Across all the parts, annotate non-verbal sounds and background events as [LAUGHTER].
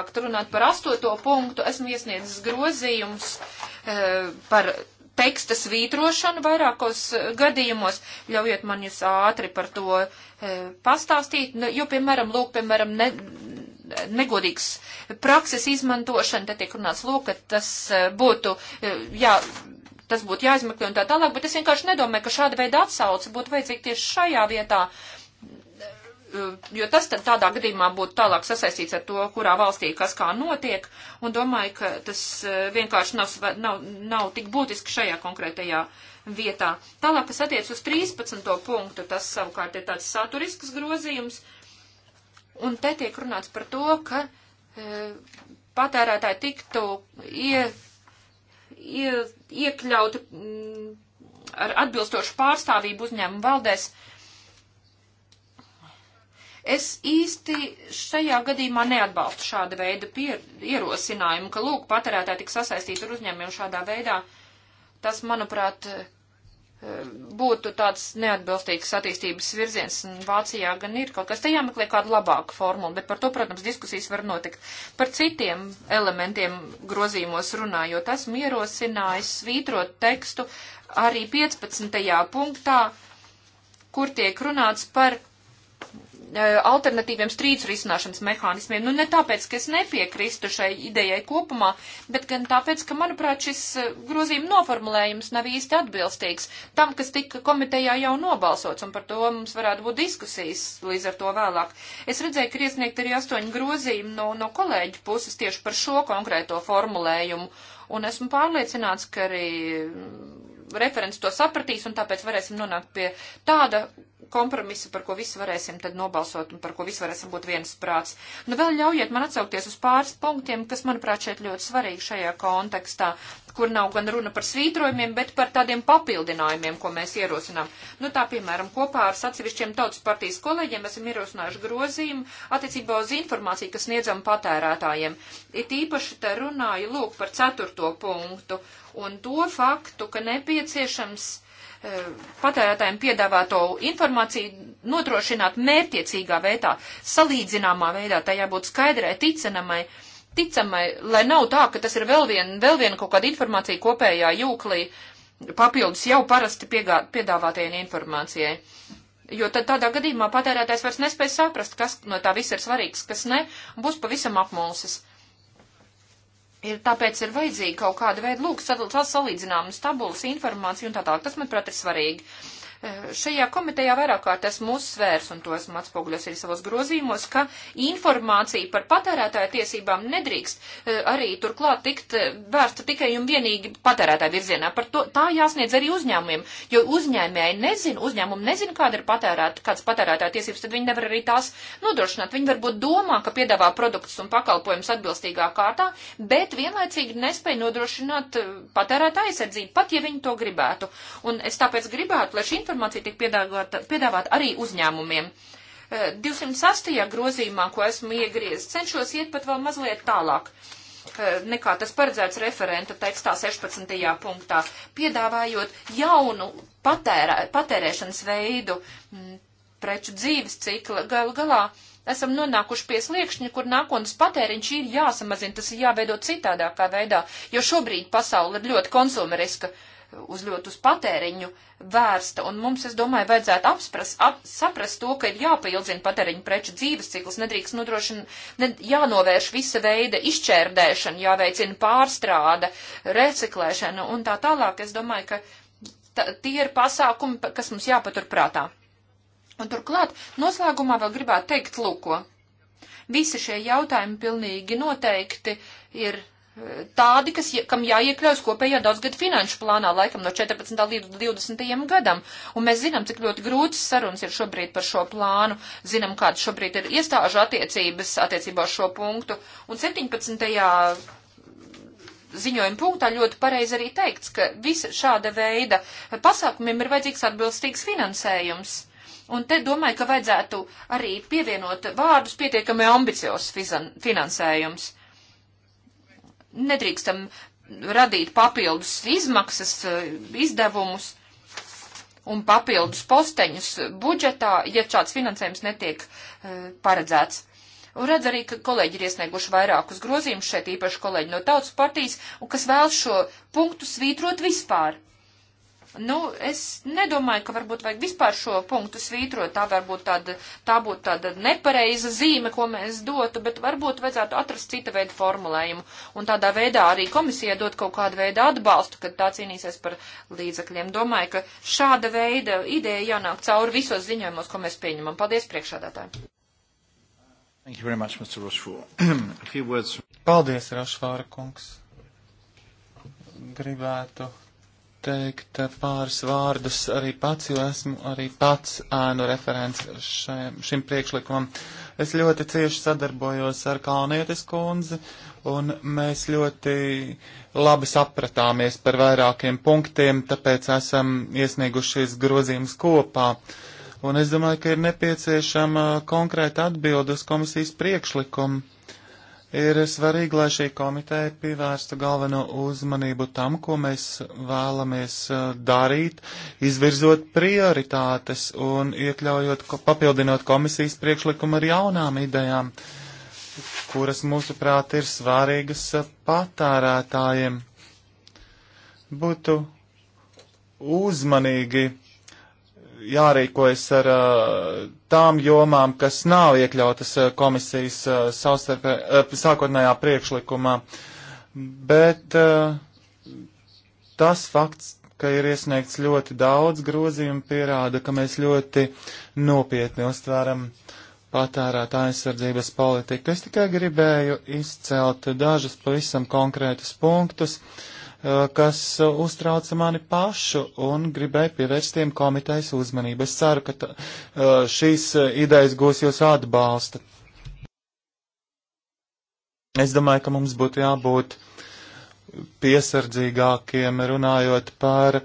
Sākt runāt par astoto punktu, esmu iesniedzis grozījumus e, par teksta svītrošanu vairākos eh, gadījumos. Ļaujiet man jūs ātri par to e, pastāstīt, nu, jo, piemēram, lūk, piemēram, ne, negodīgs prakses izmantošana, te tiek runāts, lūk, ka tas būtu, e, jā, tas būtu jāizmeklē un tā tālāk, bet es vienkārši nedomāju, ka šāda veida atsauce būtu vajadzīga tieši šajā vietā. Uh, Eh, jo tas tad tādā gadījumā būtu tālāk sasaistīts ar to, kurā valstī kas kā notiek, un domāju, ka tas eh, vienkārši nav, nav, nav tik būtiski šajā konkrētajā vietā. Tālāk, kas attiec uz 13. punktu, tas savukārt ir tāds saturisks grozījums, un te tiek runāts par to, ka e, patērētāji tiktu ie, ie, iekļauti m, mm, ar atbilstošu pārstāvību uzņēmumu valdēs, e, Es īsti šajā gadījumā neatbalstu šāda veida pier, ierosinājumu, ka, lūk, patērētāji tik sasaistīti ar uzņēmumiem šādā veidā. Tas, manuprāt, būtu tāds neatbilstīgs attīstības virziens, un Vācijā gan ir kaut kas, te jāmeklē kāda labāka formula, bet par to, protams, diskusijas var notikt. Par citiem elementiem grozīmos runājot, esmu ierosinājis svītrot tekstu arī 15. punktā, kur tiek runāts par E, alternatīviem strīdus risināšanas mehānismiem. Nu, ne tāpēc, ka es nepiekrīstu šai idejai kopumā, bet gan tāpēc, ka, manuprāt, šis e, grozījuma noformulējums nav īsti atbilstīgs tam, kas tika komitejā jau nobalsots, un par to mums varētu būt diskusijas līdz ar to vēlāk. Es redzēju, ka ir iesniegt arī astoņi grozījumi no, no kolēģu puses tieši par šo konkrēto formulējumu, un esmu pārliecināts, ka arī referents to sapratīs, un tāpēc varēsim nonākt pie tāda kompromisa, par ko visi varēsim tad nobalsot un par ko visi varēsim būt vienas prāts. Nu vēl ļaujiet man atsaukties uz pāris punktiem, kas, manuprāt, šeit ļoti svarīgi šajā kontekstā kur nav gan runa par svītrojumiem, bet par tādiem papildinājumiem, ko mēs ierosinām. Nu, tā, piemēram, kopā ar atsevišķiem tautas partijas kolēģiem esam ierosinājuši grozījumu attiecībā uz informāciju, kas sniedzam patērētājiem. It īpaši te runāju, lūk, par ceturto punktu un to faktu, ka nepieciešams e, patērētājiem piedāvāto informāciju nodrošināt mērķiecīgā veidā, salīdzināmā veidā, tā jābūt skaidrai, ticenamai. Uh, ticamai, lai nav tā, ka tas ir vēl viena, vēl viena kaut kāda informācija kopējā jūklī papildus jau parasti piegā, piedāvātajai informācijai. Jo tad tādā gadījumā patērētājs vairs nespēj saprast, kas no tā viss ir svarīgs, kas ne, un būs pavisam apmulsis. Ir, tāpēc ir vajadzīga kaut kāda veida lūk, salīdzināmas tabulas, informācija un tā tālāk. Tas, manuprāt, ir svarīgi. Šajā komitejā vairāk kārt esmu uzsvērs, un to esmu atspoguļos arī savos grozījumos, ka informācija par patērētāju tiesībām nedrīkst eh, arī turklāt tikt eh, vērsta tikai un vienīgi patērētāju virzienā. Par to tā jāsniedz arī uzņēmumiem, jo uzņēmēji nezin, uzņēmumi nezin, kāda ir patērēta, kāds patērētāju tiesības, tad viņi nevar arī tās nodrošināt. Viņi varbūt domā, ka piedāvā produktus un pakalpojumus atbilstīgā kārtā, bet vienlaicīgi nespēja nodrošināt eh, patērētāju aizsardzību, pat ja viņi to gribētu. Un es tāpēc gribētu, lai šī informācija informācija tiek piedāvāta arī uzņēmumiem. 206. E, grozījumā, ko esmu iegriezis, cenšos iet pat vēl mazliet tālāk e, nekā tas paredzēts referenta tekstā 16. punktā, piedāvājot jaunu patērā, patērēšanas veidu m, preču dzīves cikla galu galā. Esam nonākuši pie sliekšņa, kur nākotnes patēriņš ir jāsamazina, tas ir jāveido citādākā veidā, jo šobrīd pasaule ir ļoti konsumeriska. Uh, uz ļoti uz patēriņu vērsta, un mums, es domāju, vajadzētu apspras, ap, saprast to, ka ir jāpaildzina patēriņu preču dzīves cikls, nedrīkst nodrošina, ne, jānovērš visa veida izšķērdēšana, jāveicina pārstrāde, reciklēšana un tā tālāk. Es domāju, ka tā, tie ir pasākumi, kas mums jāpaturprātā. Un turklāt, noslēgumā vēl gribētu teikt, lūko, visi šie jautājumi pilnīgi noteikti ir tādi, kas, kam jāiekļaujas kopējā daudzgada finanšu plānā, laikam no 14. līdz 20. gadam. Un mēs zinām, cik ļoti grūts sarunas ir šobrīd par šo plānu, zinām, kāda šobrīd ir iestāžu attiecības attiecībā uz šo punktu. Un 17. ziņojuma punktā ļoti pareizi arī teikts, ka visa šāda veida pasākumiem ir vajadzīgs atbilstīgs finansējums. Un te domāju, ka vajadzētu arī pievienot vārdus pietiekami ambiciozs finansējums nedrīkstam radīt papildus izmaksas, eh, izdevumus un papildus posteņus budžetā, ja šāds finansējums netiek eh, paredzēts. Un redz arī, ka kolēģi ir iesnieguši vairākus grozījumus šeit, īpaši kolēģi no tautas partijas, un kas vēl šo punktu svītrot vispār. Nu, es nedomāju, ka varbūt vajag vispār šo punktu svītrot. Tā varbūt tāda, tā būtu tāda nepareiza zīme, ko mēs dotu, bet varbūt vajadzētu atrast cita veida formulējumu. Un tādā veidā arī komisija dot kaut kādu veidu atbalstu, kad tā cīnīsies par līdzakļiem. Domāju, ka šāda veida ideja jānāk cauri visos ziņojumos, ko mēs pieņemam. Paldies priekšādātājiem! Thank you very much, Mr. Rochefort. [CLEARS THROAT] A few words. Paldies, Rochefort kungs. Gribētu teikt pāris vārdus arī pats, jo esmu arī pats ēnu referents šajam, šim priekšlikumam. Es ļoti cieši sadarbojos ar Kalnietes kundzi, un mēs ļoti labi sapratāmies par vairākiem punktiem, tāpēc esam iesniegušies grozījums kopā. Un es domāju, ka ir nepieciešama konkrēta atbildes komisijas priekšlikumu Ir svarīgi, lai šī komiteja pievērstu galveno uzmanību tam, ko mēs vēlamies uh, darīt, izvirzot prioritātes un iekļaujot, papildinot komisijas priekšlikumu ar jaunām idejām, kuras, mūsuprāt, ir svarīgas uh, patērētājiem. Būtu uzmanīgi jārīkojas ar tām jomām, kas nav iekļautas komisijas savstarpē, sākotnējā priekšlikumā. Bet tas fakts, ka ir iesniegts ļoti daudz grozījumu, pierāda, ka mēs ļoti nopietni uztveram patērētā aizsardzības politiku. Es tikai gribēju izcelt dažus pavisam konkrētus punktus. Uh, Eh, kas uztrauca mani pašu un gribēju pievērst tiem komitejas uzmanību. Es ceru, ka tā, eh, šīs eh, idejas gūs jūs atbalsta. Es domāju, ka mums būtu jābūt piesardzīgākiem runājot par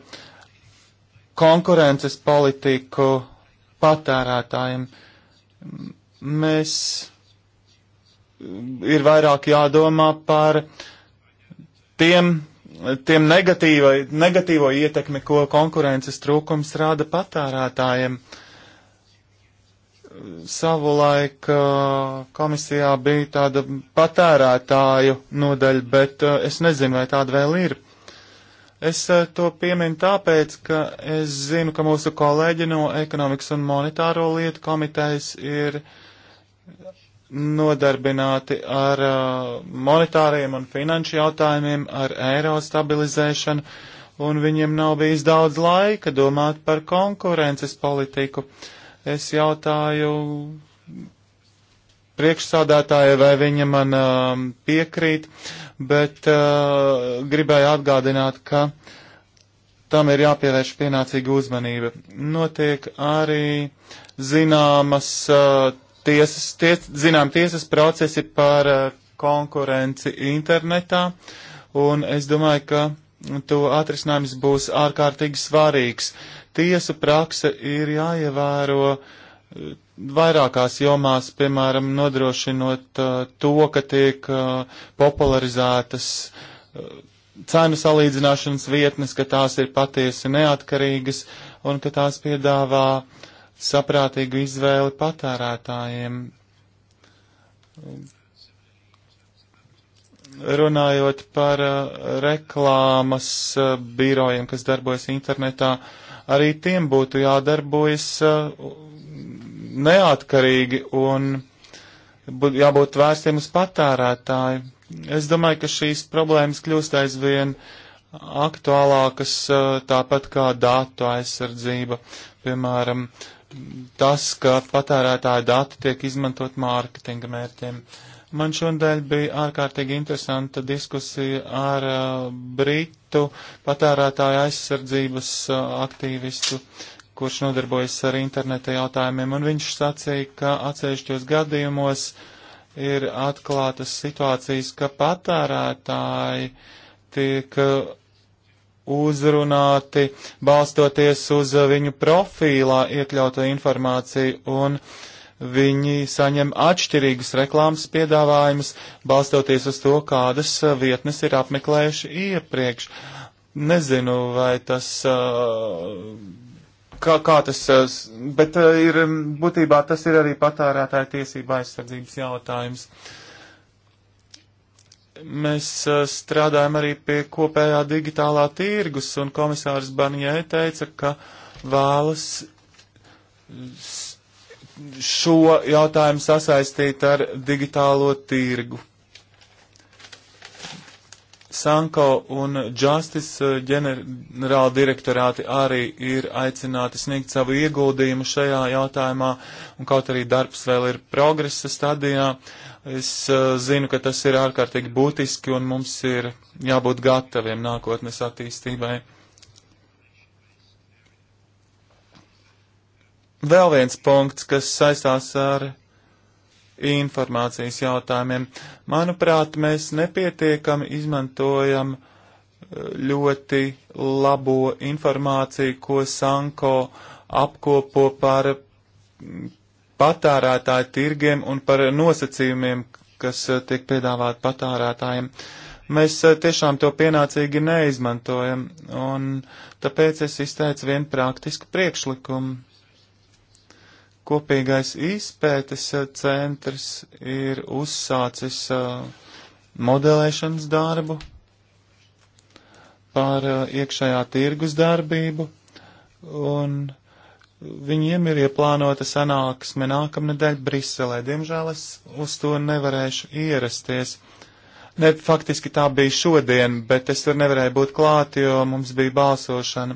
konkurences politiku patērētājiem. Mēs ir vairāk jādomā par tiem tiem negatīvo ietekmi, ko konkurences trūkums rāda patērētājiem. Savulaik komisijā bija tāda patērētāju nodaļa, bet es nezinu, vai tāda vēl ir. Es to pieminu tāpēc, ka es zinu, ka mūsu kolēģi no ekonomikas un monetāro lietu komitejas ir nodarbināti ar uh, monetāriem un finanšu jautājumiem, ar eiro stabilizēšanu, un viņiem nav bijis daudz laika domāt par konkurences politiku. Es jautāju priekšsādātāja, vai viņa man uh, piekrīt, bet uh, gribēju atgādināt, ka tam ir jāpievērš pienācīga uzmanība. Notiek arī zināmas uh, tiesas, ties, zinām tiesas procesi par uh, konkurenci internetā, un es domāju, ka to atrisinājums būs ārkārtīgi svarīgs. Tiesu prakse ir jāievēro eh, vairākās jomās, piemēram, nodrošinot uh, to, ka tiek uh, popularizētas cenu salīdzināšanas vietnes, ka tās ir patiesi neatkarīgas un ka tās piedāvā uh, saprātīgu izvēli patērētājiem. Runājot par uh, reklāmas uh, birojiem, kas darbojas internetā, arī tiem būtu jādarbojas uh, neatkarīgi un jābūt vērstiem uz patērētāju. Es domāju, ka šīs problēmas kļūst aizvien aktuālākas, tāpat kā datu aizsardzība. Piemēram, uh, tas, ka patērētāja dati tiek izmantot mārketinga mērķiem. Man šodien bija ārkārtīgi interesanta diskusija ar uh, Britu patērētāju aizsardzības uh, aktīvistu, kurš nodarbojas ar interneta jautājumiem, un viņš sacīja, ka atsevišķos gadījumos ir atklātas situācijas, ka patērētāji tiek uh, uzrunāti balstoties uz uh, viņu profīlā iekļauto informāciju un viņi saņem atšķirīgus reklāmas piedāvājumus balstoties uz to, kādas uh, vietnes ir apmeklējuši iepriekš. Nezinu, vai tas, uh, kā, kā tas, bet ir, būtībā tas ir arī patērētāja tiesība aizsardzības jautājums. Uh, Mēs strādājam arī pie kopējā digitālā tirgus, un komisārs Banjē teica, ka vēlas šo jautājumu sasaistīt ar digitālo tirgu. Sanko un Justice ģenerāla direktorāti arī ir aicināti sniegt savu ieguldījumu šajā jautājumā, un kaut arī darbs vēl ir progresa stadijā, Es uh, zinu, ka tas ir ārkārtīgi būtiski un mums ir jābūt gataviem nākotnes attīstībai. Vēl viens punkts, kas saistās ar informācijas jautājumiem. Manuprāt, mēs nepietiekami izmantojam eh, ļoti labo informāciju, ko Sanko apkopo par patērētāju tirgiem un par nosacījumiem, kas eh, tiek piedāvāti patērētājiem. Mēs eh, tiešām to pienācīgi neizmantojam, un tāpēc es izteicu vienu praktisku priekšlikumu. Kopīgais izpētes eh, centrs ir uzsācis modelēšanas darbu par iekšējā tirgus darbību, un uh, viņiem ir ieplānota sanāksme nākamnedēļ Briselē. Diemžēl es uz to nevarēšu ierasties. Ne, faktiski tā bija šodien, bet es tur nevarēju būt klāt, jo mums bija balsošana.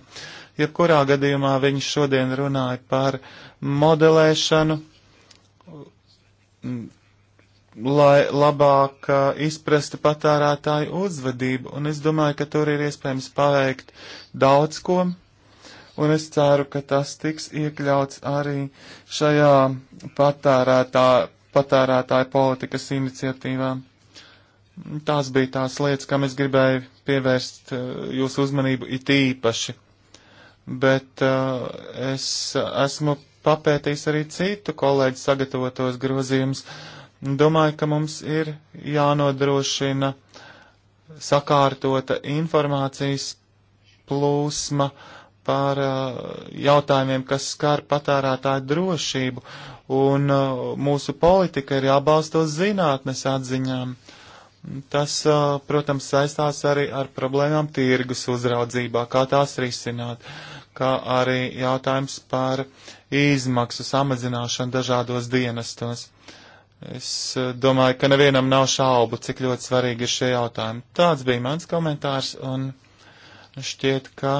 Jebkurā gadījumā viņš šodien runāja par modelēšanu, lai labāk uh, izprastu patērētāju uzvedību, un es domāju, ka tur ir iespējams paveikt daudz ko, un es ceru, ka tas tiks iekļauts arī šajā patērētā, patērētāja politikas iniciatīvā. Tās bija tās lietas, kam es gribēju pievērst eh, jūsu uzmanību it īpaši, bet uh, es esmu papētījis arī citu kolēģu sagatavotos grozījumus. Domāju, ka mums ir jānodrošina sakārtota informācijas plūsma uh, par uh, jautājumiem, kas skar patērētāju drošību, un uh, mūsu politika ir jābalsta uz zinātnes atziņām. Tas, uh, protams, saistās arī ar problēmām tirgus uzraudzībā, kā tās risināt, kā arī jautājums par izmaksu samazināšanu dažādos dienestos. Es domāju, ka nevienam nav šaubu, cik ļoti svarīgi ir šie jautājumi. Tāds bija mans komentārs, un šķiet, ka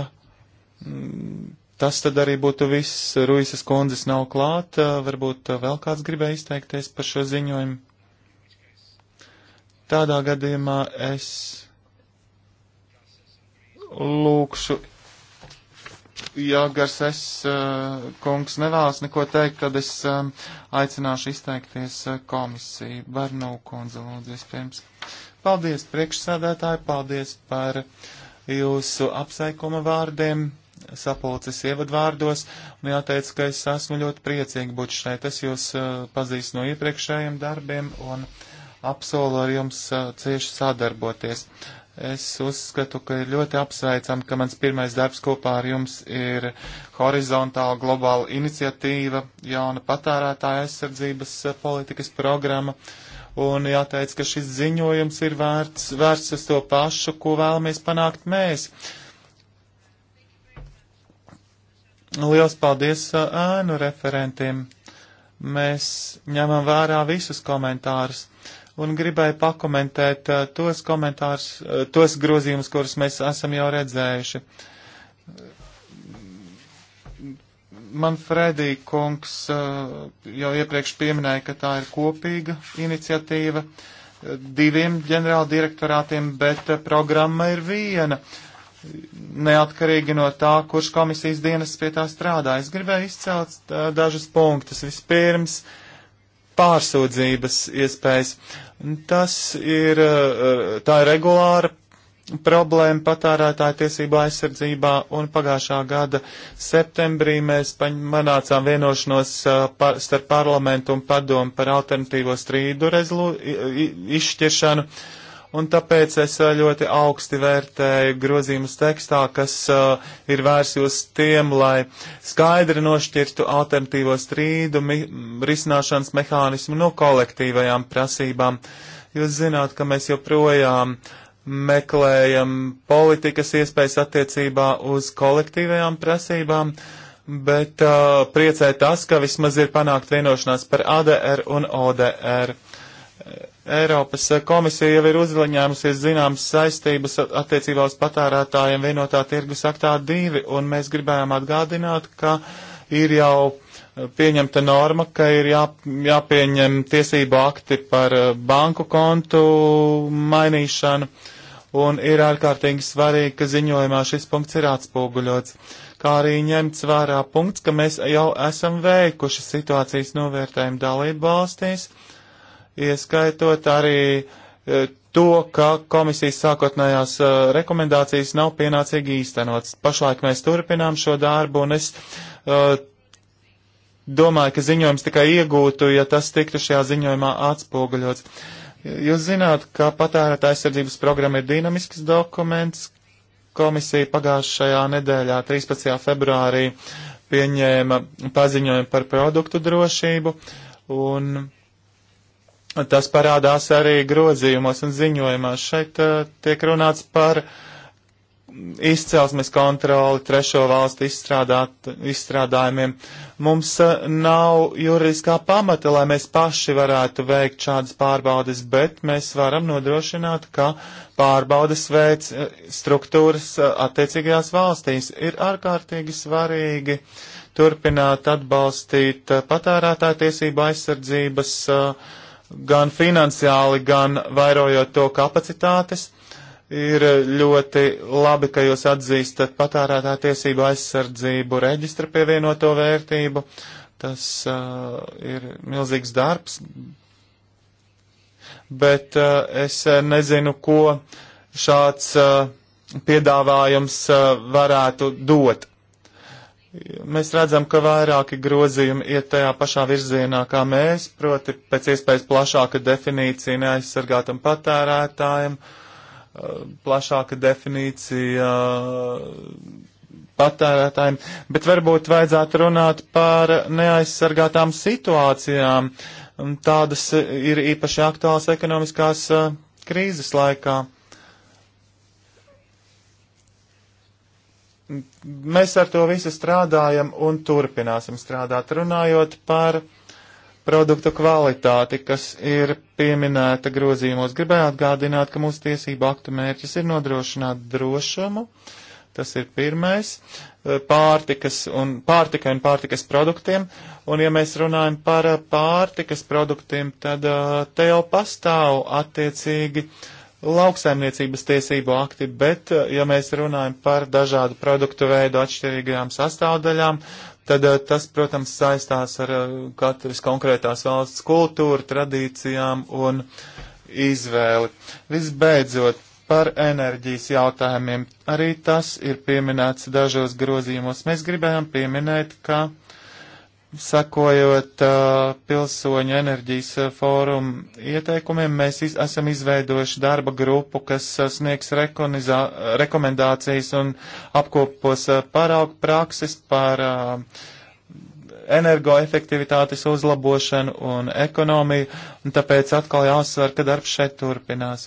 Tas tad arī būtu viss. Ruisas kundzes nav klāt. Varbūt vēl kāds gribēja izteikties par šo ziņojumu. Tādā gadījumā es lūkšu, ja gars es, kungs, nevēlas neko teikt, tad es aicināšu izteikties komisiju. Barnau kundze, lūdzu, vispirms. Paldies, priekšsēdētāji, paldies par jūsu apsveikuma vārdiem sapulces ievadvārdos, un jāteic, ka es esmu ļoti priecīgi būt šeit. Es jūs uh, pazīstu no iepriekšējiem darbiem un apsolu ar jums uh, cieši sadarboties. Es uzskatu, ka ir ļoti apsveicam, ka mans pirmais darbs kopā ar jums ir horizontāla globāla iniciatīva, jauna patērētāja aizsardzības uh, politikas programma. Un jāteic, ka šis ziņojums ir vērts, vērts uz to pašu, ko vēlamies panākt mēs. Uh, Liels paldies uh, ēnu referentiem. Mēs ņemam vērā visus komentārus un gribēju pakomentēt uh, tos komentārus, uh, tos grozījumus, kurus mēs esam jau redzējuši. Man Fredī kungs jau iepriekš pieminēja, ka tā ir kopīga iniciatīva diviem ģenerāla direktorātiem, bet programma ir viena. Uh, neatkarīgi no tā, kurš komisijas dienas pie tā strādā. Es gribēju izcelt tā, dažus punktus. Vispirms, pārsūdzības iespējas. Tas ir tā ir regulāra problēma patērētāja tiesībā aizsardzībā, un pagājušā gada septembrī mēs panācām vienošanos par, starp parlamentu un padomu par alternatīvo strīdu rezolu, izšķiršanu. Uh, un tāpēc es ļoti augsti vērtēju grozījumus tekstā, kas uh, ir vērsti uz tiem, lai skaidri nošķirtu alternatīvo strīdu mi, risināšanas mehānismu no kolektīvajām prasībām. Jūs zināt, ka mēs joprojām meklējam politikas iespējas attiecībā uz kolektīvajām prasībām bet uh, priecē tas, ka vismaz ir panākt vienošanās par ADR un ODR. Eiropas eh, komisija jau ir uzliņēmusies zināmas saistības attiecībā uz patērētājiem vienotā tirgus aktā divi, un mēs gribējām atgādināt, ka ir jau eh, pieņemta norma, ka ir jā, jāpieņem tiesību akti par eh, banku kontu mainīšanu, un ir ārkārtīgi svarīgi, ka ziņojumā šis punkts ir atspoguļots, kā arī ņemts vērā punkts, ka mēs jau esam veikuši situācijas novērtējumu dalību valstīs ieskaitot arī e, to, ka komisijas sākotnējās uh, rekomendācijas nav pienācīgi īstenotas. Pašlaik mēs turpinām šo darbu, un es uh, domāju, ka ziņojums tikai iegūtu, ja tas tiktu šajā ziņojumā atspoguļots. Jūs zināt, ka patērētā aizsardzības programma ir dinamisks dokuments. Komisija pagājušajā nedēļā, 13. februārī, pieņēma paziņojumu par produktu drošību, un uh, tas parādās arī grozījumos un ziņojumos. Šeit uh, tiek runāts par izcelsmes kontroli trešo valstu izstrādāt, izstrādājumiem. Mums uh, nav juridiskā pamata, lai mēs paši varētu veikt šādas pārbaudes, bet mēs varam nodrošināt, ka pārbaudes veids uh, struktūras uh, attiecīgajās valstīs ir ārkārtīgi svarīgi turpināt atbalstīt uh, patērētātiesību aizsardzības uh, gan finansiāli, gan vairojot to kapacitātes. Ir ļoti labi, ka jūs atzīstat patērētā tiesību aizsardzību reģistra pievienoto vērtību. Tas uh, ir milzīgs darbs, bet uh, es nezinu, ko šāds uh, piedāvājums uh, varētu dot. Mēs redzam, ka vairāki grozījumi iet tajā pašā virzienā kā mēs, proti pēc iespējas plašāka definīcija neaizsargātam patērētājiem, eh, plašāka definīcija eh, patērētājiem, bet varbūt vajadzētu runāt par neaizsargātām situācijām. Tādas ir īpaši aktuāls ekonomiskās eh, krīzes laikā. Mēs ar to visu strādājam un turpināsim strādāt, runājot par produktu kvalitāti, kas ir pieminēta grozījumos. Gribēju atgādināt, ka mūsu tiesību aktu mērķis ir nodrošināt drošumu. Tas ir pirmais eh, pārtikas un, pārtika un pārtikas produktiem. Un ja mēs runājam par eh, pārtikas produktiem, tad eh, te jau pastāv attiecīgi uh, lauksaimniecības tiesību akti, bet, eh, ja mēs runājam par dažādu produktu veidu atšķirīgajām sastāvdaļām, tad eh, tas, protams, saistās ar eh, katras konkrētās valsts kultūru, tradīcijām un izvēli. Visbeidzot, par enerģijas jautājumiem. Arī tas ir pieminēts dažos grozījumos. Mēs gribējām pieminēt, ka Sakojot uh, pilsoņu enerģijas uh, fórumu ieteikumiem, mēs iz, esam izveidojuši darba grupu, kas uh, sniegs rekomendācijas un apkopos uh, paraugu prakses par uh, energoefektivitātes uzlabošanu un ekonomiju, un tāpēc atkal jāuzsver, ka darbs šeit turpinās.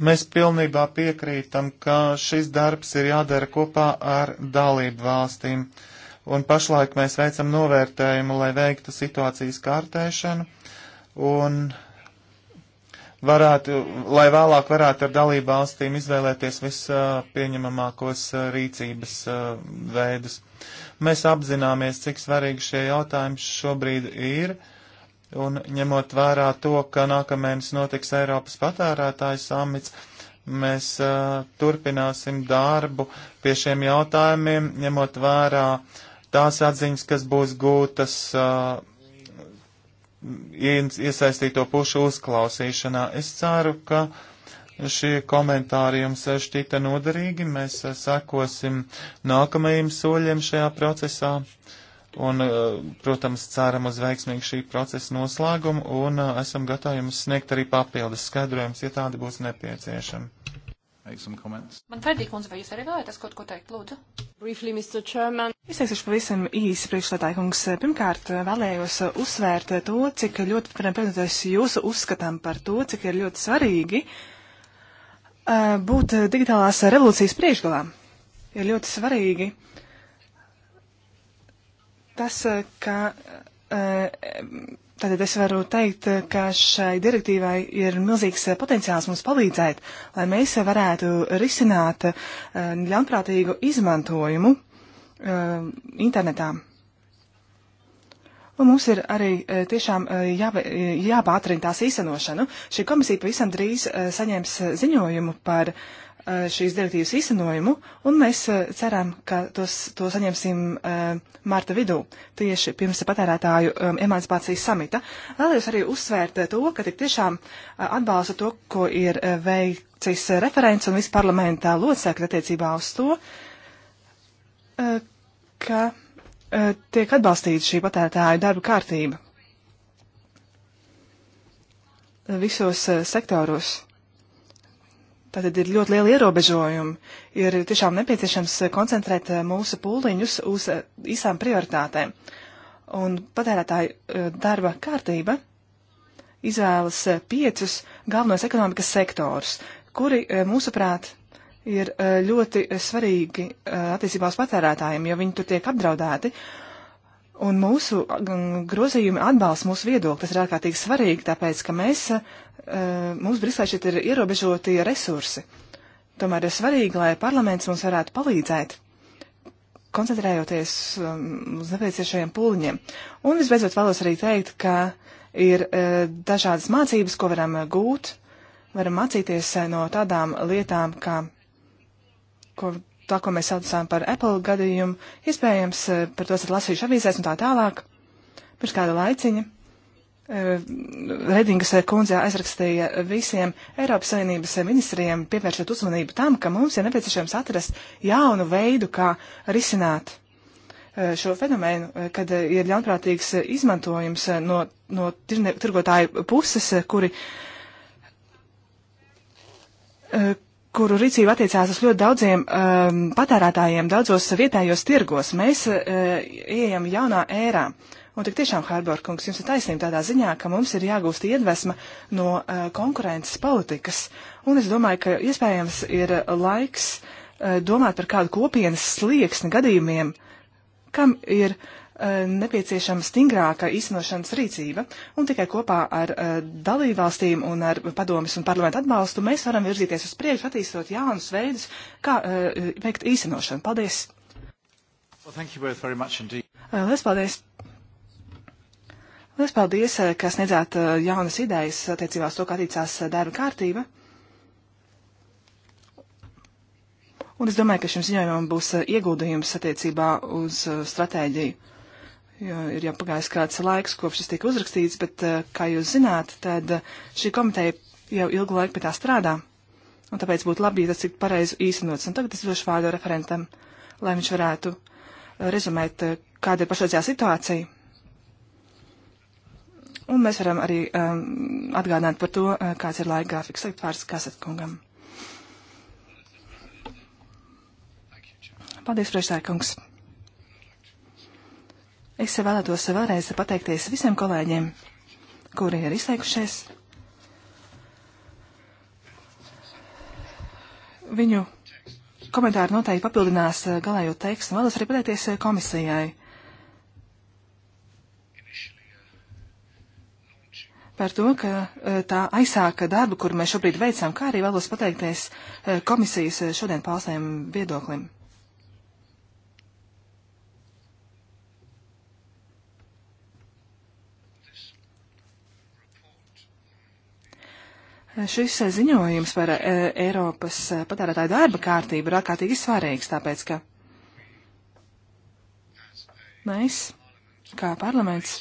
Mēs pilnībā piekrītam, ka šis darbs ir jādara kopā ar dalību valstīm. Uh, un pašlaik mēs veicam novērtējumu, lai veiktu situācijas kārtēšanu, un varētu, lai vēlāk varētu ar dalību valstīm izvēlēties vispieņemamākos uh, rīcības uh, veidus. Mēs apzināmies, cik svarīgi šie jautājumi šobrīd ir, un ņemot vērā to, ka nākamēnes notiks Eiropas patērētāju samits, mēs uh, turpināsim darbu pie šiem jautājumiem, ņemot vērā uh, tās atziņas, kas būs gūtas uh, iesaistīto pušu uzklausīšanā. Es ceru, ka šie komentāri jums šķita noderīgi. Mēs uh, sekosim nākamajiem soļiem šajā procesā un, uh, protams, ceram uz veiksmīgu šī procesa noslēgumu un esam gatavi jums sniegt arī papildus skaidrojums, ja tādi būs nepieciešami make some comments. Man Fredī kundze, vai jūs arī vēlētos kaut ko teikt, lūdzu? Briefly, Mr. Chairman. Es teikšu pavisam īsi priekšstādāju, kungs. Pirmkārt, vēlējos uzsvērt to, cik ļoti, protams, jūsu uzskatām par to, cik ir ļoti svarīgi uh, būt digitālās revolūcijas priekšgalā. Ir ļoti svarīgi tas, ka uh, Tātad es varu teikt, ka šai direktīvai ir milzīgs potenciāls mums palīdzēt, lai mēs varētu risināt eh, ļaunprātīgu izmantojumu eh, internetā. Un mums ir arī eh, tiešām jāpātrina tās īstenošanu. Šī komisija pavisam drīz saņems ziņojumu par uh, Eh, šīs direktīvas īstenojumu, un mēs eh, ceram, ka tos, to saņemsim eh, marta vidū, tieši pirms patērētāju emancipācijas samita. Vēlējos arī uzsvērt to, ka tik tiešām atbalsta to, ko ir veicis referents un viss parlamentā locekļi attiecībā uz to, ka tiek atbalstīta šī patērētāju darba kārtība visos sektoros Tātad ir ļoti lieli ierobežojumi. Ir tiešām nepieciešams koncentrēt eh, mūsu pūliņus uz eh, īsām prioritātēm. Un patērētāju eh, darba kārtība izvēlas piecus galvenos ekonomikas sektorus, kuri, mūsuprāt, ir ļoti svarīgi attiecībā uz patērētājiem, jo viņi tur tiek apdraudēti. Uh, Un mūsu grozījumi atbalsta mūsu viedokli. Tas ir ārkārtīgi svarīgi, tāpēc, ka mēs, eh, mums Briselē šeit ir ierobežoti resursi. Tomēr ir svarīgi, lai parlaments mums varētu palīdzēt, koncentrējoties um, uz nepieciešajiem pūliņiem. Un visbeidzot vēlos arī teikt, ka ir eh, dažādas mācības, ko varam eh, gūt, varam mācīties no tādām lietām, kā, ko to, ko mēs saucām par Apple gadījumu, iespējams, eh, par to esat lasījuši avīzēs un tā tālāk. Pirms kāda laiciņa eh, Redingas eh, kundze aizrakstīja visiem Eiropas Savienības ministriem pievēršot uzmanību tam, ka mums ir nepieciešams atrast jaunu veidu, kā risināt šo fenomenu, kad ir ļaunprātīgs izmantojums no, no tirgotāju puses, kuri kuru rīcība attiecās uz ļoti daudziem um, patērētājiem daudzos vietējos tirgos. Mēs uh, ejam jaunā ērā. Un tik tiešām, Hārbor kungs, jums ir taisnība tādā ziņā, ka mums ir jāgūst iedvesma no uh, konkurences politikas. Un es domāju, ka iespējams ir laiks uh, domāt par kādu kopienas slieksni gadījumiem, kam ir uh, E, nepieciešama stingrāka īstenošanas rīcība, un tikai kopā ar e, dalībvalstīm un ar padomis un parlamentu atbalstu mēs varam virzīties uz priekšu, attīstot jaunus veidus, kā e, veikt īstenošanu. Paldies! Well, Lielas paldies! Lielas paldies, ka sniedzāt jaunas idejas attiecībā uz to, kā attīstās darba kārtība. Un es domāju, ka šim ziņojumam būs ieguldījums attiecībā uz stratēģiju jo ir jau pagājis kāds laiks, kopš tas tika uzrakstīts, bet, eh, kā jūs zināt, tad eh, šī komiteja jau ilgu laiku pie tā strādā, un tāpēc būtu labi, ja tas tiktu pareizi īstenots. Un tagad es došu vārdu referentam, lai viņš varētu eh, rezumēt, kāda ir pašreizējā situācija. Un mēs varam arī um, atgādināt par to, kāds ir laika grafiks. Tagad vārds Kasetkungam. Paldies, priekšsēkungs. kungs. Es vēlētos vēlreiz pateikties visiem kolēģiem, kuri ir izteikušies. Viņu komentāri noteikti papildinās eh, galējo tekstu. Vēlos arī pateikties eh, komisijai par to, ka eh, tā aizsāka darbu, kur mēs šobrīd veicam, kā arī vēlos pateikties komisijas šodien paustajam viedoklim. Šis eh, ziņojums par eh, Eiropas eh, patērētāju darba kārtību ir ārkārtīgi svarīgs, tāpēc ka mēs, kā parlaments,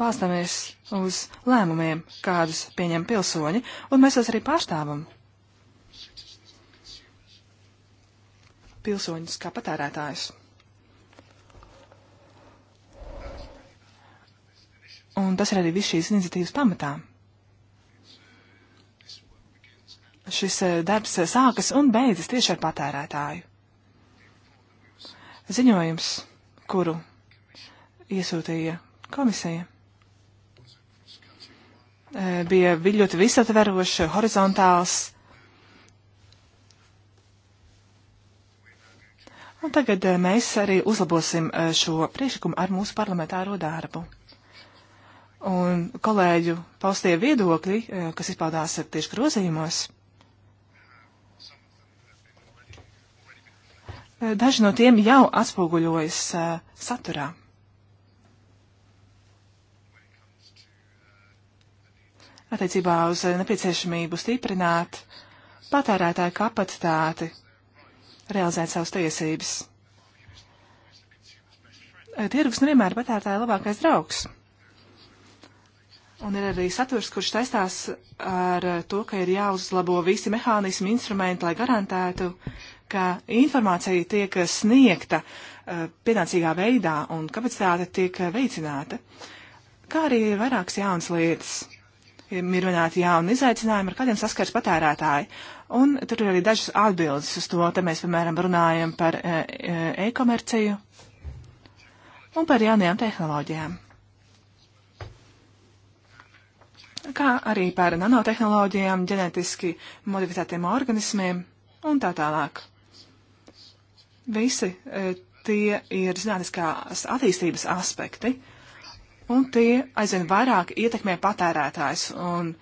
balstāmies uz lēmumiem, kādus pieņem pilsoņi, un mēs tos arī pārstāvam. Pilsoņus kā patērētājus. Un tas ir arī viss šīs iniciatīvas pamatām. šis eh, darbs eh, sākas un beidzas tieši ar patērētāju. Ziņojums, kuru iesūtīja komisija, eh, bija ļoti visatverošs, horizontāls. Un tagad mēs arī uzlabosim šo priekšlikumu ar mūsu parlamentāro darbu un kolēģu paustie viedokļi, kas izpaudās tieši grozījumos, Daži no tiem jau atspoguļojas saturā. Attiecībā uz nepieciešamību stiprināt patērētāju kapacitāti, realizēt savas tiesības. Tirgus nevienmēr nu patērētāja labākais draugs. Un ir arī saturs, kurš saistās ar to, ka ir jāuzlabo visi mehānismi, instrumenti, lai garantētu uh, ka informācija tiek sniegta uh, pienācīgā veidā un kapacitāte tiek veicināta, kā arī ir vairākas jaunas lietas. Ir minēti jauni izaicinājumi, ar kādiem saskars patērētāji. Un tur ir arī dažas atbildes uz to, te mēs, piemēram, runājam par eh, eh, e-komerciju un par jaunajām tehnoloģijām. Kā arī par nanotehnoloģijām, ģenetiski modificētiem organismiem un tā tālāk. Visi e, tie ir zinātniskās attīstības aspekti, un tie aizvien vairāk ietekmē patērētājs. Un,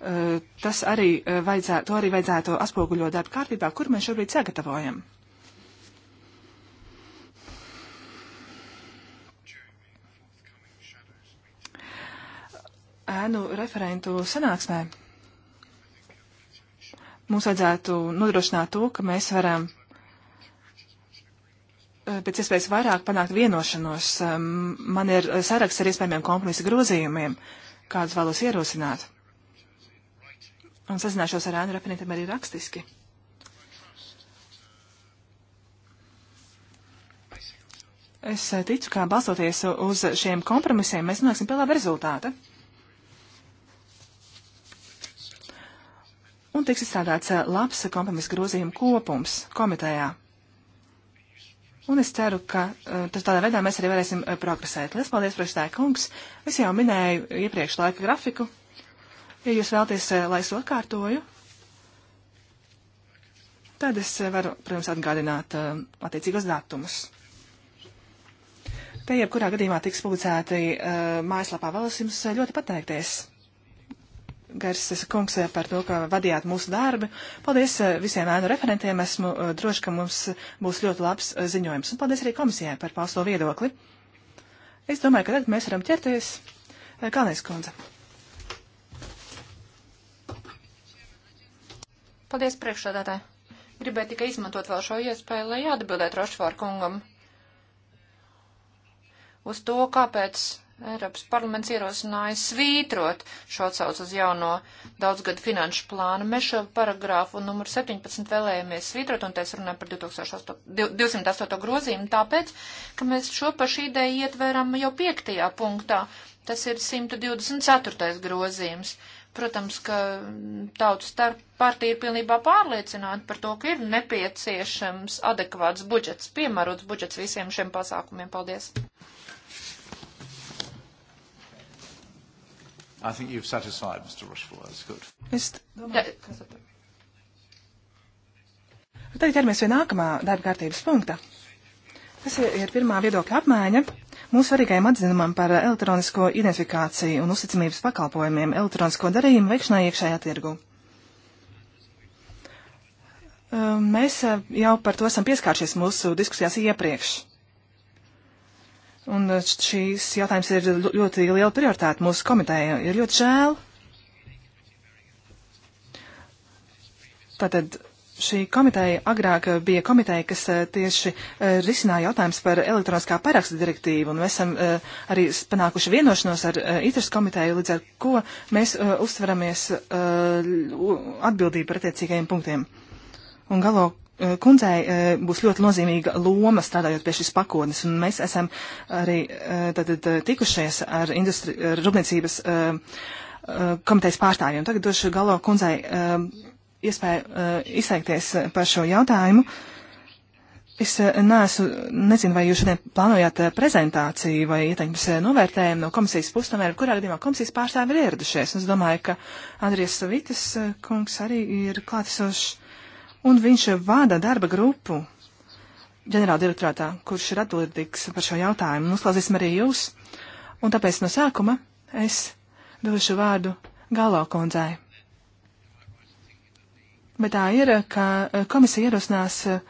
e, Tas arī e, vajadzētu, to arī vajadzētu atspoguļot darba kārtībā, kur mēs šobrīd sagatavojam. ēnu referentu sanāksmē. Mums vajadzētu nodrošināt to, ka mēs varam Eh, pēc iespējas vairāk panākt vienošanos. Eh, man ir eh, saraksts ar iespējamiem kompromisa grozījumiem, kādus vēlos ierosināt. Un sazināšos ar Ēnu Rapinītam arī rakstiski. Es ticu, kā balstoties uz šiem kompromisiem, mēs nonāksim pie laba rezultāta. Un tiks izstrādāts labs kompromisa grozījuma kopums komitējā. Un es ceru, ka eh, tādā veidā mēs arī varēsim eh, progresēt. Lielas paldies, priekšstāja kungs. Es jau minēju iepriekš laika grafiku. Ja jūs vēlties, eh, lai es atkārtoju, tad es varu, protams, atgādināt attiecīgos datumus. Te jebkurā gadījumā tiks publicēti mājaslapā. Vēlos jums ļoti pateikties. Garses kungs eh, par to, ka vadījāt mūsu darbu. Paldies eh, visiem ēnu referentiem. Esmu eh, droši, ka mums būs ļoti labs ziņojums. Un paldies arī komisijai par pausto viedokli. Es domāju, ka tagad mēs varam ķerties. Kalnēs kundze. Paldies priekšsādātāji. Gribēju tikai izmantot vēl šo iespēju, lai atbildētu Rošvāru kungam uz to, kāpēc Eiropas parlaments ierosināja svītrot šo atsaucu uz jauno daudzgadu finanšu plānu. Mēs šo paragrāfu numur 17 vēlējāmies svītrot, un te es runāju par 2008, 208 grozījumu, tāpēc, ka mēs šo pašu ideju ietvērām jau piektajā punktā. Tas ir 124. grozījums. Protams, ka tautas partija ir pilnībā pārliecināta par to, ka ir nepieciešams adekvāts budžets, piemērots budžets visiem šiem pasākumiem. Paldies! I think you've satisfied Mr. Rushford. That's good. Es domāju, kas ir. Tagad ķeramies pie nākamā darba kārtības punkta. Tas ir, ir pirmā viedokļa apmaiņa mūsu svarīgajam atzinumam par elektronisko identifikāciju un uzticamības pakalpojumiem elektronisko darījumu veikšanai iekšējā tirgu. Ehm, mēs jau par to esam pieskāršies mūsu diskusijās iepriekš. Un šīs jautājums ir ļoti liela prioritāte mūsu komitējai. Ir ļoti žēl. Tātad šī komiteja agrāk bija komiteja, kas eh, tieši eh, risināja jautājums par elektroniskā paraksta direktīvu, un mēs esam eh, arī panākuši vienošanos ar ITRS komiteju, līdz ar ko mēs uztveramies atbildību par attiecīgajiem punktiem. Un galo Eh, kundzei eh, būs ļoti nozīmīga loma strādājot pie šīs pakotnes, un mēs esam arī eh, tad, tikušies ar, industri, ar rūpniecības komitejas pārstāvjiem. Tagad došu galo kundzei iespēju izteikties par šo jautājumu. Es neesmu, nezinu, vai jūs šodien plānojāt prezentāciju vai ieteikums novērtējumu no komisijas pustamēr, kurā gadījumā komisijas pārstāvi ir ieradušies. Es domāju, ka Andrijas Savitas kungs arī ir klātesošs un viņš vada darba grupu ģenerāldirektorātā, kurš ir atbildīgs par šo jautājumu. Uzklausīsim arī jūs, un tāpēc no sākuma es došu vārdu Galo kundzei. Bet tā ir, ka eh, komisija ierosinās eh,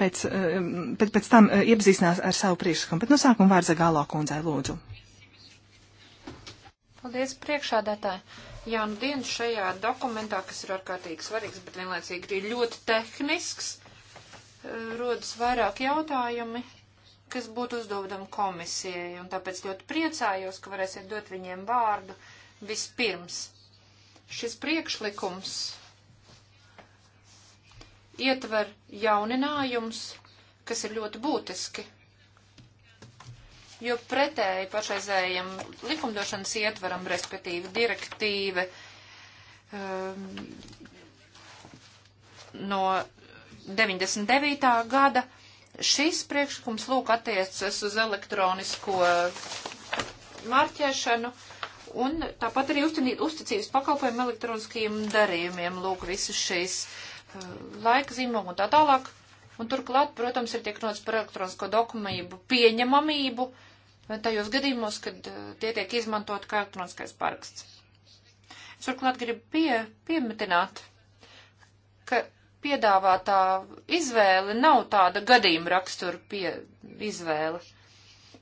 pēc, eh, pēc, pēc tam iepazīstinās ar savu priekšlikumu, bet no sākuma vārds Galo kundzei lūdzu. Paldies priekšādātāji. Jā, nu dienas šajā dokumentā, kas ir ārkārtīgi svarīgs, bet vienlaicīgi arī ļoti tehnisks, eh, rodas vairāk jautājumi, kas būtu uzdodami komisijai, un tāpēc ļoti priecājos, ka varēsiet dot viņiem vārdu vispirms. Šis priekšlikums ietver jauninājums, kas ir ļoti būtiski jo pretēji pašreizējiem likumdošanas ietvaram, respektīvi direktīve um, no 99. gada, šis priekšlikums lūk attiecas uz elektronisko marķēšanu un tāpat arī uzticības pakalpojumu elektroniskajiem darījumiem, lūk visas šīs uh, laika zīmogu un tā tālāk. Un turklāt, protams, ir tiek nots par elektronisko dokumentu pieņemamību. Uh, tajos gadījumos, kad eh, tie tiek izmantot kā elektroniskais paraksts. Es turklāt gribu pie, piemetināt, ka piedāvātā izvēle nav tāda gadījuma rakstura pie, izvēle.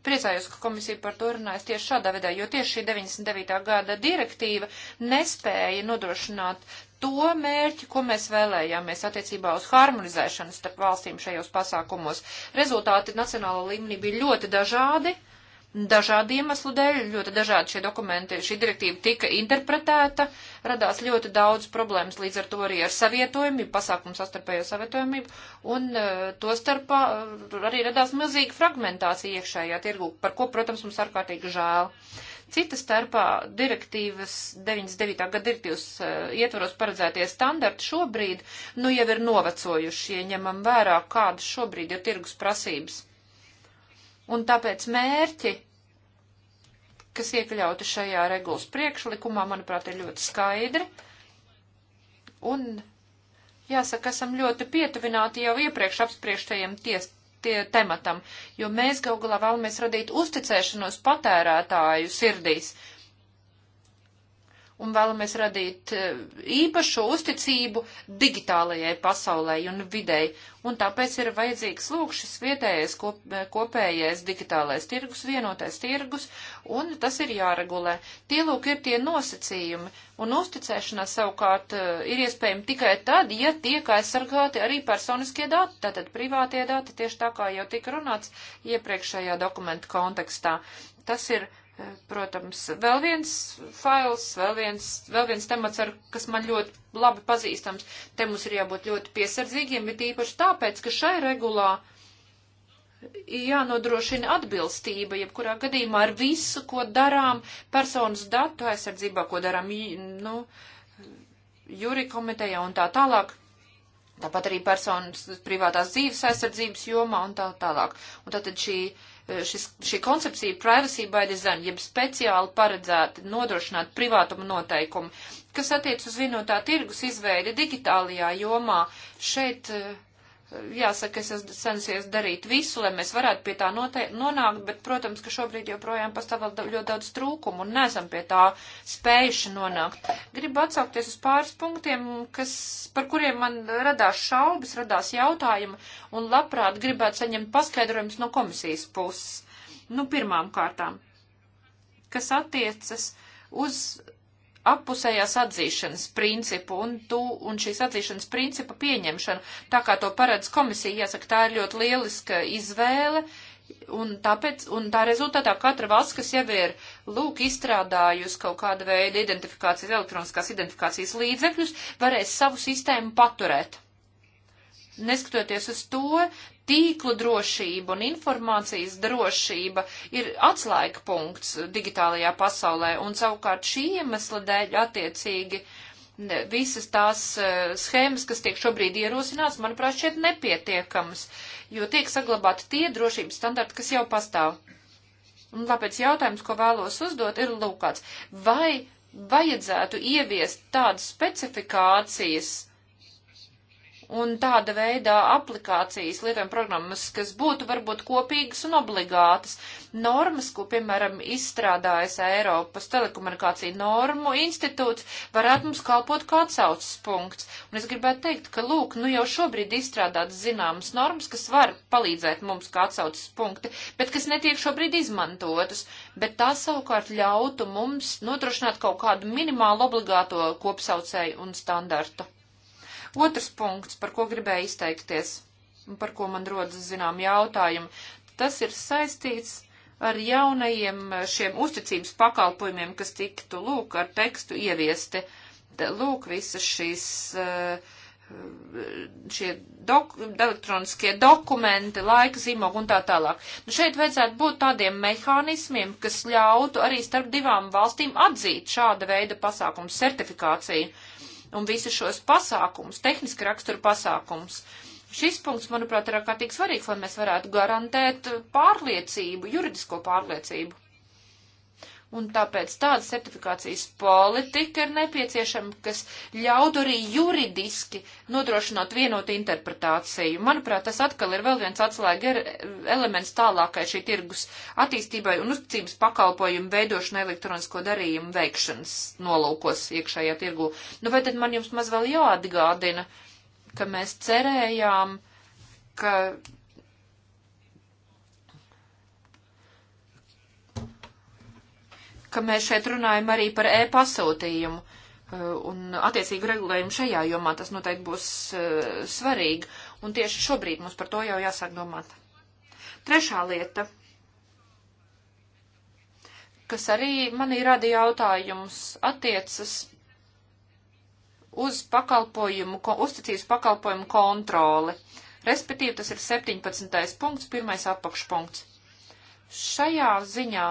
Priecājos, ka komisija par to runājas tieši šādā veidā, jo tieši šī 99. gada direktīva nespēja nodrošināt to mērķi, ko mēs vēlējāmies attiecībā uz harmonizēšanu starp valstīm šajos pasākumos. Rezultāti nacionāla līmenī bija ļoti dažādi. Uh, Dažādu iemeslu dēļ, ļoti dažādi šie dokumenti, šī direktīva tika interpretēta, radās ļoti daudz problēmas līdz ar to arī ar savietojumību, pasākumu sastarpējo savietojumību, un eh, to starpā eh, arī radās milzīga fragmentācija iekšējā tirgu, par ko, protams, mums ārkārtīgi žēl. Cita starpā direktīvas 99. gada direktīvas uh, ietvaros paredzētie standarti šobrīd, nu jau ir novecojuši, ja ņemam vērā, kādas šobrīd ir tirgus prasības. Un tāpēc mērķi, kas iekļauti šajā regulas priekšlikumā, manuprāt, ir ļoti skaidri. Un, jāsaka, esam ļoti pietuvināti jau iepriekš apsprieštajiem ties, tie tematam, jo mēs galu galā vēlamies radīt uzticēšanos patērētāju sirdīs un vēlamies radīt eh, īpašu uzticību digitālajai pasaulē un videi. Un tāpēc ir vajadzīgs lūk šis vietējais kop, kopējais digitālais tirgus, vienotais tirgus, un tas ir jāregulē. Tie lūk ir tie nosacījumi, un uzticēšanās savukārt eh, ir iespējama tikai tad, ja tiek aizsargāti arī personiskie dati, tātad privātie dati, tieši tā kā jau tika runāts iepriekšējā dokumentu kontekstā. Tas ir Protams, vēl viens fails, vēl viens, vēl viens temats, ar, kas man ļoti labi pazīstams. Te mums ir jābūt ļoti piesardzīgiem, bet īpaši tāpēc, ka šai regulā jānodrošina atbilstība, jebkurā gadījumā ar visu, ko darām personas datu aizsardzībā, ko darām, nu, jūri komitejā un tā tālāk. Tāpat arī personas privātās dzīves aizsardzības jomā un tā tālāk. Un tātad šī uh, šis, šī koncepcija privacy by design, jeb speciāli paredzēta nodrošināt privātuma noteikumu, kas attiec uz vienotā tirgus izveidi digitālajā jomā. Šeit uh, Jāsaka, es esmu censies darīt visu, lai mēs varētu pie tā nonākt, bet, protams, ka šobrīd joprojām pastāv vēl ļoti daudz trūkumu un nesam pie tā spējuši nonākt. Gribu atsaukties uz pāris punktiem, kas, par kuriem man radās šaubas, radās jautājumi un labprāt gribētu saņemt paskaidrojumus no komisijas puses. Nu, pirmām kārtām, kas attiecas uz appusējās atzīšanas principu un, tu, un šīs atzīšanas principa pieņemšanu. Tā kā to paredz komisija, jāsaka, tā ir ļoti lieliska izvēle. Un, tāpēc, un tā rezultātā katra valsts, kas jau ir lūk izstrādājusi kaut kādu veidu identifikācijas, elektroniskās identifikācijas līdzekļus, varēs savu sistēmu paturēt. Neskatoties uz to, tīklu drošība un informācijas drošība ir atslēga punkts digitālajā pasaulē, un savukārt šī iemesla dēļ attiecīgi visas tās uh, schēmas, kas tiek šobrīd ierosināts, manuprāt, šeit nepietiekamas, jo tiek saglabāti tie drošības standarti, kas jau pastāv. Un tāpēc jautājums, ko vēlos uzdot, ir lūkāts. Vai vajadzētu ieviest tādas specifikācijas, un tāda veida aplikācijas lietojuma programmas, kas būtu varbūt kopīgas un obligātas. Normas, ko, piemēram, izstrādājas Eiropas telekomunikāciju normu institūts, varētu mums kalpot kā atsaucas punkts. Un es gribētu teikt, ka, lūk, nu jau šobrīd izstrādātas zināmas normas, kas var palīdzēt mums kā atsaucas punkti, bet kas netiek šobrīd izmantotas, bet tās savukārt ļautu mums nodrošināt kaut kādu minimālu obligāto kopsaucēju un standartu. Otrs punkts, par ko gribēju izteikties, un par ko man rodas zinām jautājumu, tas ir saistīts ar jaunajiem šiem uzticības pakalpojumiem, kas tiktu, lūk, ar tekstu ieviesti. Lūk, visas šīs uh, šie dok elektroniskie dokumenti, laika zīmogi un tā tālāk. Nu, šeit vajadzētu būt tādiem mehānismiem, kas ļautu arī starp divām valstīm atzīt šāda veida pasākumu certifikāciju un visus šos pasākumus, tehniski raksturu pasākumus. Šis punkts, manuprāt, ir ārkārtīgi svarīgs, lai mēs varētu garantēt pārliecību, juridisko pārliecību. Un tāpēc tāda certifikācijas politika ir nepieciešama, kas ļautu arī juridiski nodrošināt vienotu interpretāciju. Manuprāt, tas atkal ir vēl viens atslēga er, elements tālākai šī tirgus attīstībai un uzticības pakalpojumu veidošanai elektronisko darījumu veikšanas nolūkos iekšējā tirgu. Nu, vai tad man jums maz vēl jāatgādina, ka mēs cerējām, ka ka mēs šeit runājam arī par e-pasūtījumu eh, un attiecīgu regulējumu šajā jomā. Tas noteikti būs eh, svarīgi, un tieši šobrīd mums par to jau jāsāk domāt. Trešā lieta, kas arī manī rada jautājums, attiecas uz pakalpojumu, uzticības pakalpojumu kontroli. Respektīvi, tas ir 17. punkts, pirmais apakšpunkts. Šajā ziņā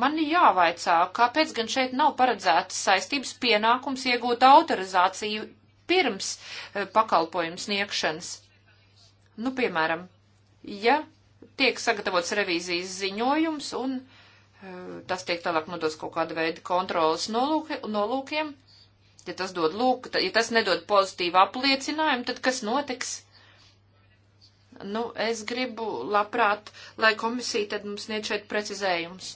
man jāvaicā, kāpēc gan šeit nav paredzētas saistības pienākums iegūt autorizāciju pirms eh, pakalpojumu sniegšanas. Nu, piemēram, ja tiek sagatavots revīzijas ziņojums un eh, tas tiek tālāk nodos kaut kāda veida kontrolas nolūki, nolūkiem. Ja tas, dod lūk, ja tas nedod pozitīvu apliecinājumu, tad kas notiks? nu, es gribu labprāt, lai komisija tad mums sniedz šeit precizējums.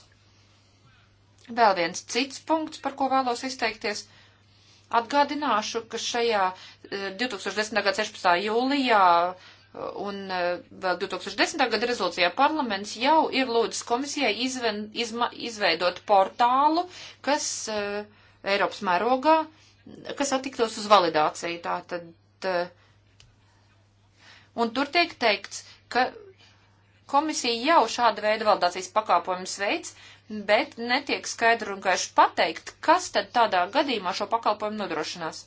Vēl viens cits punkts, par ko vēlos izteikties. Atgādināšu, ka šajā 2010. Eh, gada 16. jūlijā eh, un eh, vēl 2010. gada rezolūcijā parlaments jau ir lūdzis komisijai izven, izma, izveidot portālu, kas uh, Eiropas mērogā, kas attiktos uz validāciju. Tātad uh, Un tur tiek teikts, ka komisija jau šāda veida valdācijas pakāpojumus veids, bet netiek skaidri un gaiši pateikt, kas tad tādā gadījumā šo pakalpojumu nodrošinās.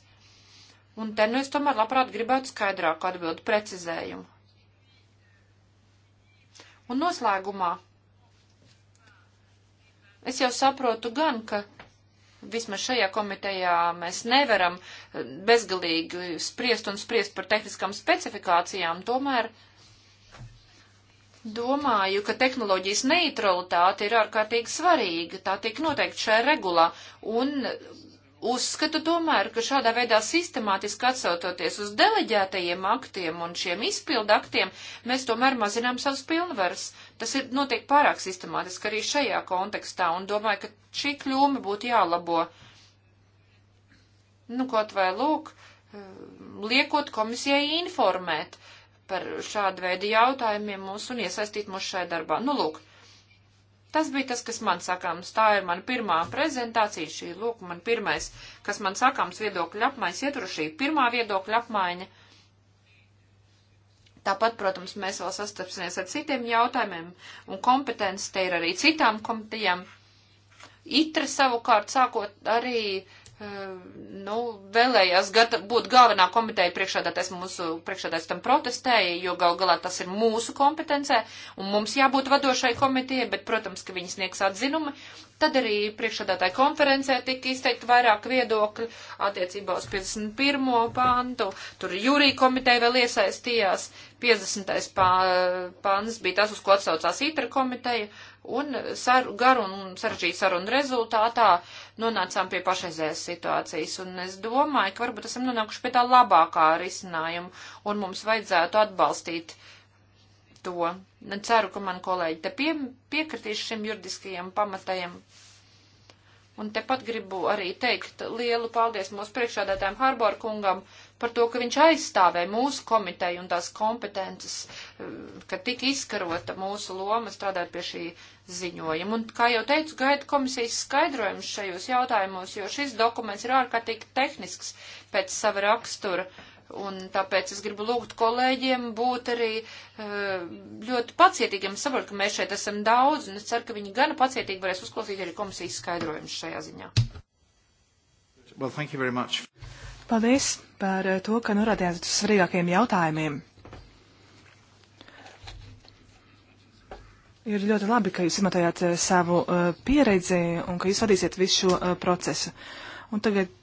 Un te nu es tomēr labprāt gribētu skaidrāku atbildu precizējumu. Un noslēgumā. Es jau saprotu gan, ka vismaz šajā komitejā mēs nevaram eh, bezgalīgi spriest un spriest par tehniskām specifikācijām, tomēr domāju, ka tehnoloģijas neutralitāte ir ārkārtīgi svarīga, tā tiek noteikti šajā regulā, un Uzskatu tomēr, ka šādā veidā sistemātiski atsaucoties uz deleģētajiem aktiem un šiem izpildu aktiem, mēs tomēr mazinām savus pilnvaras. Tas ir notiek pārāk sistemātiski arī šajā kontekstā, un domāju, ka šī kļūme būtu jālabo. Nu, kaut vai lūk, eh, liekot komisijai informēt par šādu veidu jautājumiem mūs un iesaistīt mūs šai darbā. Nu, lūk, Tas bija tas, kas man sakāms. Tā ir mana pirmā prezentācija, šī lūk, man pirmais, kas man sakāms viedokļa apmaiņas ietur šī pirmā viedokļa apmaiņa. Tāpat, protams, mēs vēl sastapsimies ar citiem jautājumiem, un kompetences te ir arī citām komitejām. Itra savukārt sākot arī uh, Ehm, nu, vēlējās gata, būt galvenā komiteja priekšādātais mūsu priekšādātais tam protestēja, jo gal galā tas ir mūsu kompetencē, un mums jābūt vadošai komitejai, bet, protams, ka viņi sniegs atzinumi. Tad arī priekšādātāja konferencē tika izteikti vairāk viedokļi attiecībā uz 51. pantu, tur jūrija komiteja vēl iesaistījās, 50. pāns bija tas, uz ko atsaucās ītra komiteja, Un sar, garu un sarežģītu sarunu rezultātā nonācām pie pašreizējās situācijas. Un es domāju, ka varbūt esam nonākuši pie tā labākā risinājuma un mums vajadzētu atbalstīt to. Ceru, ka man kolēģi te pie, piekritīs šim juridiskajam pamatajam. Un tepat gribu arī teikt lielu paldies mūsu priekšādātājiem Harbor kungam par to, ka viņš aizstāvēja mūsu komiteju un tās kompetences, eh, ka tika izkarota mūsu loma strādāt pie šī ziņojuma. Un, kā jau teicu, gaida komisijas skaidrojums šajos jautājumos, jo šis dokuments ir ārkārtīgi tehnisks pēc sava rakstura. Un tāpēc es gribu lūgt kolēģiem būt arī eh, ļoti pacietīgiem. Es saprotu, ka mēs šeit esam daudz, un es ceru, ka viņi gana pacietīgi varēs uzklausīt arī komisijas skaidrojumus šajā ziņā. Well, thank you very much. Paldies par eh, to, ka norādījāt uz svarīgākajiem jautājumiem. Ir ļoti labi, ka jūs izmantojāt eh, savu uh, pieredzi un ka jūs vadīsiet visu šo uh, procesu. Un tagad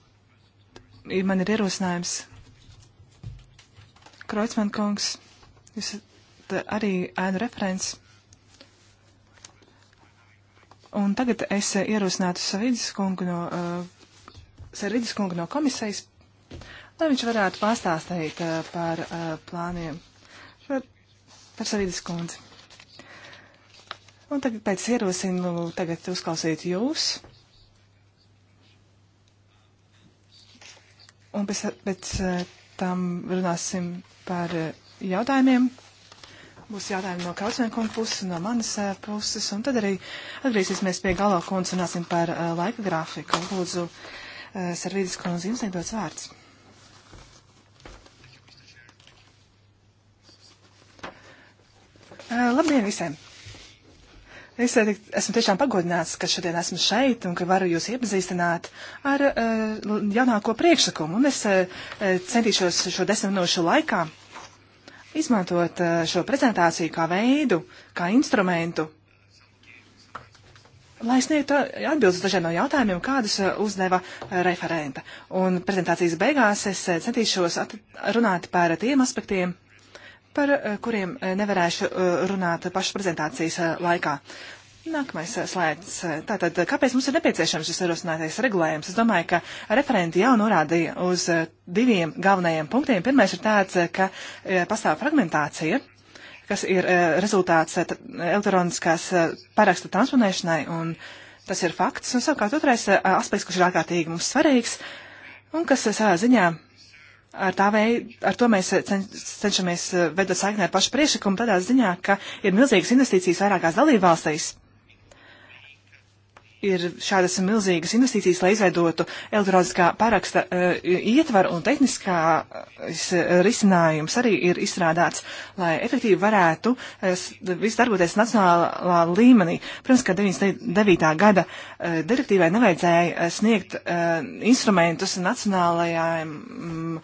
man ir ierosinājums. Kreutzmann kungs, jūs arī ēnu referents. Un tagad es ierosinātu Savidis kungu no, uh, Savidis kungu no komisijas lai viņš varētu pastāstīt eh, par eh, plāniem par, par Savīdas kundzi. Un tagad pēc ierosinu tagad uzklausīt jūs. Un pēc, pēc eh, tam runāsim par jautājumiem. Būs jautājumi no Kausvenkunga puses, no manas puses, un tad arī atgriezīsimies pie galo kundas un runāsim par laika grafiku. Lūdzu, Sarvīdis kundze, jums ir dots vārds. Labdien visiem! Es eh, esmu tiešām pagodināts, ka šodien esmu šeit un ka varu jūs iepazīstināt ar uh, jaunāko priekšlikumu. Un es uh, centīšos šo desmit minūšu laikā izmantot uh, šo prezentāciju kā veidu, kā instrumentu, lai sniegtu atbildes dažiem no jautājumiem, kādus uh, uzdeva referenta. Un prezentācijas beigās es centīšos runāt par tiem aspektiem, par eh, kuriem eh, nevarēšu eh, runāt pašas prezentācijas laikā. Nākamais slēdz. Tātad, kāpēc mums ir nepieciešams šis ierosinātais regulējums? Es domāju, ka referenti jau norādīja uz diviem galvenajiem punktiem. Pirmais ir tāds, ka pastāv fragmentācija kas ir rezultāts elektroniskās parakstu transponēšanai, un tas ir fakts. Un savukārt otrais aspekts, kurš ir ārkārtīgi mums svarīgs, un kas savā ziņā Ar, vei, ar to mēs eh, cenšamies eh, veidot saikni ar pašu priekšlikumu tādā ziņā, ka ir milzīgas investīcijas vairākās dalībvalstīs ir šādas milzīgas investīcijas, lai izveidotu elektroniskā paraksta uh, ietvaru un tehniskās eh, risinājums arī ir izstrādāts, lai efektīvi varētu uh, viss darboties nacionālā līmenī. Protams, ka 99. gada uh, direktīvai nevajadzēja sniegt uh, instrumentus nacionālajām mm,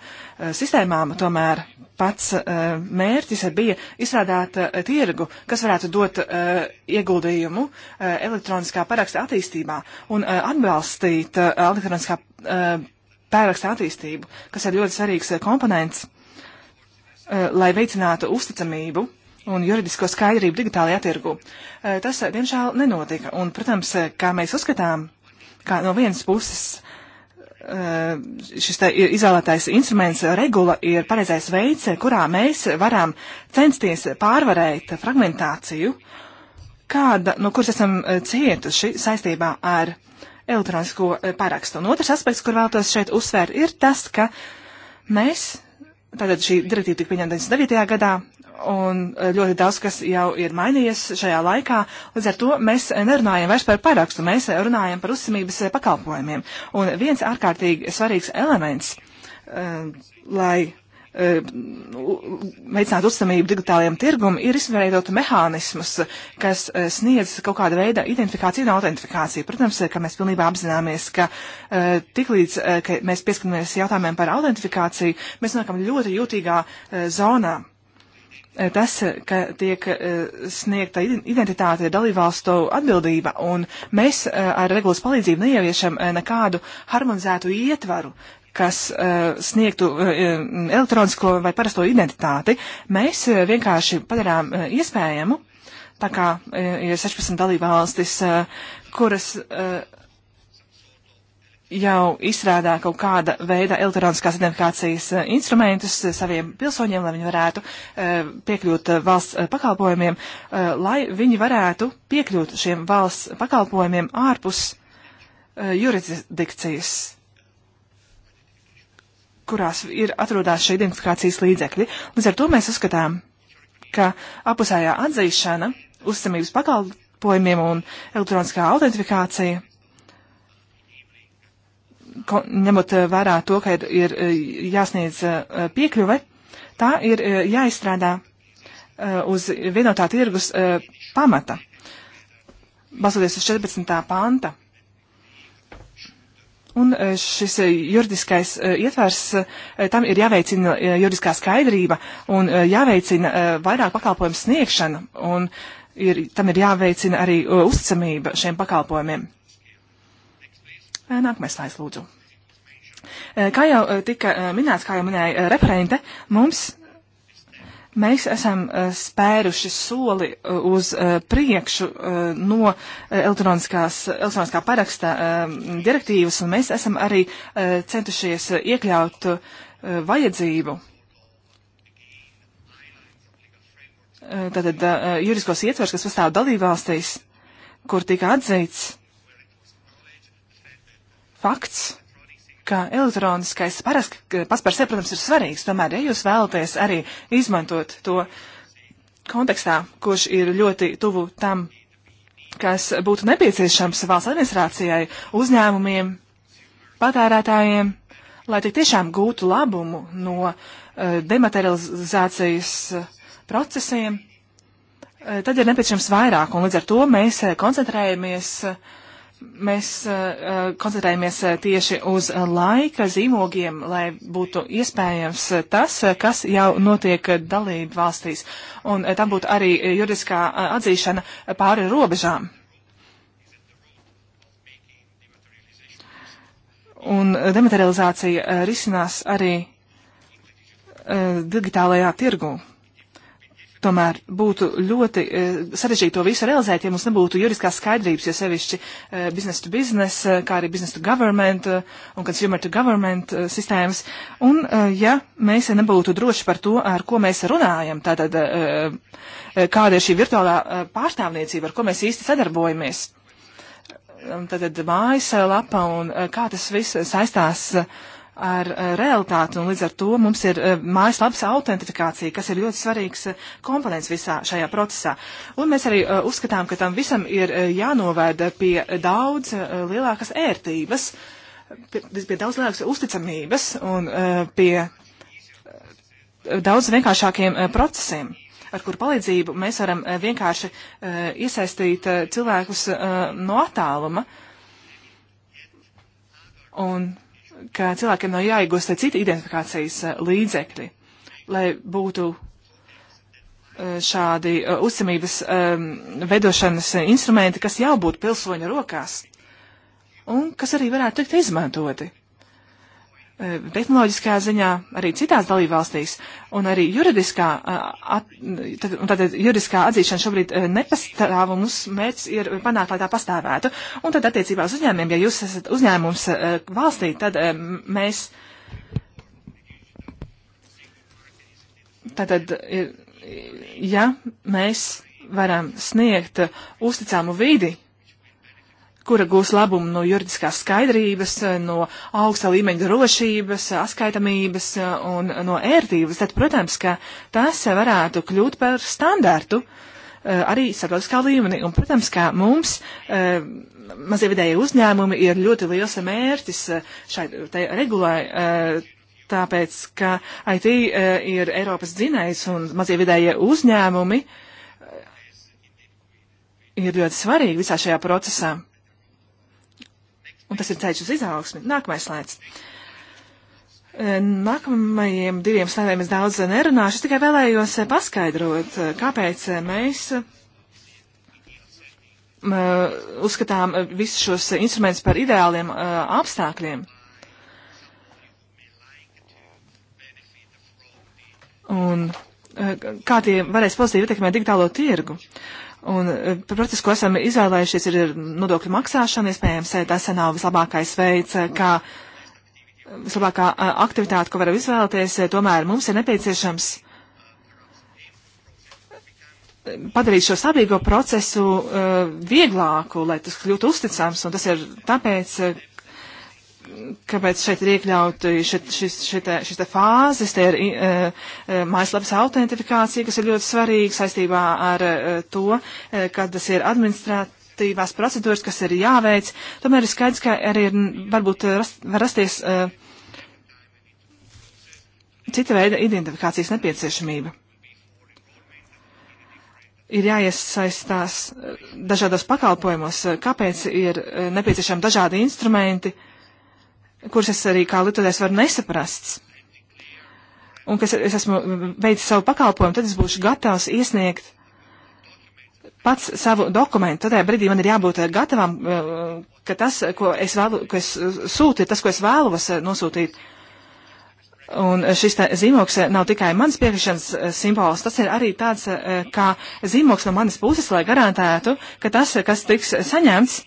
sistēmām, tomēr pats uh, mērķis bija izstrādāt uh, tirgu, kas varētu dot uh, ieguldījumu uh, elektroniskā paraksta attīstībā attīstībā un eh, atbalstīt eh, elektroniskā eh, pēraksta attīstību, kas ir ļoti svarīgs komponents, lai veicinātu uzticamību un juridisko skaidrību digitālajā tirgu. Tas, diemžēl, nenotika. Un, protams, kā mēs uzskatām, kā no vienas puses šis izvēlētais instruments regula ir pareizais veids, kurā mēs varam censties pārvarēt fragmentāciju kāda, no kuras esam eh, cietuši saistībā ar elektronisko eh, parakstu. Un otrs aspekts, kur vēlētos šeit uzsvērt, ir tas, ka mēs, tātad šī direktīva tika pieņemta 99. gadā, un eh, ļoti daudz kas jau ir mainījies šajā laikā, līdz ar to mēs nerunājam vairs par parakstu, mēs runājam par uzsimības pakalpojumiem. Un viens ārkārtīgi svarīgs elements, lai Eh, veicināt uzticamību digitālajiem tirgumam, ir izveidot mehānismus, kas eh, sniedz kaut kāda veida identifikāciju un autentifikāciju. Protams, eh, ka mēs pilnībā apzināmies, ka tiklīdz ka mēs pieskanamies jautājumiem par autentifikāciju, mēs nonākam ļoti jūtīgā zonā. Tas, ka tiek sniegta identitāte, ir dalībvalstu atbildība, un mēs ar regulas palīdzību neieviešam nekādu harmonizētu ietvaru, kas uh, sniegtu uh, elektronisko vai parasto identitāti, mēs uh, vienkārši padarām uh, iespējamu, tā kā uh, ir 16 dalībvalstis, uh, kuras uh, jau izstrādā kaut kāda veida elektroniskās identifikācijas uh, instrumentus uh, saviem pilsoņiem, lai viņi varētu uh, piekļūt valsts pakalpojumiem, lai viņi varētu piekļūt šiem valsts pakalpojumiem ārpus jurisdikcijas kurās ir atrodās šie identifikācijas līdzekļi. Līdz ar to mēs uzskatām, ka apusējā atzīšana, uzticamības pakalpojumiem un elektroniskā autentifikācija, ko, ņemot eh, vērā to, ka ir, ir eh, jāsniedz eh, piekļuve, tā ir jāizstrādā uz vienotā tirgus pamata, balstoties uz 14. panta Un e, šis e, juridiskais e, ietvers, tam ir jāveicina juridiskā skaidrība un jāveicina vairāk pakalpojumu sniegšana, un ir, tam ir jāveicina arī uzticamība šiem pakalpojumiem. Nākamais slaids, lūdzu. Kā jau tika minēts, kā jau minēja referente, mums Mēs esam uh, spēruši soli uh, uz uh, priekšu no elektroniskā parakstā direktīvas, un mēs esam arī centušies iekļaut vajadzību. Tātad juridiskos ietvers, kas pastāv dalībvalstīs, kur tika atzīts fakts, ka elektroniskais paras, pats par sevi, protams, ir svarīgs. Tomēr, ja jūs vēlaties arī izmantot to kontekstā, kurš ir ļoti tuvu tam, kas būtu nepieciešams valsts administrācijai, uzņēmumiem, patērētājiem, lai tik tiešām gūtu labumu no uh, dematerializācijas uh, procesiem, uh, tad ir nepieciešams vairāk, un līdz ar to mēs koncentrējamies uh, mēs uh, koncentrējamies eh, tieši uz laika zīmogiem, lai būtu iespējams tas, kas jau notiek dalību valstīs. Un tam būtu arī juridiskā atzīšana pāri robežām. Un dematerializācija risinās arī uh, digitālajā tirgū. Tomēr būtu ļoti uh, sarežģīti to visu realizēt, ja mums nebūtu juridiskās skaidrības, jo sevišķi uh, business to business, uh, kā arī business to government uh, un consumer to government uh, sistēmas. Un uh, ja mēs nebūtu droši par to, ar ko mēs runājam, tātad uh, kāda ir šī virtuālā uh, pārstāvniecība, ar ko mēs īsti sadarbojamies, um, tātad mājas lapa un uh, kā tas viss saistās. Uh, ar eh, realitāti, un līdz ar to mums ir eh, mājaslapas autentifikācija, kas ir ļoti svarīgs eh, komponents visā šajā procesā. Un mēs arī uzskatām, ka tam visam ir jānovēda pie daudz lielākas ērtības, pie, pie daudz lielākas uzticamības un pie daudz vienkāršākiem procesiem ar kuru palīdzību mēs varam vienkārši iesaistīt cilvēkus no attāluma. Un ka cilvēkiem nav jāiegūst citi identifikācijas eh, līdzekļi, lai būtu eh, šādi eh, uzticamības um, vedošanas instrumenti, kas jābūt pilsoņa rokās un kas arī varētu tikt izmantoti. E, tehnoloģiskā ziņā arī citās dalībvalstīs, un arī juridiskā, at, tad, tātad juridiskā atzīšana šobrīd e, nepastāv, un mūsu mērķis ir panākt, lai tā pastāvētu. Un tad attiecībā uz uzņēmumiem, ja jūs esat uzņēmums e, valstī, tad mēs. Tātad, ja mēs varam sniegt uzticamu vidi kura gūs labumu no juridiskās skaidrības, no augsta līmeņa drošības, atskaitamības un no ērtības, tad, protams, ka tas varētu kļūt par standārtu eh, arī sabiedriskā līmenī. Un, protams, ka mums eh, mazie vidēji uzņēmumi ir ļoti liels mērķis eh, šai regulai. Tāpēc, ka IT ir Eiropas dzinējs un mazie vidējie uzņēmumi ir ļoti svarīgi visā šajā procesā un tas ir ceļš uz izaugsmi. Nākamais slaids. E, nākamajiem diviem slaidiem es daudz nerunāšu, es tikai vēlējos paskaidrot, e, kāpēc mēs e, uzskatām visus šos instrumentus par ideāliem apstākļiem. Un kā tie varēs pozitīvi ietekmēt digitālo tirgu. Uh, Un e, process, ko esam izvēlējušies, ir nodokļu maksāšana. Iespējams, e, tas nav vislabākais veids, e, kā vislabākā aktivitāte, ko varam izvēlēties. Tomēr mums ir nepieciešams padarīt šo sabiedrīgo procesu vieglāku, lai tas kļūtu uzticams. Un tas ir tāpēc, kāpēc šeit ir iekļauti šis, šis te fāzes, te ir uh, mājaslapas autentifikācija, kas ir ļoti svarīga saistībā ar uh, to, uh, kad tas ir administratīvās procedūras, kas ir jāveic. Tomēr ir skaidrs, ka arī ir, varbūt rast, var rasties uh, cita veida identifikācijas nepieciešamība ir jāiesaistās dažādos pakalpojumos, kāpēc ir nepieciešami dažādi instrumenti kurus es arī kā lietotājs varu nesaprast, un kas es esmu veicis savu pakalpojumu, tad es būšu gatavs iesniegt pats savu dokumentu. Tajā brīdī man ir jābūt eh, gatavam, eh, ka tas, ko es, vēlu, ko es sūtu, ir tas, ko es vēlos eh, nosūtīt. Un šis zīmoks nav tikai mans piekrišanas simbols, tas ir arī tāds kā zīmoks no manas puses, lai garantētu, ka tas, kas tiks saņemts,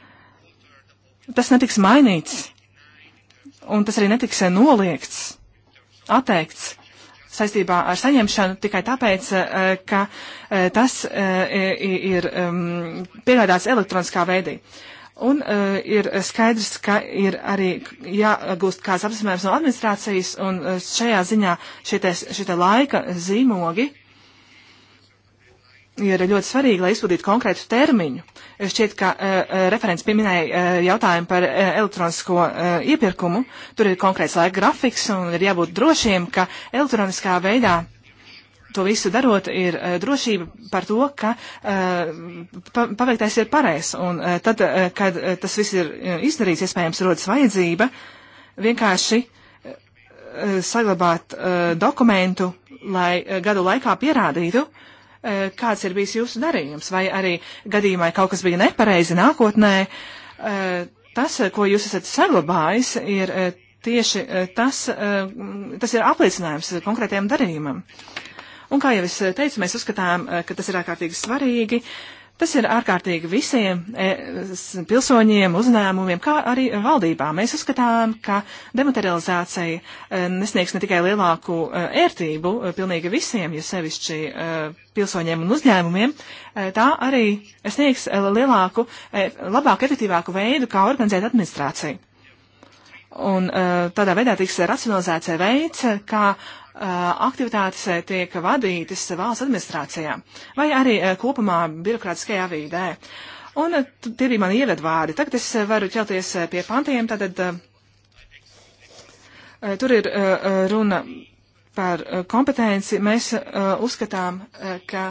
tas netiks mainīts un tas arī netiks eh, noliegts, atteikts saistībā ar saņemšanu tikai tāpēc, eh, ka eh, tas ir ehm, piegādāts elektroniskā veidī. Un uh, ir skaidrs, ka ir arī jāgūst kāds apzīmējums no administrācijas, un šajā ziņā šie, te, šie te laika zīmogi uh, ir ļoti svarīgi, lai izpildītu konkrētu termiņu. Šķiet, ka uh, referents pieminēja uh, jautājumu par uh, elektronisko uh, iepirkumu. Tur ir konkrēts laika grafiks un ir jābūt drošiem, ka elektroniskā veidā to visu darot ir uh, drošība par to, ka uh, pa, paveiktais ir pareizs. Un uh, tad, uh, kad uh, tas viss ir izdarīts, iespējams, rodas vajadzība vienkārši uh, saglabāt uh, dokumentu, lai uh, gadu laikā pierādītu, uh, Eh, kāds ir bijis jūsu darījums, vai arī gadījumā kaut kas bija nepareizi nākotnē. Eh, tas, ko jūs esat saglabājis, ir eh, tieši tas, tas ir apliecinājums konkrētajam darījumam. Un kā jau es teicu, mēs uzskatām, ka tas ir ārkārtīgi svarīgi, uh, Tas ir ārkārtīgi visiem e, pilsoņiem, uzņēmumiem, kā arī valdībām. Mēs uzskatām, ka dematerializācija e, nesniegs ne tikai lielāku e, ērtību pilnīgi visiem, jo sevišķi pilsoņiem un uzņēmumiem, tā arī sniegs lielāku, labāku, efektīvāku veidu, kā organizēt administrāciju. Un tādā veidā tiks racionalizēts veids, kā Uh, aktivitātes uh, tiek vadītas valsts administrācijā vai arī uh, kopumā birokrātiskajā vidē. Un tie bija mani ievedvārdi. Tagad es varu ķelties pie pantiem. Tātad tur ir runa par kompetenci. Mēs uzskatām, ka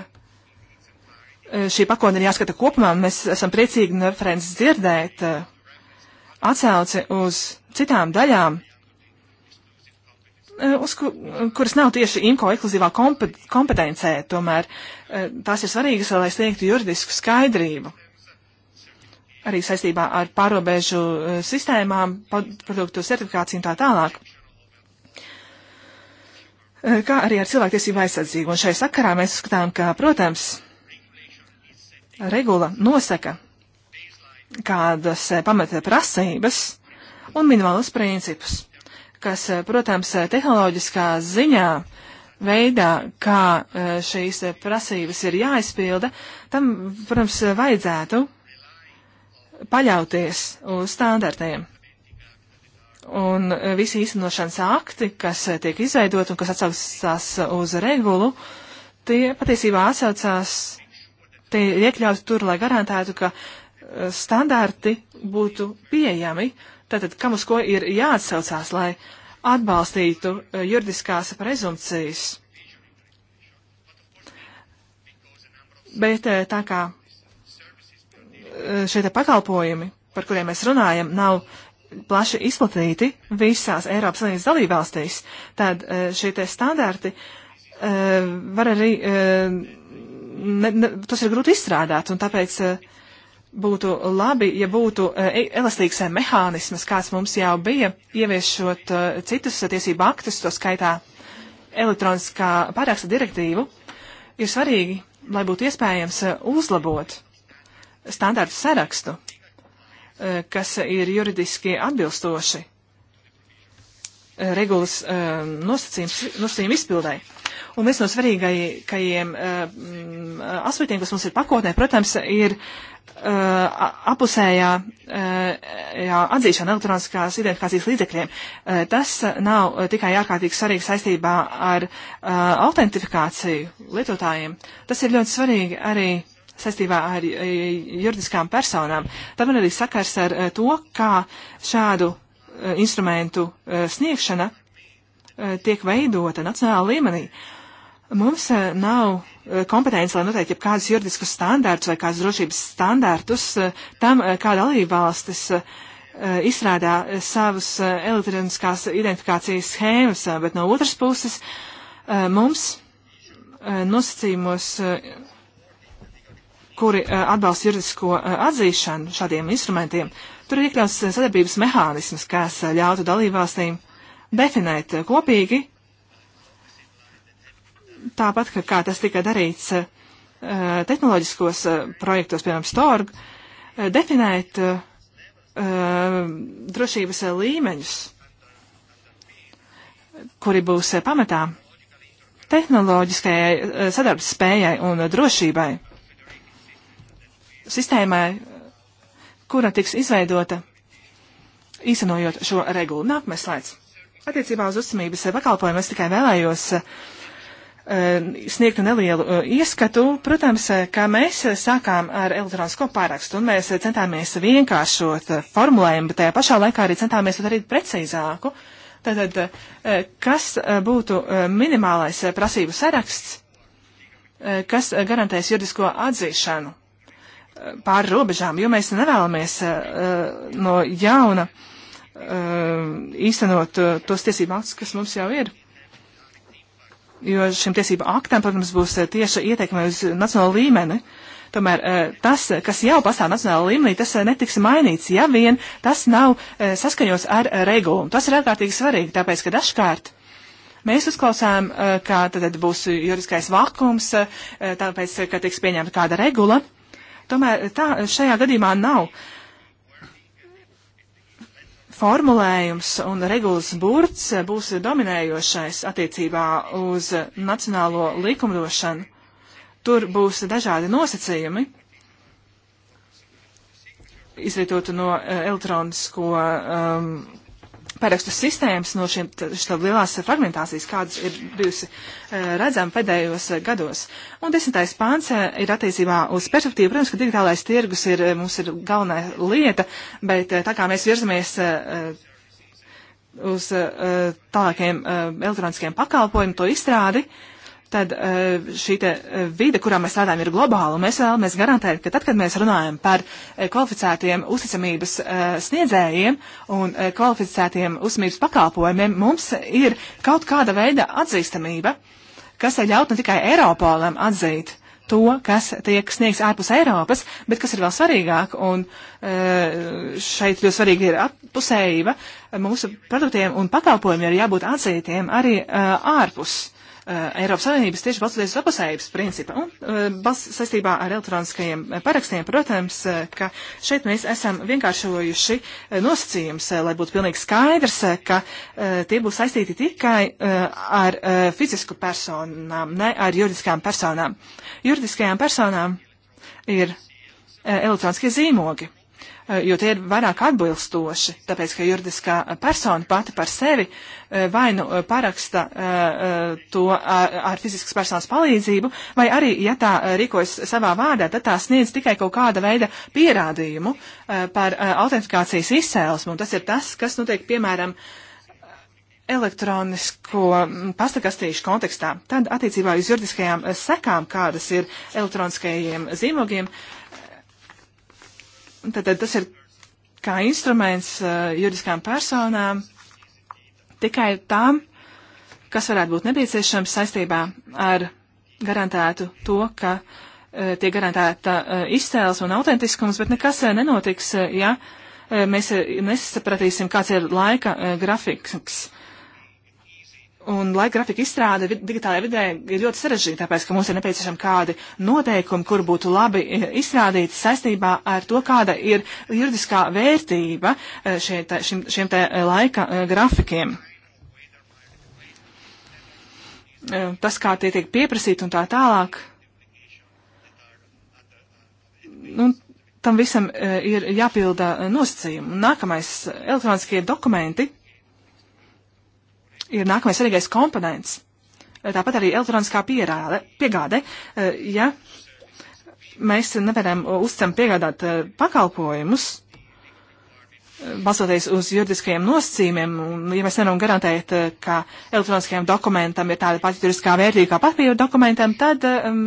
šī pakotne ir jāskata kopumā. Mēs esam priecīgi no references dzirdēt atsauci uz citām daļām Eh, uz ku, kuras nav tieši IMCO ekskluzīvā kompetencē, tomēr eh, tās ir svarīgas, lai sniegtu juridisku skaidrību. Arī saistībā ar pārobežu eh, sistēmām, produktu certifikāciju un tā tālāk. Kā arī ar cilvēktiesību aizsardzību. Un šai sakarā mēs uzskatām, ka, protams, regula nosaka kādas pamata prasības un minimālus principus kas, eh, protams, eh, tehnoloģiskā ziņā veidā, kā eh, šīs prasības ir jāizpilda, tam, protams, vajadzētu paļauties uz standartiem. Un visi īstenošanas akti, kas tiek izveidot un kas atsaucās uz regulu, tie patiesībā atsaucās, tie ir iekļauti tur, lai garantētu, ka standarti būtu pieejami uh, Tātad, kam uz ko ir jāatsaucās, lai atbalstītu eh, juridiskās prezumcijas? Bet eh, tā kā eh, šie pakalpojumi, par kuriem mēs runājam, nav plaši izplatīti visās Eiropas Savienības dalībvalstīs, tad šie standarti var arī, ne, ne, tos ir grūti izstrādāt, un tāpēc uh, būtu labi, ja būtu eh, elastīgs eh, mehānisms, kāds mums jau bija, ieviešot eh, citus tiesību aktus, to skaitā elektroniskā pārāksta direktīvu, ir svarīgi, lai būtu iespējams uzlabot standārtu sarakstu, kas ir juridiski atbilstoši regulas nosacījums, nosacījuma izpildēji. Un viens no svarīgākajiem um, aspektiem, kas mums ir pakotnē, protams, ir uh, apusējā uh, atzīšana elektroniskās identifikācijas līdzekļiem. Uh, tas nav tikai ārkārtīgi svarīgi saistībā ar autentifikāciju lietotājiem. Tas ir ļoti svarīgi arī saistībā ar juridiskām personām. Tam ir arī sakars ar to, kā šādu instrumentu sniegšana tiek veidota nacionāla līmenī. Uh, Mums eh, nav eh, kompetence, lai noteikti kādus juridiskus standārtus vai kādus drošības standārtus eh, tam, kā dalībvalstis izstrādā savus elektroniskās identifikācijas schēmas, bet no otras puses mums nosacījumos, kuri atbalsta juridisko atzīšanu šādiem instrumentiem, tur ir iekļauts sadarbības mehānisms, kas ļautu dalībvalstīm definēt kopīgi tāpat, ka kā tas tika darīts eh, tehnoloģiskos eh, projektos, piemēram, Storg, eh, definēt drošības līmeņus, kuri būs pamatā tehnoloģiskajai sadarbs spējai un drošībai sistēmai, kura tiks izveidota īstenojot šo regulu. Nākamais slaids. Attiecībā uz uzticamības pakalpojumu es tikai vēlējos uh, Eh, sniegtu nelielu eh, ieskatu. Protams, eh, kā mēs sākām ar elektronisko pārakstu, un mēs centāmies vienkāršot formulējumu, bet tajā pašā laikā arī centāmies to darīt precīzāku. Tātad, kas būtu minimālais prasību saraksts, kas garantēs juridisko atzīšanu pāri robežām, jo mēs nevēlamies no jauna īstenot tos tiesību aktus, kas mums jau ir jo šim tiesību aktam, protams, būs eh, tieša ieteikme uz nacionālo līmeni. Tomēr eh, tas, kas jau pastāv nacionālā līmenī, tas eh, netiks mainīts, ja vien tas nav saskaņots ar regulu. Tas ir ārkārtīgi svarīgi, tāpēc, ka dažkārt mēs uzklausām, ka tad būs juridiskais vakums, tāpēc, ka tiks pieņemta kāda regula. Tomēr tā šajā gadījumā nav. Uh, formulējums un regulas burts būs dominējošais attiecībā uz nacionālo likumdošanu. Tur būs dažādi nosacījumi, izvietot no eh, elektronisko um, parakstu sistēmas no šiem lielās fragmentācijas, kādas ir bijusi e, redzama pēdējos e, gados. Un desmitais pāns e, ir attiecībā uz perspektīvu. Protams, ka digitālais tirgus ir mums ir galvenā lieta, bet tā kā mēs virzamies uz tālākiem elektroniskiem pakalpojumu to izstrādi, uh, tad eh, šī eh, vide, kurā mēs strādājam, ir globāla, un mēs vēlamies garantēt, ka tad, kad mēs runājam par eh, kvalificētiem uzticamības sniedzējiem un kvalificētiem uzticamības pakalpojumiem, mums ir kaut kāda veida atzīstamība, kas ļaut ne tikai Eiropolam atzīt to, kas tiek sniegts ārpus Eiropas, bet kas ir vēl svarīgāk, un šeit ļoti svarīgi ir apusējība, mūsu produktiem un pakalpojumiem ir jābūt atzītiem arī ārpus. Eh, Eiropas Savienības tieši balstoties uz apusējības principu. Un eh, bas, saistībā ar elektroniskajiem eh, parakstiem, protams, ka šeit mēs esam vienkāršojuši nosacījums, lai būtu pilnīgi skaidrs, ka tie būs saistīti tikai ar fizisku personām, ne ar juridiskām personām. Juridiskajām personām ir elektroniskie zīmogi jo tie ir vairāk atbilstoši, tāpēc, ka juridiskā persona pati par sevi uh, Eh, vai nu eh, paraksta eh, to ar fiziskas personas palīdzību, vai arī, ja tā rīkojas savā vārdā, tad tā sniedz tikai kaut kāda veida pierādījumu par autentifikācijas izcēlesmu. Tas ir tas, kas notiek, piemēram, elektronisko mm, pastakastīšu kontekstā. Tad attiecībā uz juridiskajām sekām, kādas ir elektroniskajiem zīmogiem, tad, tad tas ir kā instruments juridiskām personām tikai tām, kas varētu būt nepieciešams saistībā ar garantētu to, ka e, tiek garantēta e, izcēles un autentiskums, bet nekas e, nenotiks, e, ja e, mēs e, nesapratīsim, kāds ir laika grafiks. Un laika grafika izstrāde digitālajā vidē ir ļoti sarežģīta, tāpēc, ka mums ir nepieciešami kādi noteikumi, kur būtu labi eh, izstrādīti saistībā ar to, kāda ir juridiskā vērtība eh, šie, šim, šiem te eh, laika grafikiem. Tas, kā tie tiek pieprasīti un tā tālāk. Un nu, tam visam ir jāpilda nosacījumi. Nākamais elektroniskie dokumenti ir nākamais svarīgais komponents. Tāpat arī elektroniskā pierāde, piegāde. E, ja mēs nevaram uzticam piegādāt e, pakalpojumus, e, balsoties uz juridiskajiem nosacījumiem, un ja mēs nevaram garantēt, ka elektroniskajam dokumentam ir tāda pati juridiskā vērtība kā papīra dokumentam, tad um,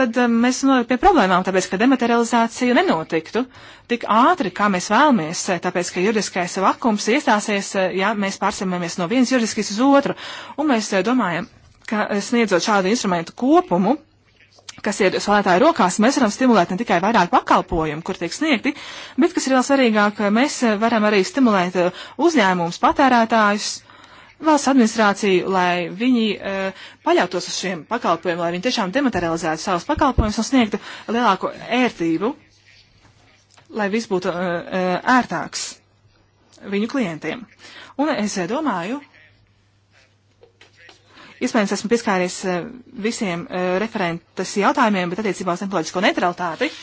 tad um, mēs nonāktu pie problēmām, tāpēc, ka dematerializācija nenotiktu tik ātri, kā mēs vēlamies, eh, tāpēc, ka juridiskais vakums iestāsies, eh, ja mēs pārsimamies no vienas juridiskas uz otru, un mēs eh, domājam, ka sniedzot šādu instrumentu kopumu, kas ir svētāju rokās, mēs varam stimulēt ne tikai vairāk pakalpojumu, kur tiek sniegti, bet, kas ir vēl svarīgāk, mēs varam arī stimulēt uzņēmumus, patērētājus, valsts administrāciju, lai viņi uh, paļautos uz šiem pakalpojumiem, lai viņi tiešām dematerializētu savus pakalpojumus un sniegtu lielāko ērtību, lai viss būtu uh, uh, ērtāks viņu klientiem. Un es domāju, iespējams, esmu pieskāries visiem referentas jautājumiem, bet attiecībā uz tehnoloģisko neutralitāti. Uh,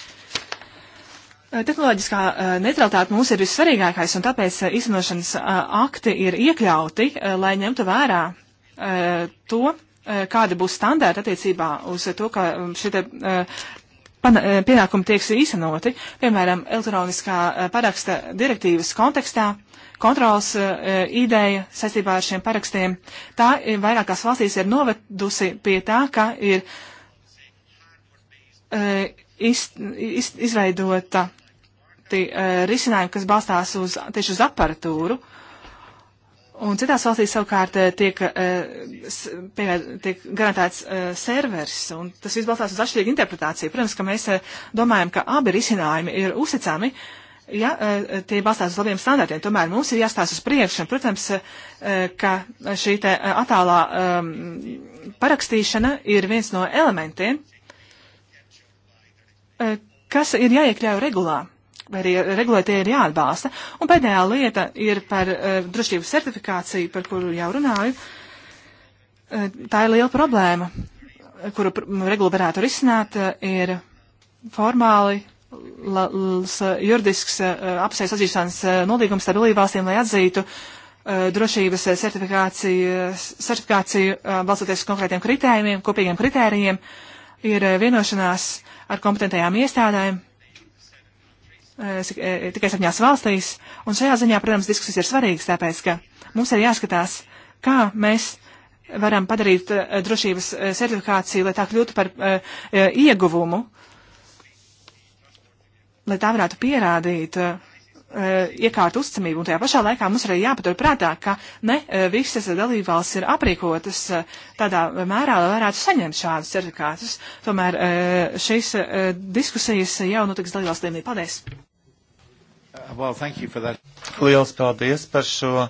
Eh, tehnoloģiskā eh, neutralitāte mums ir vissvarīgākais, un tāpēc eh, īstenošanas akti ir iekļauti, lai ņemtu vērā to, kādi būs standarti attiecībā uz to, ka mm, šie pienākumi tiek īstenoti. Piemēram, elektroniskā paraksta direktīvas kontekstā kontrols ideja saistībā ar šiem parakstiem. Tā vairākās valstīs ir novedusi pie tā, ka ir iz, iz, izveidota tī, uh, e, risinājumi, kas balstās uz, tieši uz aparatūru. Un citās valstīs savukārt e, tiek, e, piemēr, tiek garantēts servers, un tas viss balstās uz atšķirīgu interpretāciju. Protams, ka mēs domājam, ka abi risinājumi ir uzticami, ja tie balstās uz labiem standartiem. Tomēr mums ir jāstās uz priekšu, un, protams, ka šī te attālā parakstīšana ir viens no elementiem, Eh, kas ir jāiekļauj regulā, vai arī regulētie ir jāatbalsta. Un pēdējā lieta ir par uh, drošības certifikāciju, par kuru jau runāju. Uh, tā ir liela problēma, kuru pr regula varētu risināt, uh, ir formāli juridisks apsēs atzīšanas nolīgums starp dalībvalstīm, lai atzītu drošības certifikāciju, certifikāciju balstoties konkrētiem kritērijiem, kopīgiem kritērijiem, ir vienošanās uh, ar kompetentajām iestādēm eh, eh, tikai septiņās valstīs. Un šajā ziņā, protams, diskusijas ir svarīgas, tāpēc, ka mums ir jāskatās, kā mēs varam padarīt eh, drošības certifikāciju, lai tā kļūtu par ieguvumu, lai tā varētu pierādīt uh, Eh, iekārt uzticamību, un tajā pašā laikā mums arī jāpatur prātā, ka ne eh, visas dalībvalstis ir aprīkotas eh, tādā mērā, lai varētu saņemt šādus certifikātus. Tomēr šīs diskusijas jau notiks dalībvalsts līmenī. Paldies! Well, thank you for that. Liels paldies par šo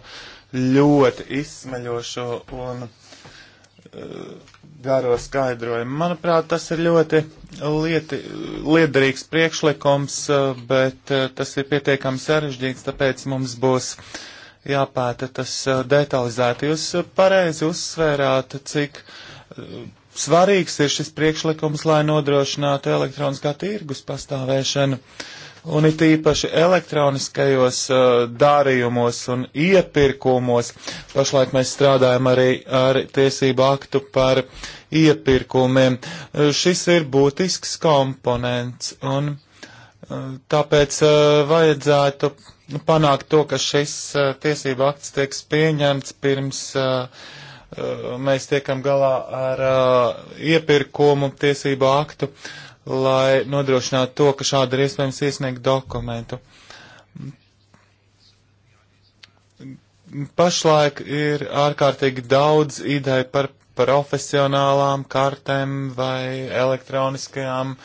ļoti izsmeļošo un uh, garo skaidrojumu. Manuprāt, tas ir ļoti lieti, liederīgs priekšlikums, bet eh, tas ir pietiekami sarežģīts, tāpēc mums būs jāpēta tas eh, detalizēti. Jūs pareizi uzsvērāt, cik eh, svarīgs ir šis priekšlikums, lai nodrošinātu elektroniskā tirgus pastāvēšanu. Uh, un it īpaši elektroniskajos uh, darījumos un iepirkumos. Pašlaik mēs strādājam arī ar tiesību aktu par iepirkumiem. Uh, šis ir būtisks komponents, un uh, tāpēc uh, vajadzētu panākt to, ka šis uh, tiesību akts tieks pieņemts pirms. Uh, uh Mēs tiekam galā ar uh, iepirkumu tiesību aktu uh, lai nodrošinātu to, ka šādi ir iespējams iesniegt dokumentu. Pašlaik ir ārkārtīgi daudz ideju par profesionālām kartēm vai elektroniskajām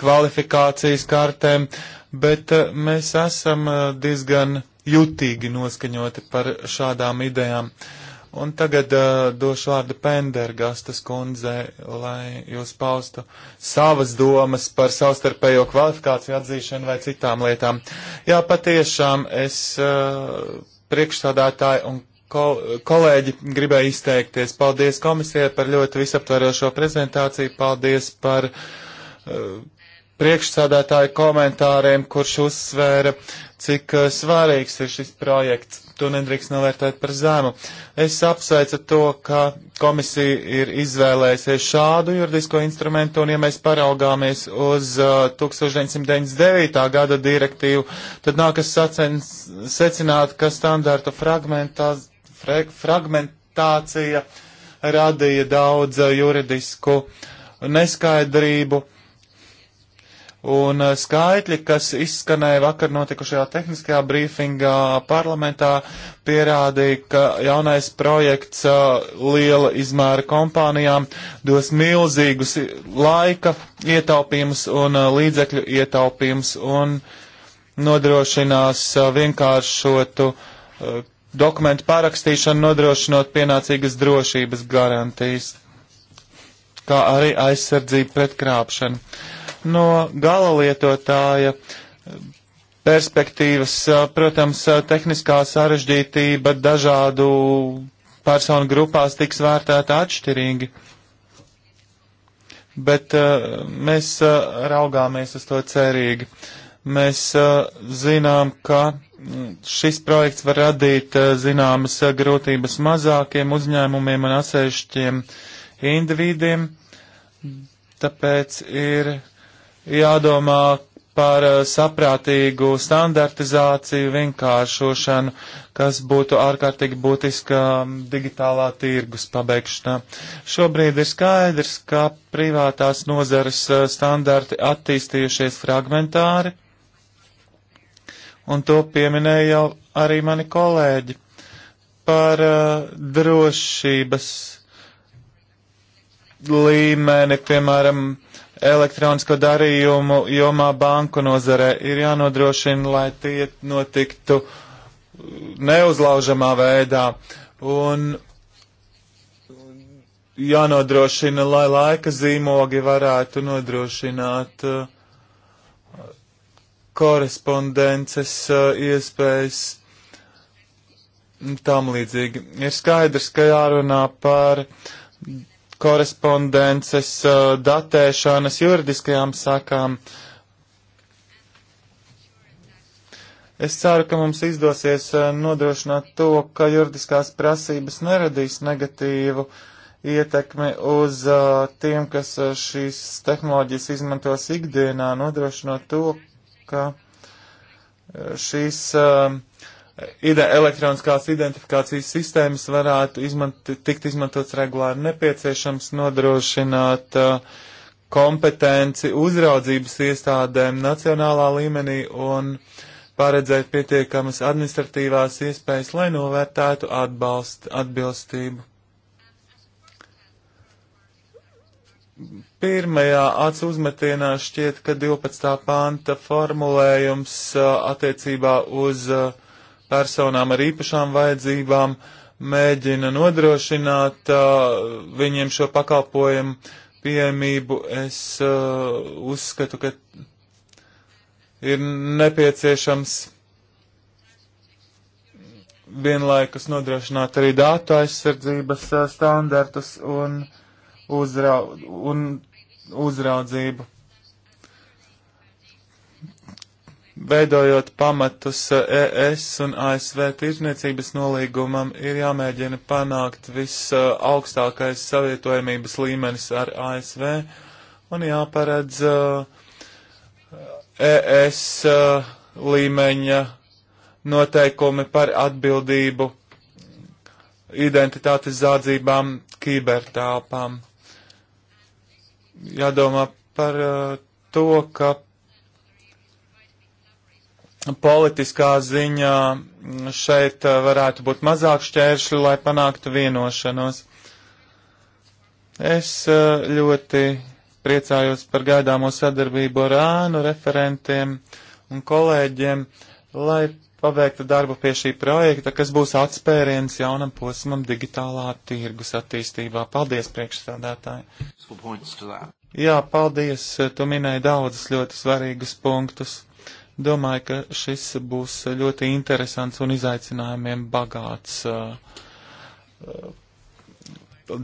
kvalifikācijas kartēm, bet eh, mēs esam eh, diezgan jutīgi noskaņoti par šādām idejām. Uh, Un tagad uh, došu vārdu Pendergastas kundzei, lai jūs paustu savas domas par savstarpējo kvalifikāciju atzīšanu vai citām lietām. Jā, patiešām es uh, priekšstādātāju un kol kolēģi gribēju izteikties. Paldies komisijai par ļoti visaptverošo prezentāciju. Paldies par uh, priekšsādātāju komentāriem, kurš uzsvēra uh, cik uh, svarīgs ir šis projekts. To nedrīkst novērtēt par zēmu. Es apsveicu to, ka komisija ir izvēlējusies šādu juridisko instrumentu, un ja mēs paraugāmies uz uh, eh, 1999. gada direktīvu, tad nākas sacens, secināt, ka standārta fre, fragmentācija radīja daudz uh, juridisku neskaidrību Un eh, skaitļi, kas izskanēja vakar notikušajā tehniskajā brīfingā parlamentā, pierādīja, ka jaunais projekts eh, liela izmēra kompānijām dos milzīgus laika ietaupījumus un eh, līdzekļu ietaupījumus un nodrošinās vienkāršotu dokumentu pārakstīšanu, nodrošinot pienācīgas drošības garantijas, kā arī aizsardzību pret krāpšanu. No gala lietotāja perspektīvas, protams, tehniskā sarežģītība dažādu personu grupās tiks vērtēta atšķirīgi. Bet uh, mēs uh, raugāmies uz to cerīgi. Mēs uh, zinām, ka šis projekts var radīt zināmas grūtības mazākiem uzņēmumiem un atsevišķiem individiem, tāpēc ir jādomā par eh, saprātīgu standartizāciju, vienkāršošanu, kas būtu ārkārtīgi būtiska mm, digitālā tirgus pabeigšanā. Šobrīd ir skaidrs, ka privātās nozares eh, standarti attīstījušies fragmentāri, un to pieminēja jau arī mani kolēģi par uh, drošības līmeni, piemēram, elektronisko darījumu jomā banku nozarē ir jānodrošina, lai tie notiktu neuzlaužamā veidā un jānodrošina, lai laika zīmogi varētu nodrošināt uh, korespondences uh, iespējas tam līdzīgi. Ir skaidrs, ka jārunā par uh, korespondences uh, datēšanas juridiskajām sakām. Es ceru, ka mums izdosies uh, nodrošināt to, ka juridiskās prasības neradīs negatīvu ietekmi uz uh, tiem, kas šīs tehnoloģijas izmantos ikdienā, nodrošinot to, ka šīs uh, ide elektroniskās identifikācijas sistēmas varētu izmanti, tikt izmantots regulāri nepieciešams nodrošināt uh, kompetenci uzraudzības iestādēm nacionālā līmenī un paredzēt pietiekamas administratīvās iespējas, lai novērtētu atbalst, atbilstību. Pirmajā acu uzmetienā šķiet, ka 12. panta formulējums uh, attiecībā uz uh, personām ar īpašām vajadzībām mēģina nodrošināt uh, viņiem šo pakalpojumu pieejamību. Es uh, uzskatu, ka ir nepieciešams vienlaikus nodrošināt arī datu aizsardzības uh, standartus un, uzrau un uzraudzību. Veidojot pamatus eh, ES un ASV tirzniecības nolīgumam, ir jāmēģina panākt visaugstākais savietojamības līmenis ar ASV un jāparedz ES eh, e eh, līmeņa noteikumi par atbildību identitātes zādzībām, kibertāpām. Jādomā par uh, to, ka politiskā ziņā šeit eh, varētu būt mazāk šķēršļu, lai panāktu vienošanos. Es eh, ļoti priecājos par gaidāmo sadarbību ar ānu referentiem un kolēģiem, lai paveiktu darbu pie šī projekta, kas būs atspēriens jaunam posmam digitālā tirgus attīstībā. Paldies, priekšstādātāji! Jā, paldies! Tu minēji daudzus ļoti svarīgus punktus. Domāju, ka šis būs ļoti interesants un izaicinājumiem bagāts uh, uh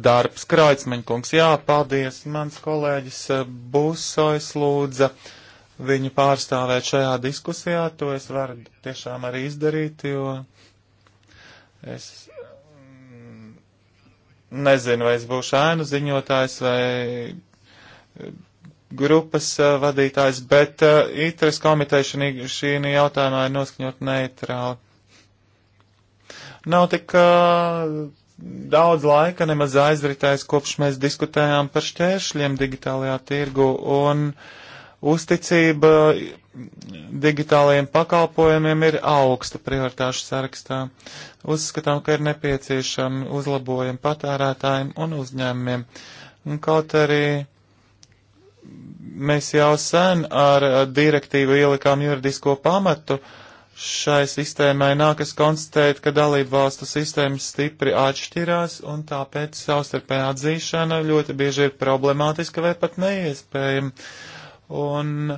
darbs. Kraicmeņkungs, jā, paldies. Mans kolēģis uh, Būsojs lūdza viņu pārstāvēt šajā diskusijā. To es varu tiešām arī izdarīt, jo es mm, nezinu, vai es būšu ēnu ziņotājs vai grupas eh, vadītājs, bet eh, ITRES komiteja šī, šī jautājumā ir noskaņot neitrāli. Nav tik eh, daudz laika nemaz aizritējis, kopš mēs diskutējām par šķēršļiem digitālajā tirgu un uzticība digitālajiem pakalpojumiem ir augsta prioritāšu sarakstā. Uzskatām, ka ir nepieciešami uzlabojumi patērētājiem un uzņēmumiem. Un kaut arī Mēs jau sen ar direktīvu ielikām juridisko pamatu. Šai sistēmai nākas konstatēt, ka dalību valstu sistēmas stipri atšķirās un tāpēc savstarpējā atzīšana ļoti bieži ir problemātiska vai pat neiespējama. Un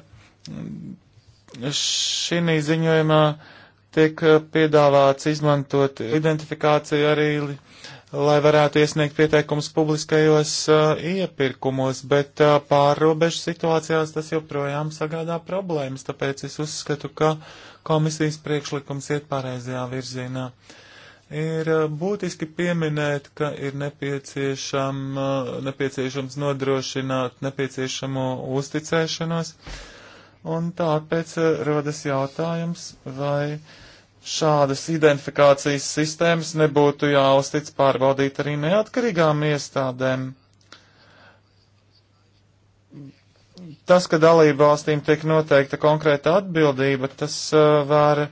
šī ziņojumā tiek piedāvāts izmantot identifikāciju arī lai varētu iesniegt pieteikumus publiskajos uh, iepirkumos, bet uh, pārrobežu situācijās tas joprojām sagādā problēmas, tāpēc es uzskatu, ka komisijas priekšlikums iet pareizajā virzienā. Ir uh, būtiski pieminēt, ka ir nepieciešam, uh, nepieciešams nodrošināt nepieciešamo uzticēšanos, un tāpēc uh, rodas jautājums, vai uh, šādas identifikācijas sistēmas nebūtu jāuztic pārbaudīt arī neatkarīgām iestādēm. Tas, ka dalību valstīm tiek noteikta konkrēta atbildība, tas uh, var,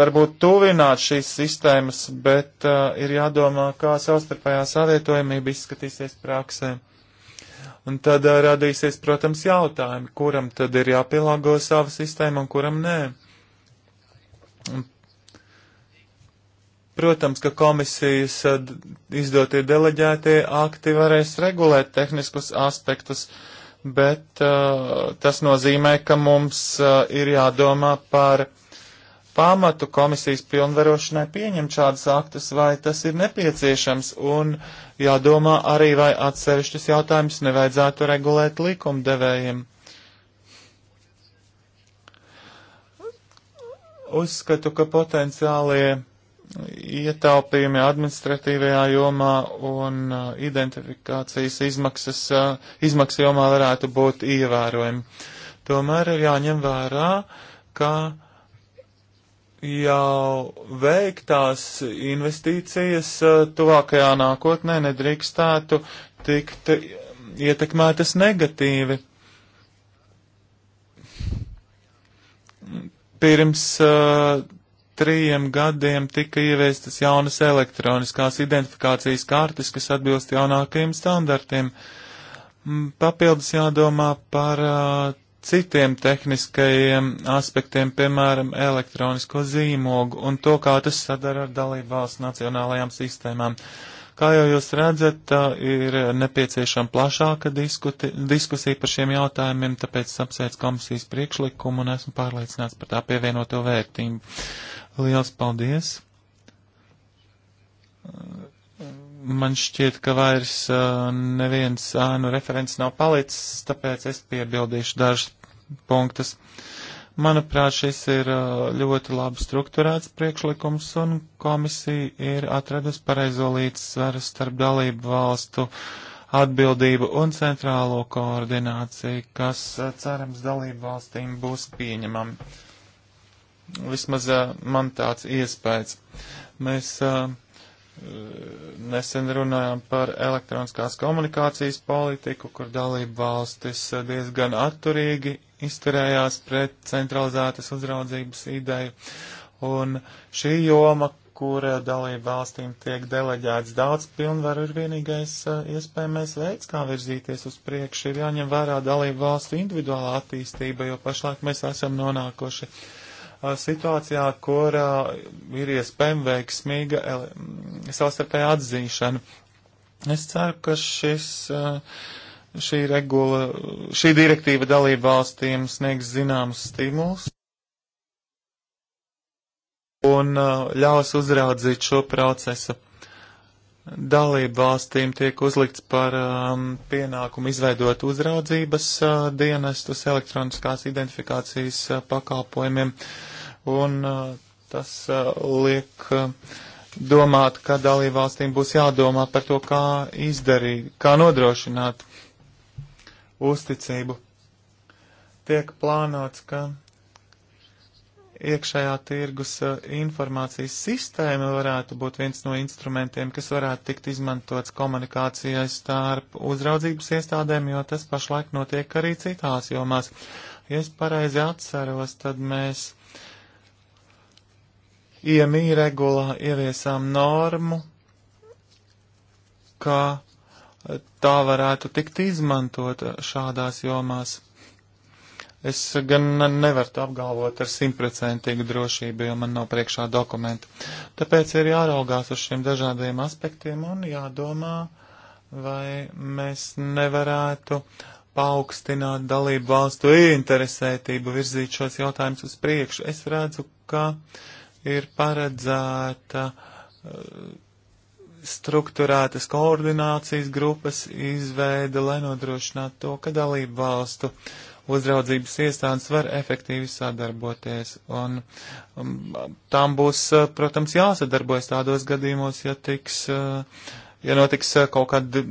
varbūt tuvināt šīs sistēmas, bet uh, ir jādomā, kā savstarpējā savietojamība izskatīsies praksē. Un tad uh, radīsies, protams, jautājumi, kuram tad ir jāpielāgo sava sistēma un kuram nē. Protams, ka komisijas eh, izdotie deleģētie akti varēs regulēt tehniskus aspektus, bet uh, tas nozīmē, ka mums uh, ir jādomā par pamatu komisijas pilnvarošanai pieņemt šādus aktus, vai tas ir nepieciešams, un jādomā arī, vai atsevišķus jautājumus nevajadzētu regulēt likumdevējiem. Uzskatu, ka potenciālie ietaupījumi administratīvajā jomā un uh, identifikācijas izmaksas, uh, izmaksu jomā varētu būt ievērojami. Tomēr ir jāņem vērā, ka jau veiktās investīcijas uh, tuvākajā nākotnē nedrīkstētu tikt ietekmētas negatīvi. Pirms uh, trījiem gadiem tika ieviestas jaunas elektroniskās identifikācijas kartes, kas atbilst jaunākajiem standartiem. Mm, papildus jādomā par uh, citiem tehniskajiem aspektiem, piemēram, elektronisko zīmogu un to, kā tas sadara ar dalību valsts nacionālajām sistēmām. Uh, Kā jau jūs redzat, ir nepieciešama plašāka diskuti, diskusija par šiem jautājumiem, tāpēc apsveic komisijas priekšlikumu un esmu pārliecināts par tā pievienoto vērtību. Liels paldies! Man šķiet, ka vairs uh, neviens ēnu referents nav palicis, tāpēc es piebildīšu dažus punktus. Uh, Manuprāt, šis ir uh, ļoti labi strukturēts priekšlikums, un komisija ir atradusi pareizo līdzsveru starp dalību valstu atbildību un centrālo koordināciju, kas, uh, cerams, dalību valstīm būs pieņemami. Vismaz uh, man tāds iespējas. Mēs nesen runājām par elektroniskās komunikācijas politiku, kur dalību valstis diezgan atturīgi izturējās pret centralizētas uzraudzības ideju. Un šī joma, kura dalība valstīm tiek deleģēts daudz pilnvaru, ir vienīgais eh, iespējamais veids, kā virzīties uz priekšu. Ir jāņem vērā dalību valstu individuālā attīstība, jo pašlaik mēs esam nonākuši eh, situācijā, kur eh, ir iespējama veiksmīga savstarpēja atzīšana. Es ceru, ka šis uh, šī regula, šī direktīva dalību valstīm sniegs zināmus stimulus un uh, ļaus uzraudzīt šo procesu. Dalību valstīm tiek uzlikts par um, pienākumu izveidot uzraudzības uh, dienestus elektroniskās identifikācijas uh, pakalpojumiem, un uh, tas uh, liek uh, domāt, ka dalību valstīm būs jādomā par to, kā izdarīt, kā nodrošināt uh, uzticību. Tiek plānots, ka iekšējā tirgus uh, informācijas sistēma varētu būt viens no instrumentiem, kas varētu tikt izmantots komunikācijai starp uzraudzības iestādēm, jo tas pašlaik notiek arī citās jomās. Ja es pareizi atceros, tad mēs IMI regulā ieviesām normu, ka tā varētu tikt izmantot šādās jomās. Es gan nevaru to apgalvot ar simtprocentīgu drošību, jo man nav priekšā dokumenti. Tāpēc ir jāraugās uz šiem dažādiem aspektiem un jādomā, vai mēs nevarētu paaugstināt dalību valstu interesētību, virzīt šos jautājumus uz priekšu. Es redzu, ka ir paredzēta uh, strukturētas koordinācijas grupas izveida, lai nodrošinātu to, ka dalību valstu uzraudzības iestādes var efektīvi sadarboties. Un tām um, būs, uh, protams, jāsadarbojas tādos gadījumos, ja tiks, uh, ja notiks uh, kaut kāda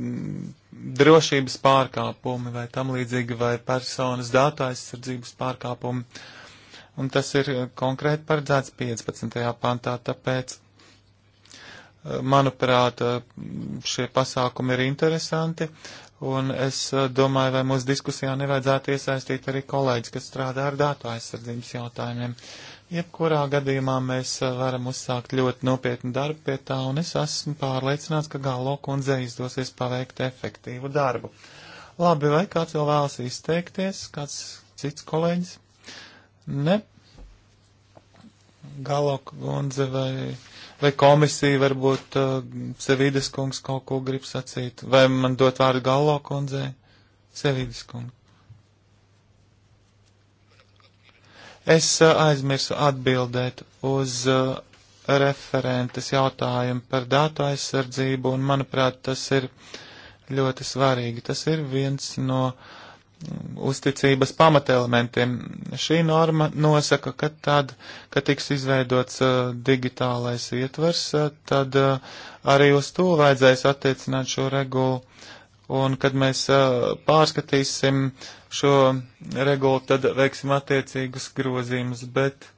drošības pārkāpumi vai tam līdzīgi vai personas datu aizsardzības pārkāpumi. Un tas ir konkrēti paredzēts 15. pantā, tāpēc Manuprāt, šie pasākumi ir interesanti, un es domāju, vai mūsu diskusijā nevajadzētu iesaistīt arī kolēģis, kas strādā ar datu aizsardzības jautājumiem. Jebkurā gadījumā mēs varam uzsākt ļoti nopietnu darbu pie tā, un es esmu pārliecināts, ka Galo kundze izdosies paveikt efektīvu darbu. Labi, vai kāds vēl vēlas izteikties? Kāds cits kolēģis? Ne? Galo kundze vai Vai komisija varbūt uh, eh, Sevīdas kungs kaut ko grib sacīt? Vai man dot vārdu Gallo kundzē? Sevīdas kungs. Es uh, aizmirsu atbildēt uz uh, referentes jautājumu par datu aizsardzību, un manuprāt, tas ir ļoti svarīgi. Tas ir viens no uh, uzticības pamatelementiem. Šī norma nosaka, ka tad, kad tiks izveidots uh, digitālais ietvers, uh, tad uh, arī uz to vajadzēs attiecināt šo regulu. Un, kad mēs uh, pārskatīsim šo regulu, tad veiksim attiecīgus grozījumus, bet.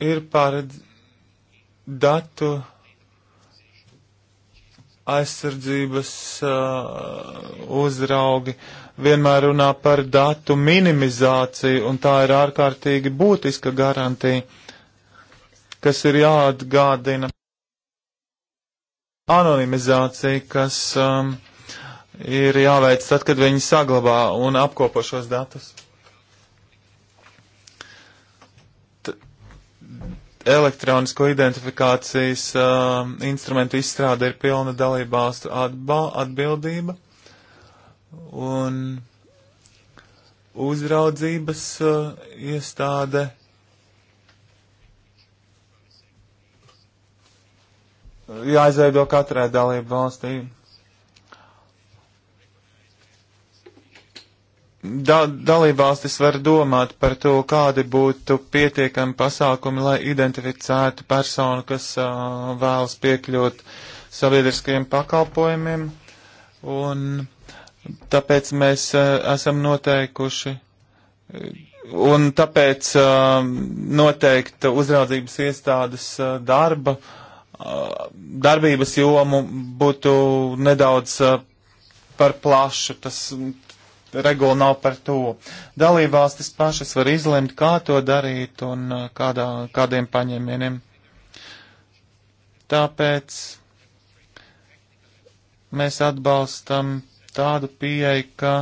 Ir paredz datu aizsardzības uh, uzraugi vienmēr runā par datu minimizāciju, un tā ir ārkārtīgi būtiska garantija, kas ir jāatgādina. Anonimizācija, kas um, ir jāveic tad, kad viņi saglabā un apkopo šos datus. T elektronisko identifikācijas uh, instrumentu izstrāde ir pilna dalībvalstu atbildība un uzraudzības uh, iestāde. Jāizveido katrai dalību valstī da dalībvalstis var domāt par to, kādi būtu pietiekami pasākumi, lai identificētu personu, kas uh, vēlas piekļūt sabiedriskajiem pakalpojumiem, un tāpēc mēs uh, esam noteikuši, un tāpēc uh, noteikta uzraudzības iestādes uh, darba, uh, darbības jomu būtu nedaudz uh, par plašu. Tas regula nav par to. Dalībvalstis pašas var izlemt, kā to darīt un uh, kādā, kādiem paņēmieniem. Tāpēc mēs atbalstam tādu pieeju, ka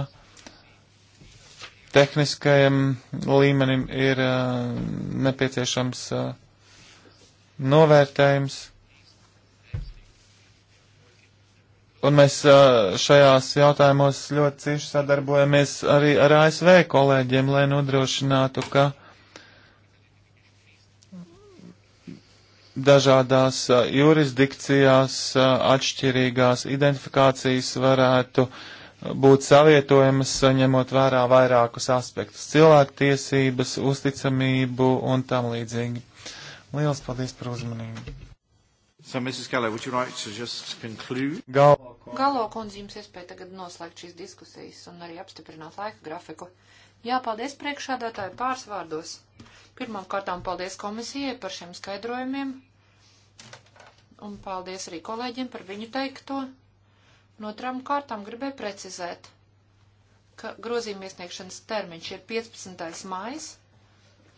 tehniskajam līmenim ir uh, nepieciešams uh, novērtējums Un mēs šajās jautājumos ļoti cieši sadarbojamies arī ar ASV kolēģiem, lai nodrošinātu, ka dažādās jurisdikcijās atšķirīgās identifikācijas varētu būt savietojamas, ņemot vērā vairākus aspektus - cilvēktiesības, uzticamību un tam līdzīgi. Lielas paldies par uzmanību! So, Mrs. Gallo, would you like to just conclude? Gallo, Gallo kundze, jums iespēja tagad noslēgt šīs diskusijas un arī apstiprināt laika grafiku. Jā, paldies priekšādātāju pāris vārdos. Pirmām kārtām paldies komisijai par šiem skaidrojumiem. Un paldies arī kolēģiem par viņu teikto. No tram kārtām gribēju precizēt, ka grozījuma iesniegšanas termiņš ir 15. mājas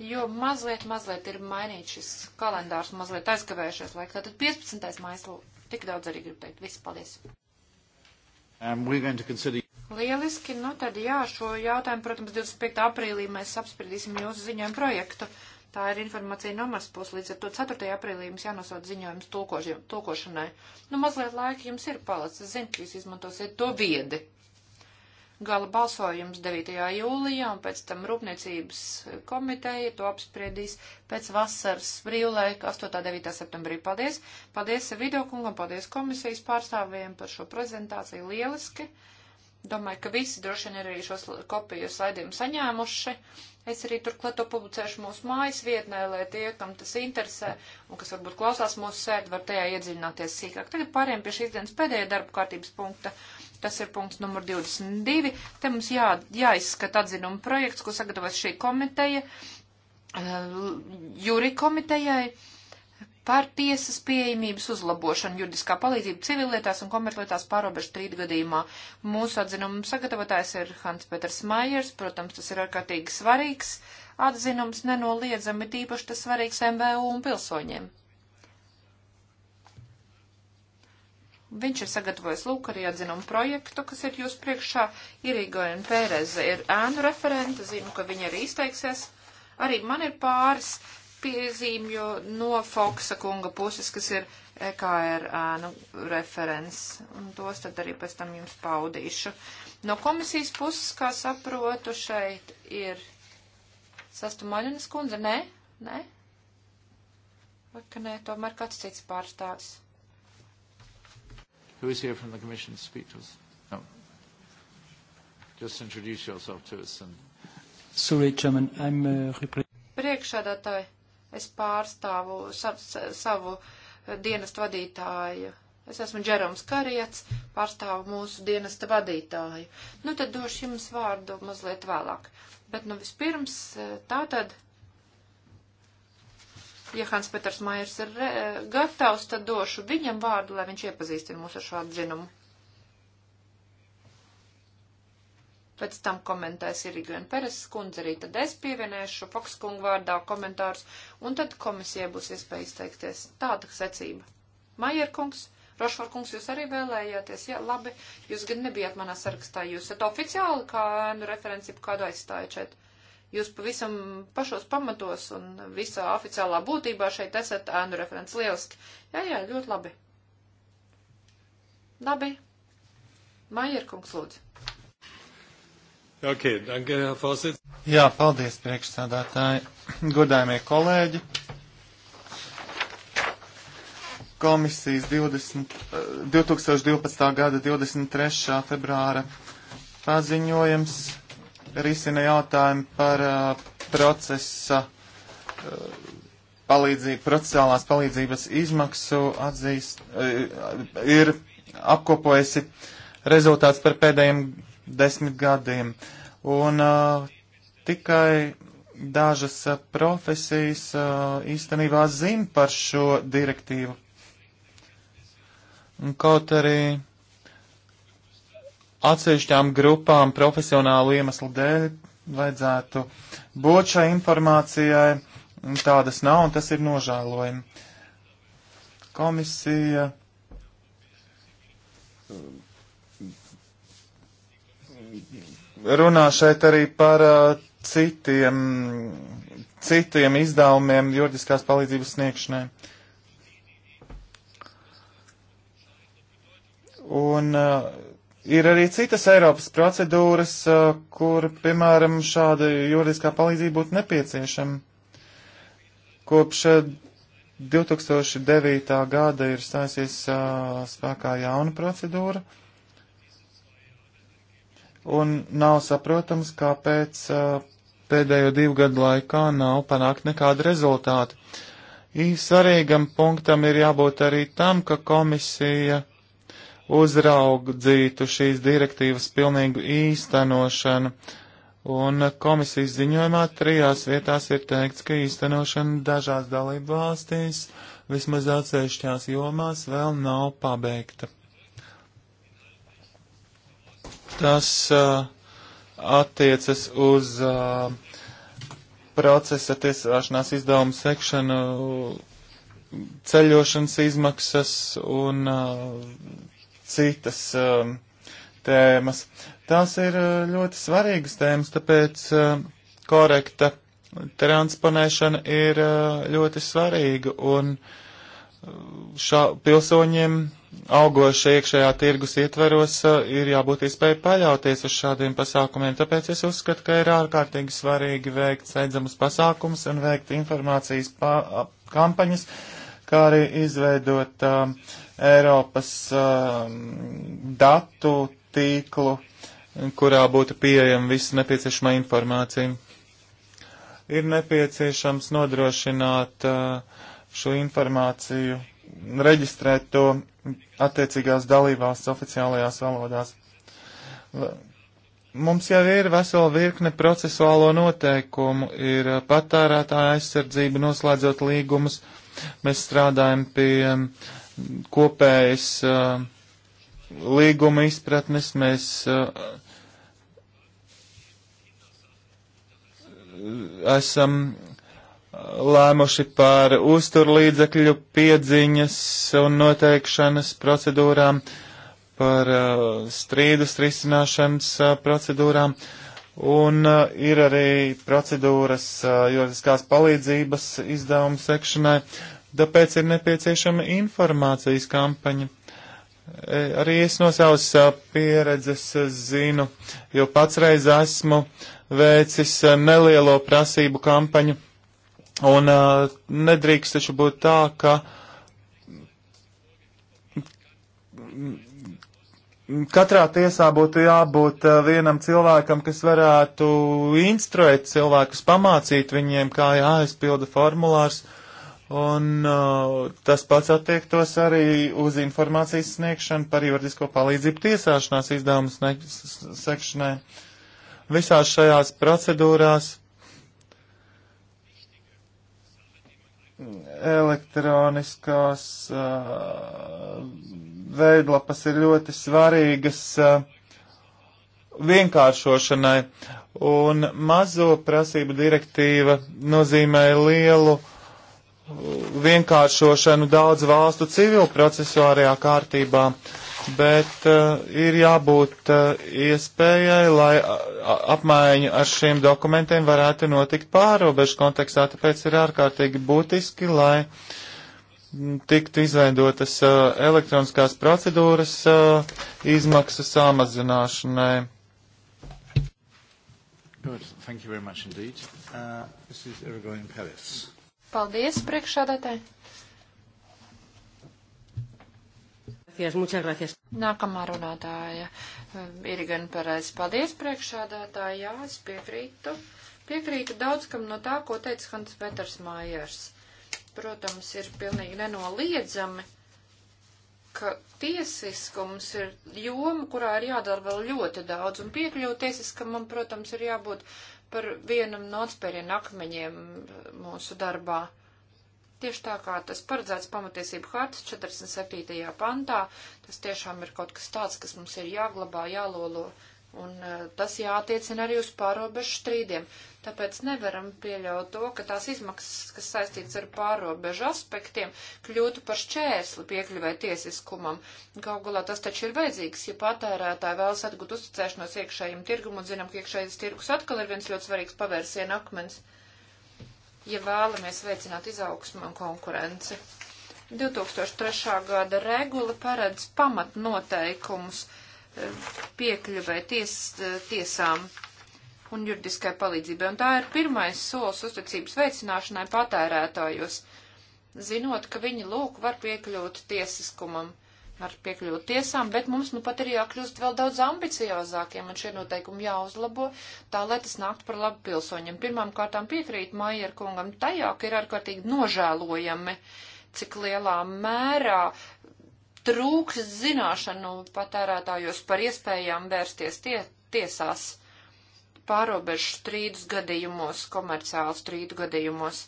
jo mazliet, mazliet ir mainīts šis kalendārs, mazliet aizkavējušies laika. Tātad 15. mājas, tik daudz arī gribu teikt. Viss, paldies. Um, consider... Lieliski, nu tad jā, šo jautājumu, protams, 25. aprīlī mēs apspriedīsim jūsu ziņojumu projektu. Tā ir informācija no manas puses, līdz ar to 4. aprīlī jums jānosauc ziņojums tulkošanai. Nu, mazliet laika jums ir palicis, es zinu, ka jūs izmantosiet to viedi gala balsojums 9. jūlijā, un pēc tam Rūpniecības komiteja to apspriedīs pēc vasaras brīvlaika 8.9. septembrī. Paldies! Paldies videokungam, paldies komisijas pārstāvjiem par šo prezentāciju. Lieliski! Domāju, ka visi droši vien ir arī šos kopiju slaidiem saņēmuši. Es arī turklāt to publicēšu mūsu mājas vietnē, lai tie, kam tas interesē un kas varbūt klausās mūsu sēdi, var tajā iedziļināties sīkāk. Tagad pāriem pie šīs dienas pēdējā darba kārtības punkta Tas ir punkts numur 22. Te mums jā, jāizskata atzinuma projekts, ko sagatavos šī komiteja, eh, jūri komitejai par tiesas pieejamības uzlabošanu, juridiskā palīdzība civilietās un komerclietās pārobežu strīdgadījumā. Mūsu atzinuma sagatavotājs ir Hans Peters Maiers, protams, tas ir ārkārtīgi svarīgs atzinums, nenoliedzami tīpaši tas svarīgs MVU un pilsoņiem. Viņš ir sagatavojis lūk arī atzinumu projektu, kas ir jūs priekšā. Irīgojana Pēreze ir ēnu referenta, zinu, ka viņa arī izteiksies. Arī man ir pāris piezīmju no Foksa kunga puses, kas ir EKR ēnu referents, un tos tad arī pēc tam jums paudīšu. No komisijas puses, kā saprotu, šeit ir Sastumaļunas kundze, nē, nē, vai ka nē, tomēr kāds cits pārstāvis. Who is here from the Commission to speak to us? No. Just introduce yourself to us. And... Sorry, Chairman, I'm uh, repre- Priekšādātāji, es pārstāvu sav, savu uh, dienestu vadītāju. Es esmu Džeroms Kariets, pārstāvu mūsu dienesta vadītāju. Nu, tad došu jums vārdu mazliet vēlāk. Bet, nu, vispirms, uh, tātad. tad Ja Hans Peters Maiers ir eh, gatavs, tad došu viņam vārdu, lai viņš iepazīstina mūs ar šo atzinumu. Pēc tam komentēs ir Iglen Peres skundze, arī tad es pievienēšu Fokskungu vārdā komentārus, un tad komisija būs iespēja izteikties. Tāda secība. Maierkungs, Rošvarkungs, jūs arī vēlējāties, jā, labi, jūs gan nebijāt manā sarakstā, jūs esat oficiāli kā nu, referenci kādu aizstājat šeit. Jūs pavisam pašos pamatos un visā oficiālā būtībā šeit esat ēnu referents. Lieliski. Jā, jā, ļoti labi. Labi. Maierkungs, lūdzu. Okay, danke, Herr Vorsitz. Jā, paldies, priekšsādātāji. Godājumie kolēģi. Komisijas 20, 2012. Eh, gada 23. februāra paziņojums risina jautājumu par uh, procesa uh, palīdzību, procesuālās palīdzības izmaksu atzīst, uh, ir apkopojusi rezultāts par pēdējiem desmit gadiem. Un uh, tikai dažas uh, profesijas uh, īstenībā zina par šo direktīvu. Un kaut arī atsevišķām grupām profesionālu iemeslu dēļ vajadzētu būt šai informācijai, tādas nav, un tas ir nožēlojami. Komisija um, runā šeit arī par uh, citiem, citiem izdevumiem juridiskās palīdzības sniegšanai. Un uh, Ir arī citas Eiropas procedūras, kur, piemēram, šāda juridiskā palīdzība būtu nepieciešama. Kopš 2009. gada ir stāsies spēkā jauna procedūra, un nav saprotams, kāpēc pēdējo divu gadu laikā nav panākt nekāda rezultāta. Īsvarīgam punktam ir jābūt arī tam, ka komisija uzraudzītu šīs direktīvas pilnīgu īstenošanu. Un komisijas ziņojumā trijās vietās ir teikts, ka īstenošana dažās dalību valstīs, vismaz atsevišķās jomās, vēl nav pabeigta. Tas uh, attiecas uz uh, procesa tiesāšanās izdevumu sekšanu, ceļošanas izmaksas un uh, citas um, tēmas. Tās ir uh, ļoti svarīgas tēmas, tāpēc um, korekta transponēšana ir uh, ļoti svarīga un uh, šā pilsoņiem augoša iekšējā tirgus ietveros uh, ir jābūt iespēja paļauties uz šādiem pasākumiem, tāpēc es uzskatu, ka ir ārkārtīgi svarīgi veikt saidzamus pasākumus un veikt informācijas kampaņas, uh, kā arī izveidot uh, Eiropas uh, datu tīklu, kurā būtu pieejama visa nepieciešamā informācija. Ir nepieciešams nodrošināt uh, šo informāciju, reģistrēt to attiecīgās dalībās oficiālajās valodās. Mums jau ir vesela virkne procesuālo noteikumu, ir uh, patērētāja aizsardzība noslēdzot līgumus, uh, Mēs strādājam pie kopējas uh, līguma izpratnes, mēs uh, esam lēmuši par uzturlīdzekļu piedziņas un noteikšanas procedūrām, par uh, strīdus risināšanas procedūrām. Uh, Un uh, ir arī procedūras uh, juridiskās palīdzības izdevuma sekšanai, tāpēc ir nepieciešama informācijas kampaņa. E, arī es no savas uh, pieredzes uh, zinu, jo pats reiz esmu veicis uh, nelielo prasību kampaņu, un uh, nedrīkst taču būt tā, ka Katrā tiesā būtu jābūt eh, vienam cilvēkam, kas varētu instruēt cilvēkus, pamācīt viņiem, kā jāizpilda formulārs, un uh, tas pats attiektos arī uz informācijas sniegšanu par juridisko palīdzību tiesāšanās izdevumu sekšanai. Visās šajās procedūrās elektroniskās. Uh, veidlapas ir ļoti svarīgas uh, vienkāršošanai, un mazo prasību direktīva nozīmē lielu uh, vienkāršošanu daudz valstu civilprocesuārajā kārtībā, bet uh, ir jābūt uh, iespējai, lai apmaiņa ar šiem dokumentiem varētu notikt pārobežu kontekstā, tāpēc ir ārkārtīgi būtiski, lai uh, tiktu izveidotas uh, elektroniskās procedūras uh, izmaksu samazināšanai. Good. Thank you very much indeed. Uh, this is Irigoyen Pellis. Paldies, priekšādātāji. Gracias, muchas gracias. Nākamā runātāja ir gan pareizi. Paldies, priekšādātāji. Jā, es piekrītu. Piekrītu daudz kam no tā, ko teica Hans Peters Mājers protams, ir pilnīgi nenoliedzami, ka tiesiskums ir joma, kurā ir jādara vēl ļoti daudz, un piekļūt tiesiskamam, protams, ir jābūt par vienam no atspērienu akmeņiem mūsu darbā. Tieši tā kā tas paredzēts pamatiesību hartas 47. pantā, tas tiešām ir kaut kas tāds, kas mums ir jāglabā, jālolo, un eh, tas jātiecina arī uz pārobežu strīdiem. Tāpēc nevaram pieļaut to, ka tās izmaksas, kas saistīts ar pārobežu aspektiem, kļūtu par šķērsli piekļuvē tiesiskumam. Galu galā tas taču ir vajadzīgs, ja patērētāji vēlas atgūt uzticēšanos iekšējiem tirgumam un zinām, ka iekšējais tirgus atkal ir viens ļoti svarīgs pavērsiena akmens, ja vēlamies veicināt izaugsmu un konkurenci. 2003. gada regula paredz pamatnoteikumus eh, piekļuvai ties, eh, tiesām un juridiskai palīdzībai. Un tā ir pirmais solis uzticības veicināšanai patērētājos, zinot, ka viņi lūk var piekļūt tiesiskumam var piekļūt tiesām, bet mums nu pat ir jākļūst vēl daudz ambiciozākiem un šie noteikumi jāuzlabo, tā lai tas nākt par labu pilsoņiem. Pirmām kārtām piekrīt Maier kungam tajā, ka ir ārkārtīgi nožēlojami, cik lielā mērā trūks zināšanu patērētājos par iespējām vērsties tie, tiesās pārobežu strīdus gadījumos, komerciālu strīdu gadījumos.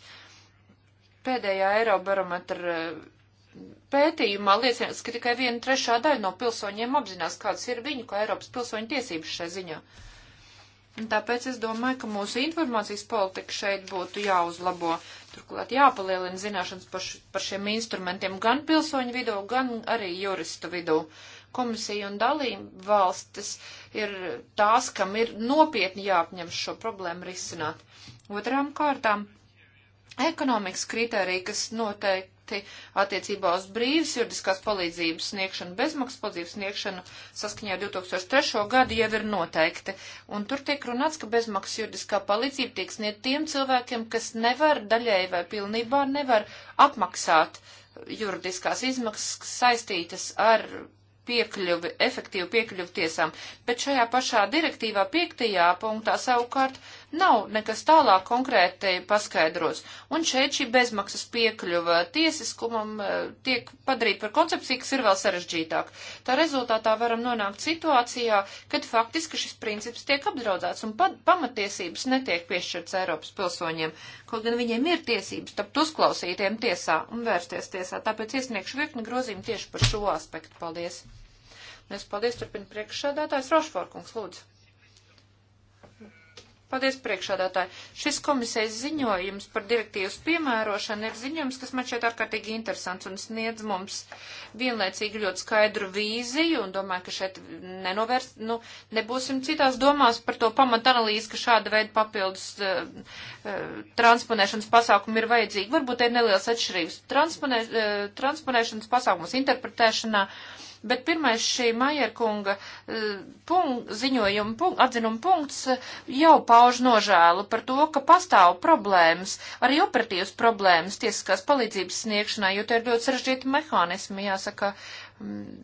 Pēdējā Eirobarometra eh, pētījumā liecina, ka tikai viena trešā daļa no pilsoņiem apzinās, kādas ir viņu, kā Eiropas pilsoņu tiesības šai ziņā. Un tāpēc es domāju, ka mūsu informācijas politika šeit būtu jāuzlabo. Turklāt jāpalielina zināšanas par, š, par šiem instrumentiem gan pilsoņu vidū, gan arī juristu vidū. Komisija un dalība valstis ir tās, kam ir nopietni jāapņem šo problēmu risināt. Otrām kārtām ekonomikas kritērija, kas noteikti attiecībā uz brīvas juridiskās palīdzības sniegšanu, bezmaksas palīdzības sniegšanu saskaņā 2003. gadu jau ir noteikti. Un tur tiek runāts, ka bezmaksas juridiskā palīdzība tiek sniegt tiem cilvēkiem, kas nevar daļai vai pilnībā nevar apmaksāt juridiskās izmaksas, kas saistītas ar piekļuvi, efektīvu piekļuvi tiesām, bet šajā pašā direktīvā piektajā punktā savukārt Nav nekas tālāk konkrēti paskaidros. Un šeit šī bezmaksas piekļuva tiesiskumam eh, tiek padarīta par koncepciju, kas ir vēl sarežģītāk. Tā rezultātā varam nonākt situācijā, kad faktiski šis princips tiek apdraudēts un pamatiesības netiek piešķirts Eiropas pilsoņiem, kaut gan viņiem ir tiesības tapt uzklausītiem tiesā un vērsties tiesā. Tāpēc iesniegšu virkni grozījumu tieši par šo aspektu. Paldies! Mēs paldies turpina priekšsādātājs Rošforkungs, lūdzu. Paldies, priekšādātāji. Šis komisijas ziņojums par direktīvas piemērošanu ir ziņojums, kas man šķiet ārkārtīgi interesants un sniedz mums vienlaicīgi ļoti skaidru vīziju un domāju, ka šeit nenovērst, nu, nebūsim citās domās par to pamata analīzi, ka šāda veida papildus uh, uh, transponēšanas pasākumi ir vajadzīgi. Varbūt ir nelielas atšķirības transponē, uh, transponēšanas pasākumus interpretēšanā. Uh, Bet pirmais šī Majerkunga eh, punkt, ziņojuma punkt, atzinuma punkts eh, jau pauž nožēlu par to, ka pastāv problēmas, arī operatīvas problēmas tiesiskās palīdzības sniegšanā, jo te ir ļoti sarežģīti mehānismi, jāsaka, mm,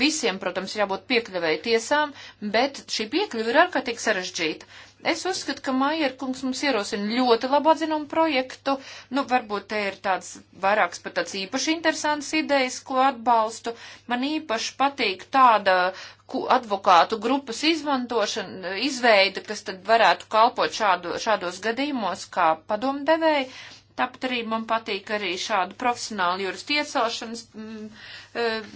Visiem, protams, ir jābūt piekļuvēji tiesām, bet šī piekļuva ir ārkārtīgi sarežģīta. Es uzskatu, ka Maier kungs mums ierosina ļoti labu atzinumu projektu. Nu, varbūt te ir tāds vairāks pat tāds īpaši interesants idejas, ko atbalstu. Man īpaši patīk tāda advokātu grupas izmantošana, izveida, kas tad varētu kalpot šādu, šādos gadījumos kā padomdevēji. Tāpat arī man patīk arī šādu profesionālu juristu iecelšanas. Mm, mm,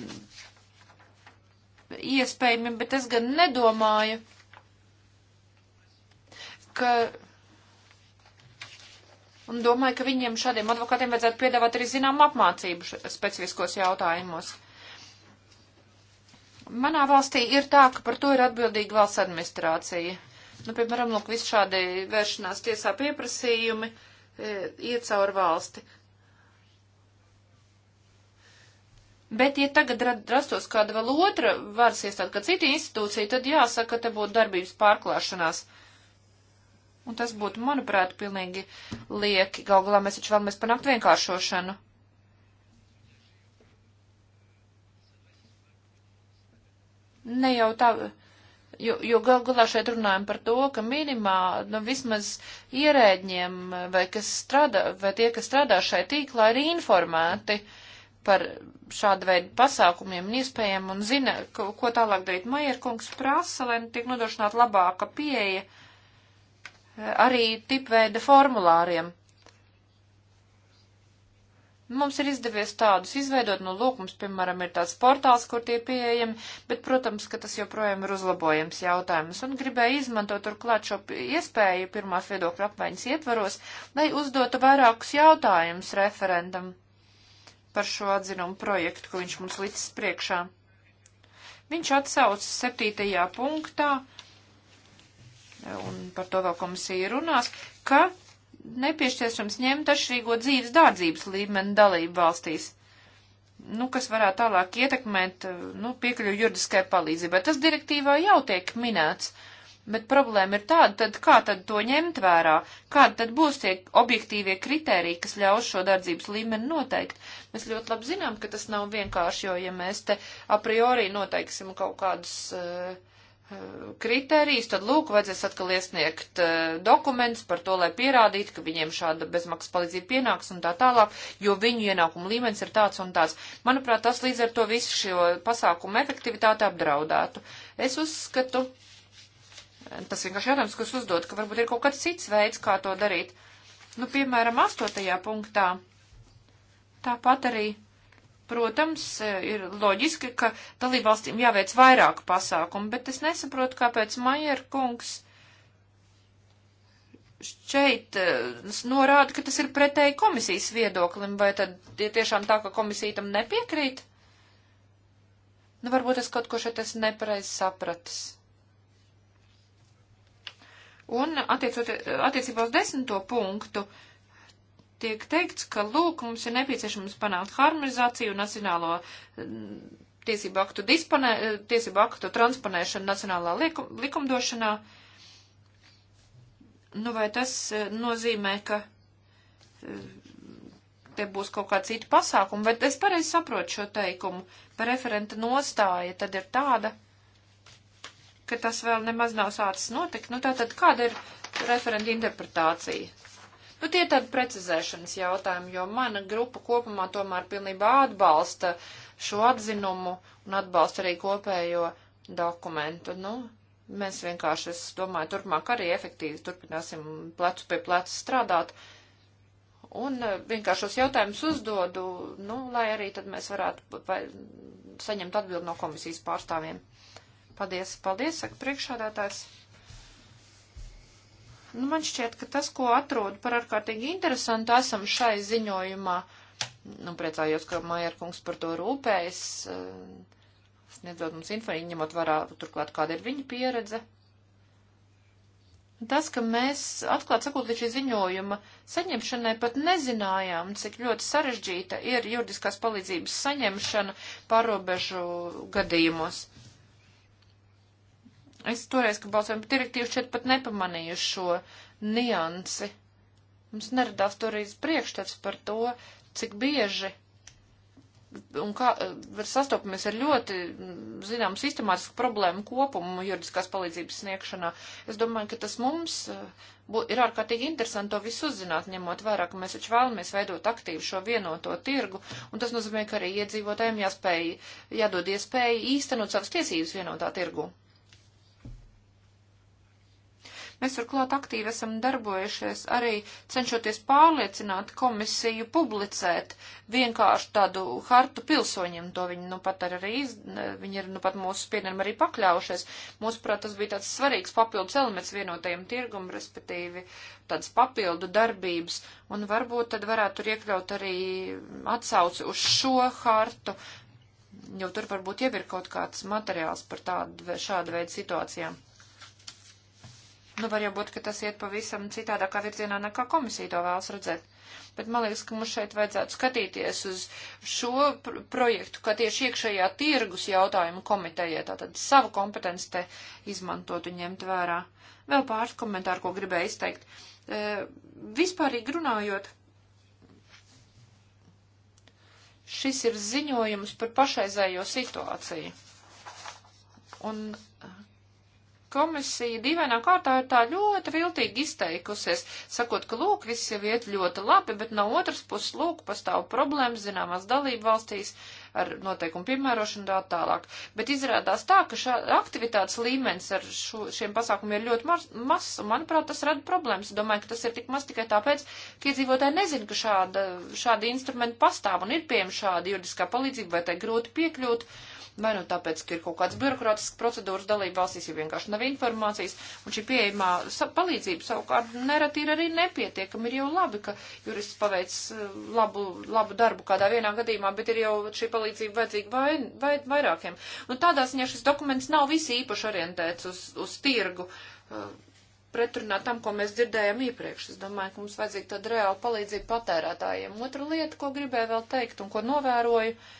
iespējami, bet es gan nedomāju, ka. Un domāju, ka viņiem šādiem advokātiem vajadzētu piedāvāt arī zinām apmācību specifiskos jautājumos. Manā valstī ir tā, ka par to ir atbildīga valsts administrācija. Nu, piemēram, lūk, visi šādi vēršanās tiesā pieprasījumi e, iet cauri valsti. Bet, ja tagad rastos kāda vēl otra varas iestāde, kā cita institūcija, tad jāsaka, ka te būtu darbības pārklāšanās. Un tas būtu, manuprāt, pilnīgi lieki. Gal galā mēs taču vēlamies panākt vienkāršošanu. Ne jau tā, jo, jo gal galā šeit runājam par to, ka minimā, nu vismaz ierēģiem vai, kas strādā, vai tie, kas strādā šai tīklā, ir informēti. Uh, par šādu veidu pasākumiem un iespējām un zina, ko, ko tālāk darīt. Maierkungs prasa, lai nu tiek nodrošināt labāka pieeja eh, arī tipveida formulāriem. Mums ir izdevies tādus izveidot, nu, lūk, mums, piemēram, ir tāds portāls, kur tie pieejami, bet, protams, ka tas joprojām ir uzlabojams jautājums, un gribēju izmantot turklāt šo iespēju pirmās viedokļa apmaiņas ietvaros, lai uzdotu vairākus jautājumus referendam par šo atzinumu projektu, ko viņš mums licis priekšā. Viņš atsaucas septītajā punktā, un par to vēl komisija runās, ka nepieciešams ņemt atšķirīgo dzīves dārdzības līmeni dalību valstīs nu, kas varētu tālāk ietekmēt nu, piekļuvi juridiskai palīdzībai. Tas direktīvā jau tiek minēts. Bet problēma ir tāda, tad kā tad to ņemt vērā? Kādi tad būs tie objektīvie kriteriji, kas ļaus šo dardzības līmeni noteikt? Mēs ļoti labi zinām, ka tas nav vienkārši, jo ja mēs te a priori noteiksim kaut kādus uh, eh, eh, kriterijus, tad lūk, vajadzēs atkal iesniegt uh, dokumentus par to, lai pierādītu, ka viņiem šāda bezmaksas palīdzība pienāks un tā tālāk, jo viņu ienākumu līmenis ir tāds un tāds. Manuprāt, tas līdz ar to visu šo pasākumu efektivitāti apdraudētu. Es uzskatu, uh, Tas vienkārši jautājums, kas uzdod, ka varbūt ir kaut kāds cits veids, kā to darīt. Nu, piemēram, astotajā punktā. Tāpat arī, protams, ir loģiski, ka dalībvalstīm jāveic vairāk pasākumu, bet es nesaprotu, kāpēc Maier kungs šeit eh, norāda, ka tas ir pretēji komisijas viedoklim, vai tad ir ja tiešām tā, ka komisija tam nepiekrīt? Nu, varbūt es kaut ko šeit esmu nepareizi sapratis. Un attiecībā uz desmito punktu tiek teikts, ka lūk, mums ir nepieciešams panākt harmonizāciju nacionālo mm, tiesību aktu, disponē, tiesību aktu transponēšanu nacionālā likum, likumdošanā. Nu, vai tas eh, nozīmē, ka eh, te būs kaut kāda cita pasākuma, vai es pareizi saprotu šo teikumu, par referenta nostāja tad ir tāda, ka tas vēl nemaz nav sācis notikt. Nu, tātad kāda ir referenta interpretācija? Nu, tie ir tādi precizēšanas jautājumi, jo mana grupa kopumā tomēr pilnībā atbalsta šo atzinumu un atbalsta arī kopējo dokumentu. Nu, mēs vienkārši, es domāju, turpmāk arī efektīvi turpināsim plecu pie pleca strādāt. Un eh, vienkārši šos jautājumus uzdodu, nu, lai arī tad mēs varētu saņemt atbildi no komisijas pārstāvjiem. Paldies, paldies, saka priekšādātājs. Nu, man šķiet, ka tas, ko atrodu par ārkārtīgi interesantu, esam šai ziņojumā. Nu, priecājos, ka Majerkungs par to rūpējas, eh, sniedzot mums informāciju, ņemot vērā turklāt, kāda ir viņa pieredze. Tas, ka mēs, atklāt sakot, līdz šī ziņojuma saņemšanai pat nezinājām, cik ļoti sarežģīta ir juridiskās palīdzības saņemšana pārobežu gadījumos. Es toreiz, kad balsojam par direktīvu, šeit pat nepamanīju šo niansi. Mums neradās toreiz priekšstats par to, cik bieži un kā eh, var sastopamies ar ļoti, mm, zinām, sistemātisku problēmu kopumu juridiskās palīdzības sniegšanā. Es domāju, ka tas mums eh, bū, ir ārkārtīgi interesanti to visu uzzināt, ņemot vērā, ka mēs taču vēlamies veidot aktīvu šo vienoto tirgu, un tas nozīmē, ka arī iedzīvotājiem jāspēj, jādod iespēja īstenot savas tiesības vienotā tirgu. Mēs turklāt aktīvi esam darbojušies arī cenšoties pārliecināt komisiju publicēt vienkārši tādu hartu pilsoņiem. To viņi nu pat arī, viņi ir nu pat mūsu spiedienam arī pakļaujušies. Mūsuprāt, tas bija tāds svarīgs papildus elements vienotajam tirgum, respektīvi tāds papildu darbības. Un varbūt tad varētu tur iekļaut arī atsauci uz šo hartu, jo tur varbūt jau ir kaut kāds materiāls par tādu, šādu veidu situācijām. Nu, var jau būt, ka tas iet pavisam citādākā virzienā nekā komisija to vēlas redzēt. Bet man liekas, ka mums šeit vajadzētu skatīties uz šo pr projektu, kā tieši iekšējā tirgus jautājumu komitejai, tātad savu kompetenci te izmantot un ņemt vērā. Vēl pāris komentāru, ko gribēju izteikt. E, vispārīgi runājot, šis ir ziņojums par pašreizējo situāciju. Un Komisija divainā kārtā ir tā ļoti viltīgi izteikusies, sakot, ka lūk, viss jau iet ļoti labi, bet no otras puses lūk, pastāv problēmas zināmās dalību valstīs ar noteikumu piemērošanu tā tālāk. Bet izrādās tā, ka šā aktivitātes līmenis ar šo, šiem pasākumiem ir ļoti mazs, mas, un manuprāt, tas rada problēmas. Domāju, ka tas ir tik maz tikai tāpēc, ka iedzīvotāji nezin, ka šāda, šādi instrumenti pastāv un ir pieejami šāda juridiskā palīdzība vai tai grūti piekļūt. Uh, Vai nu tāpēc, ka ir kaut kādas birokrātiskas procedūras dalība valstīs, ja vienkārši nav informācijas, un šī pieejamā palīdzība savukārt nereti ir arī nepietiekama. Ir jau labi, ka jurists paveic eh, labu, labu darbu kādā vienā gadījumā, bet ir jau šī palīdzība vajadzīga vai, vai, vairākiem. Un tādā ziņā šis dokuments nav visi īpaši orientēts uz, uz tirgu eh, pretrunā tam, ko mēs dzirdējām iepriekš. Es domāju, ka mums vajadzīga tāda reāla palīdzība patērētājiem. Otra lieta, ko gribēju vēl teikt un ko novēroju, uh,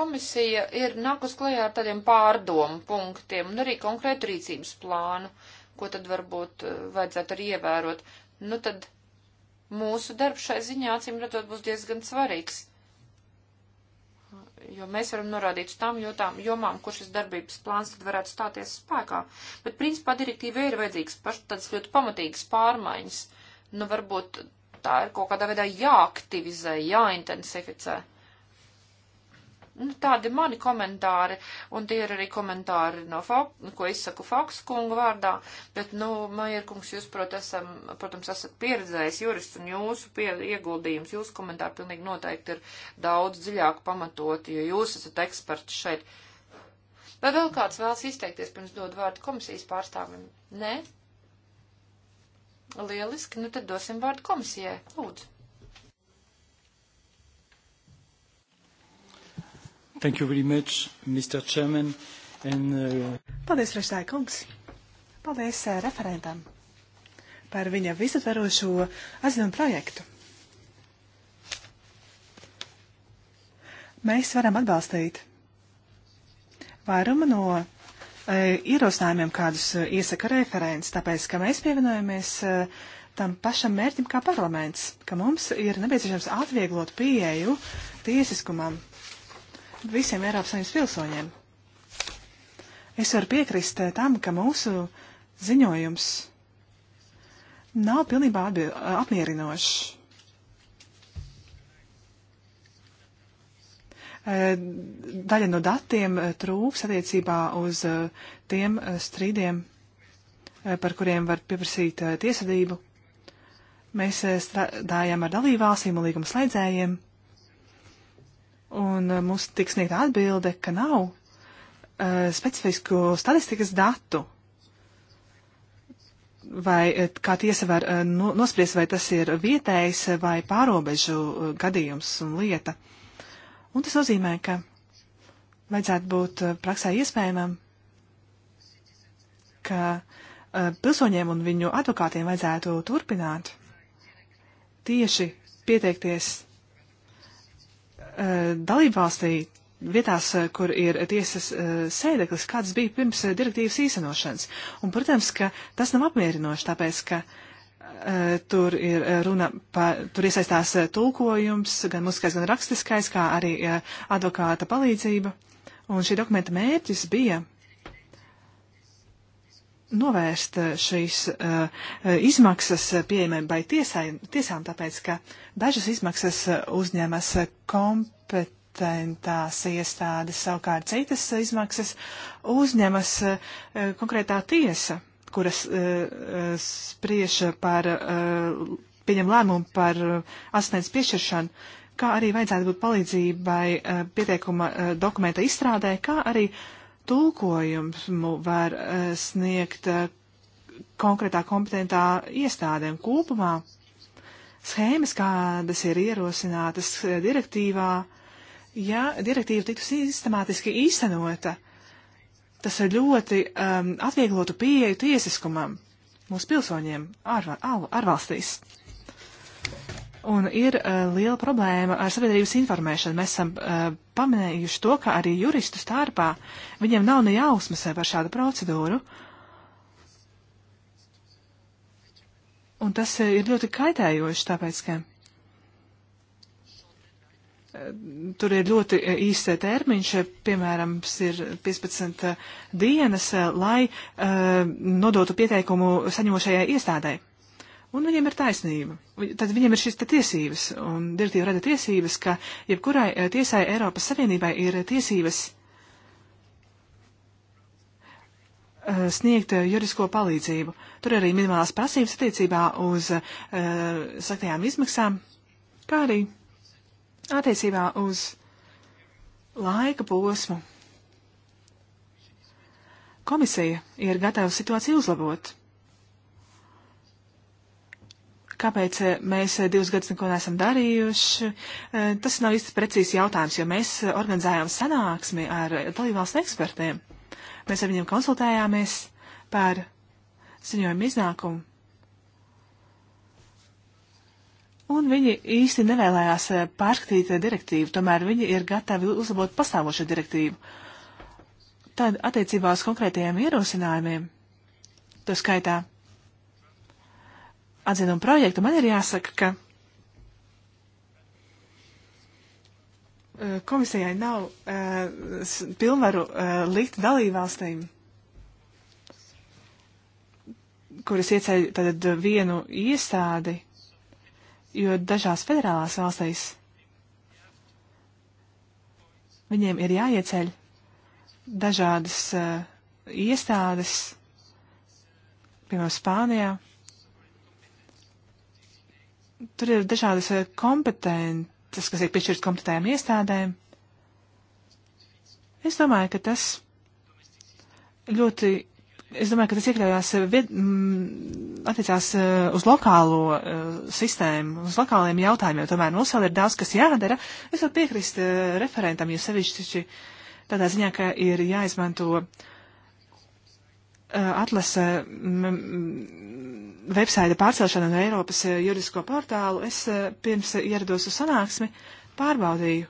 Komisija ir nākus klajā ar tādiem pārdomu punktiem un arī konkrētu rīcības plānu, ko tad varbūt eh, vajadzētu arī ievērot. Nu tad mūsu darbs šai ziņā, acīm redzot, būs diezgan svarīgs. Jo mēs varam norādīt uz tām jotām, jomām, kur šis darbības plāns tad varētu stāties spēkā. Bet, principā, direktīvai ir vajadzīgs pašs tāds ļoti pamatīgs pārmaiņas. Nu, varbūt tā ir kaut kādā veidā jāaktivizē, jāintensificē. Uh, Nu, tādi mani komentāri, un tie ir arī komentāri, no ko izsaku Foks kungu vārdā, bet, nu, Maierkungs, jūs, prot, esam, protams, esat pieredzējis jurists, un jūsu pie, ieguldījums, jūsu komentāri pilnīgi noteikti ir daudz dziļāk pamatoti, jo jūs esat eksperts šeit. Vai vēl kāds vēlas izteikties pirms dod vārdu komisijas pārstāvim? Nē? Lieliski, nu tad dosim vārdu komisijai. Lūdzu. Thank you very much, Mr. Chairman. And, uh... Paldies, Reštāja kungs. Paldies uh, referentam par viņa visatverošo aizdevumu projektu. Mēs varam atbalstīt vairumu no uh, ierosinājumiem, kādus uh, iesaka referents, tāpēc, ka mēs pievienojamies uh, tam pašam mērķim kā parlaments, ka mums ir nepieciešams atvieglot pieeju tiesiskumam visiem Eiropas Savienības pilsoņiem. Es varu piekrist eh, tam, ka mūsu ziņojums nav pilnībā eh, apmierinošs. Eh, daļa no datiem trūks attiecībā uz tiem strīdiem, par kuriem var pieprasīt tiesvedību. Mēs strādājam ar dalībvalstīm un līguma slēdzējiem un eh, mums tiks sniegta atbilde, ka nav uh, specifisku statistikas datu. Vai eh, kā tiesa var uh, no, nospriest, vai tas ir vietējs vai pārobežu gadījums un lieta. Un tas nozīmē, ka vajadzētu būt praksē iespējamam, ka uh, pilsoņiem un viņu advokātiem vajadzētu turpināt tieši pieteikties Eh, dalībvalstī vietās, eh, kur ir tiesas eh, sēdeklis, kāds bija pirms direktīvas īstenošanas. Un, protams, ka tas nav apmierinoši, tāpēc, ka tur ir runa par, tur iesaistās tulkojums, gan muzikas, gan rakstiskais, kā arī advokāta palīdzība. Un šī dokumenta mērķis bija novērst eh, šīs uh, izmaksas pieejamībai tiesai, tiesām, tāpēc, ka dažas izmaksas eh, uzņemas kompetentās iestādes, savukārt citas izmaksas uzņemas uh, konkrētā tiesa, kuras uh, spriež par, pieņem lēmumu par asistents piešķiršanu kā arī vajadzētu būt palīdzībai pieteikuma dokumenta izstrādē, kā arī uh, tulkojums var eh, sniegt eh, konkrētā kompetentā iestādēm kopumā. Schēmas, kādas ir ierosinātas eh, direktīvā, ja direktīva tiktu sistemātiski īstenota, tas ļoti um, atvieglotu pieeju tiesiskumam mūsu pilsoņiem ārvalstīs. Ar, ar, ar Un ir uh, liela problēma ar sabiedrības informēšanu. Mēs esam uh, pamanījuši to, ka arī juristu starpā viņiem nav ne jausmas eh, par šādu procedūru. Un tas ir ļoti kaitējoši, tāpēc, ka Tur ir ļoti īsts termiņš, piemēram, ir 15 dienas, lai uh, nodotu pieteikumu saņemošajai iestādēji. Un viņiem ir taisnība. Tad viņiem ir šīs tiesības, un direktīva rada tiesības, ka jebkurai eh, tiesai Eiropas Savienībai ir tiesības eh, sniegt eh, juridisko palīdzību. Tur arī minimālās prasības attiecībā uz uh, saktajām izmaksām, kā arī attiecībā uz laika posmu. Komisija ir gatava situāciju uzlabot kāpēc eh, mēs eh, divus gadus neko neesam darījuši. Eh, tas nav īsti precīzi jautājums, jo mēs organizējām sanāksmi ar dalībvalstu ekspertiem. Mēs ar viņiem konsultējāmies par ziņojumu iznākumu. Un viņi īsti nevēlējās pārskatīt direktīvu, tomēr viņi ir gatavi uzlabot pastāvošo direktīvu. Tad attiecībā uz konkrētajiem ierosinājumiem, to skaitā atzinumu projektu, man ir jāsaka, ka e, komisijai nav uh, pilnvaru uh, likt dalībvalstīm, kuras ieceļ tad vienu iestādi, jo dažās federālās valstīs viņiem ir jāieceļ dažādas uh, iestādes, piemēram, Spānijā tur ir dažādas eh, kompetences, kas ir piešķirtas kompetentējām iestādēm. Es domāju, ka tas ļoti, es domāju, ka tas iekļaujās, eh, vied, m, mm, attiecās eh, uz lokālo uh, sistēmu, uz lokāliem jautājumiem, tomēr mums vēl ir daudz, kas jādara. Es varu piekrist uh, referentam, jo sevišķi tādā ziņā, ka ir jāizmanto uh, Eh, atlase mm, mm, websaita pārcelšana no Eiropas eh, juridisko portālu, es eh, pirms ierados uz sanāksmi pārbaudīju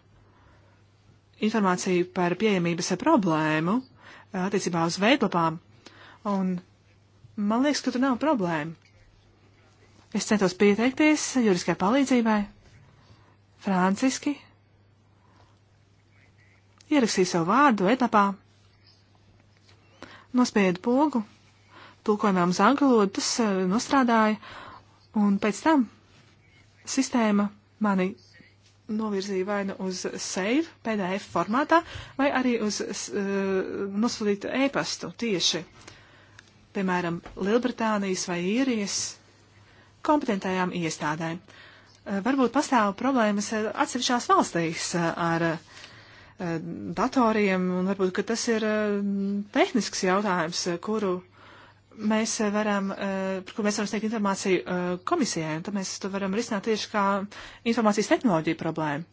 informāciju par pieejamības problēmu attiecībā uz veidlapām, un man liekas, ka tur nav problēma. Es centos pieteikties juridiskai palīdzībai, franciski, ierakstīju savu vārdu veidlapā, nospiedu pogu tulkojumā uz angļu valodu, tas uh, nostrādāja, un pēc tam sistēma mani novirzīja vai nu uz save PDF formātā, vai arī uz uh, eh, nosūtītu ēpastu tieši, piemēram, Lielbritānijas vai īrijas kompetentajām iestādēm. Uh, varbūt pastāv problēmas atsevišķās valstīs ar Eh, datoriem, un varbūt tas ir eh, tehnisks jautājums, eh, kuru mēs varam, par ko mēs varam sniegt informāciju komisijai, un tad mēs to varam risināt tieši kā informācijas tehnoloģiju problēmu.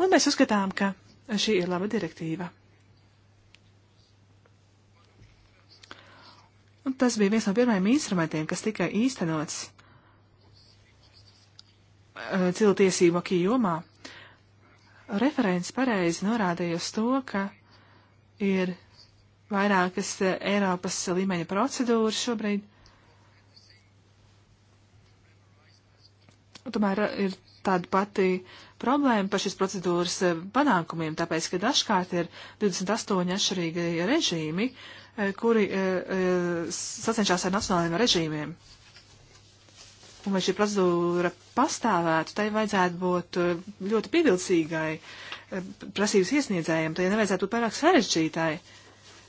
Un mēs uzskatām, ka šī ir laba direktīva. Un tas bija viens no pirmajiem instrumentiem, kas tika īstenots cilvēktiesību akī jomā. Referents pareizi norādīja uz to, ka ir vairākas eh, Eiropas līmeņa procedūras šobrīd. Tomēr ir tāda pati problēma par šīs procedūras eh, panākumiem, tāpēc, ka dažkārt ir 28 atšķirīgi režīmi, eh, kuri sacenšas ar nacionālajiem režīmiem. Un lai šī procedūra pastāvētu, tai vajadzētu būt eh, ļoti pievilcīgai eh, prasības iesniedzējiem, tai nevajadzētu būt pārāk sarežģītai,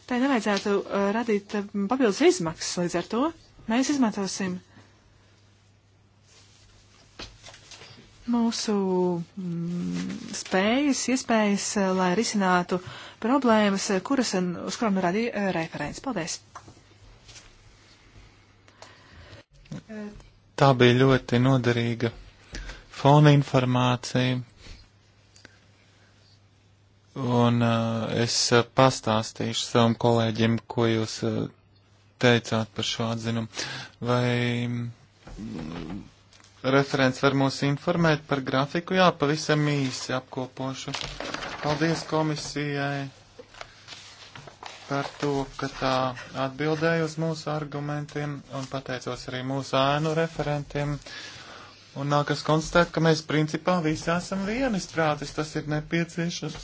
tai nevajadzētu eh, radīt papildus izmaksas. Līdz ar to mēs izmantosim mūsu mm, spējas, iespējas, lai risinātu problēmas, kuras, uz kurām norādīja referents. Paldies! Tā bija ļoti noderīga fona informācija. Un uh, es uh, pastāstīšu savam kolēģim, ko jūs uh, teicāt par šo atzinumu. Vai mm, referents var mūs informēt par grafiku? Jā, pavisam īsi apkopošu. Paldies komisijai par to, ka tā atbildēja uz mūsu argumentiem un pateicos arī mūsu ēnu referentiem. Un nākas konstatēt, ka mēs principā visi esam vienisprātis. Tas ir nepieciešams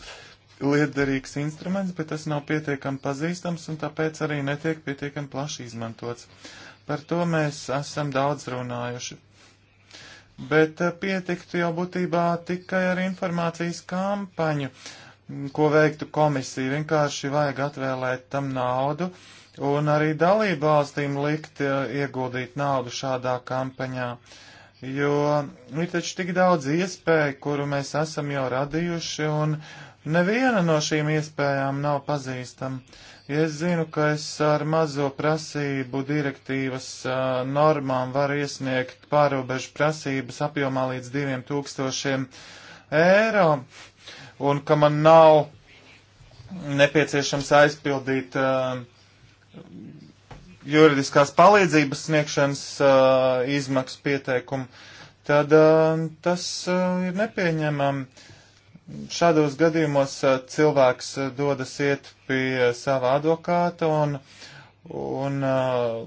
liederīgs instruments, bet tas nav pietiekami pazīstams un tāpēc arī netiek pietiekami plaši izmantots. Par to mēs esam daudz runājuši. Bet pietiktu jau būtībā tikai ar informācijas kampaņu. Uh, ko veiktu komisija. Vienkārši vajag atvēlēt tam naudu un arī dalību valstīm likt eh, ieguldīt naudu šādā kampaņā. Jo ir taču tik daudz iespēju, kuru mēs esam jau radījuši, un neviena no šīm iespējām nav pazīstama. Ja es zinu, ka es ar mazo prasību direktīvas uh, normām varu iesniegt pārobežu prasības apjomā līdz 2000 eiro, un ka man nav nepieciešams aizpildīt uh, juridiskās palīdzības sniegšanas uh, eh, izmaksu pieteikumu, tad uh, tas uh, ir nepieņemami. Šādos gadījumos uh, cilvēks uh, dodas iet pie uh, sava advokāta un, un uh,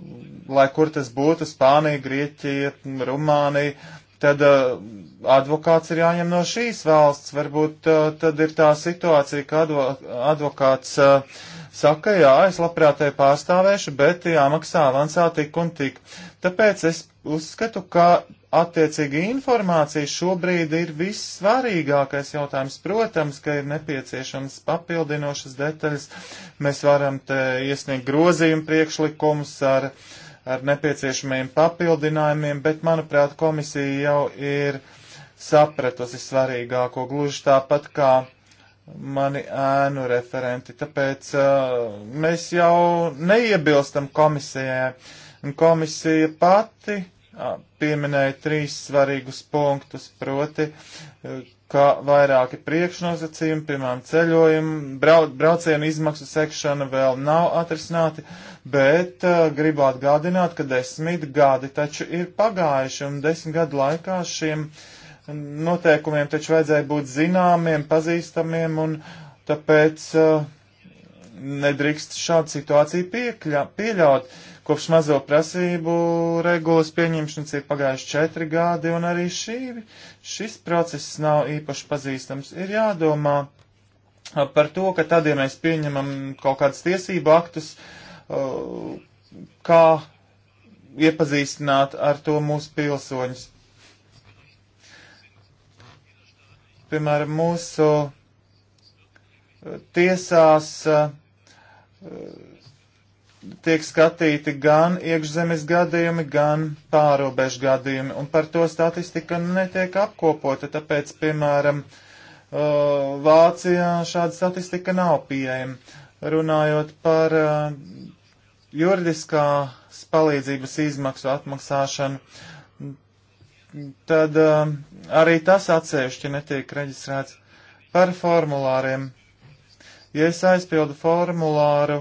lai kur tas būtu, Spānija, Grieķija, Rumānija, tad uh, advokāts ir jāņem no šīs valsts. Varbūt uh, tad ir tā situācija, ka advo, advokāts uh, saka, jā, es labprāt te pārstāvēšu, bet jāmaksā avansā tik un tik. Tāpēc es uzskatu, ka attiecīgi informācija šobrīd ir vissvarīgākais jautājums. Protams, ka ir nepieciešams papildinošas detaļas. Mēs varam te iesniegt grozījumu priekšlikumus ar uh, ar nepieciešamiem papildinājumiem, bet, manuprāt, komisija jau ir sapratusi svarīgāko gluži tāpat kā mani ēnu referenti. Tāpēc uh, mēs jau neiebilstam komisijai. Komisija pati uh, pieminēja trīs svarīgus punktus, proti uh, ka vairāki priekšnosacījumi, piemēram, ceļojumi, brauc, braucienu izmaksu sekšana vēl nav atrisināti, bet uh, gribu atgādināt, ka desmit gadi taču ir pagājuši un desmit gadu laikā šiem noteikumiem taču vajadzēja būt zināmiem, pazīstamiem un tāpēc uh, nedrīkst šādu situāciju piekļa, pieļaut. Uh, Kopš mazo prasību regulas pieņemšanas ir pagājuši četri gadi, un arī šī, šis process nav īpaši pazīstams. Ir jādomā par to, ka tad, ja mēs pieņemam kaut kādas tiesību aktus, kā iepazīstināt ar to mūsu pilsoņus. Piemēram, mūsu tiesās tiek skatīti gan iekšzemes gadījumi, gan pārobežu gadījumi, un par to statistika netiek apkopota, tāpēc, piemēram, uh, Vācijā šāda statistika nav pieejama. Runājot par uh, juridiskās palīdzības izmaksu atmaksāšanu, tad uh, arī tas atsevišķi netiek reģistrēts par formulāriem. Ja es aizpildu formulāru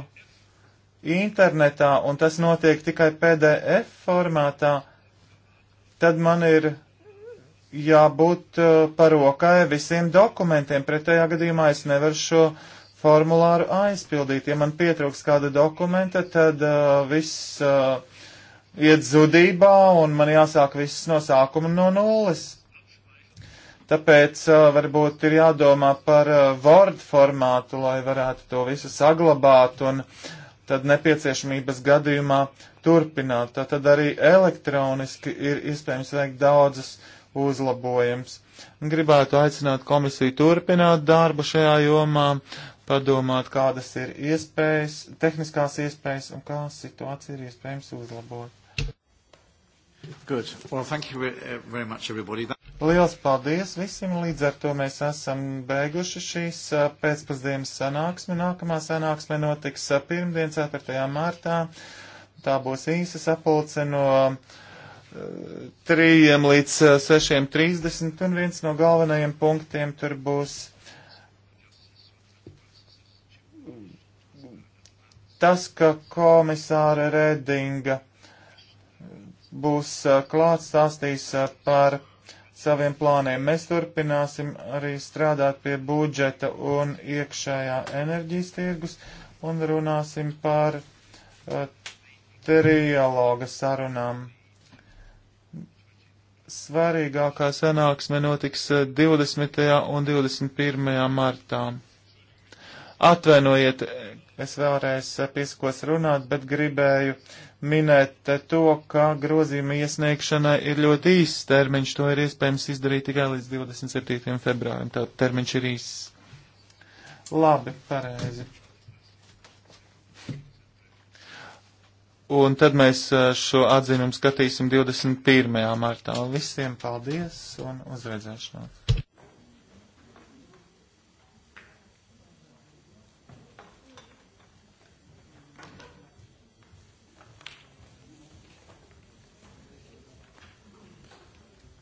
internetā un tas notiek tikai PDF formātā, tad man ir jābūt uh, parokai visiem dokumentiem. Pretējā gadījumā es nevaru šo formulāru aizpildīt. Ja man pietrūks kāda dokumenta, tad uh, viss uh, iet zudībā un man jāsāk viss no sākuma no nulles. Tāpēc uh, varbūt ir jādomā par uh, Word formātu, lai varētu to visu saglabāt un uh, tad nepieciešamības gadījumā turpināt. Tātad arī elektroniski ir iespējams veikt daudzas uzlabojums. Gribētu aicināt komisiju turpināt darbu šajā jomā, padomāt, kādas ir iespējas, tehniskās iespējas un kā situācija ir iespējams uzlabot. Good. Well, thank you eh, very much, everybody. Liels paldies visiem! Līdz ar to mēs esam beiguši šīs eh, pēcpusdienas sanāksmi. Nākamā sanāksme notiks eh, pirmdien, 4. martā. Tā būs īsa sapulce no 3 līdz 6.30, un viens no galvenajiem punktiem tur būs. Tas, ka komisāra Redinga būs eh, klāt stāstīs eh, par saviem plāniem. Mēs turpināsim arī strādāt pie budžeta un iekšējā enerģijas tirgus un runāsim par eh, trialoga sarunām. Svarīgākā sanāksme notiks 20. un 21. martā. Atvainojiet, es vēlreiz pieskos runāt, bet gribēju uh, minēt to, ka grozījuma iesniegšanai ir ļoti īsts termiņš. To ir iespējams izdarīt tikai līdz 27. februārim. Tā termiņš ir īsts. Labi, pareizi. Un tad mēs šo atzinumu skatīsim 21. martā. Visiem paldies un uzredzēšanos!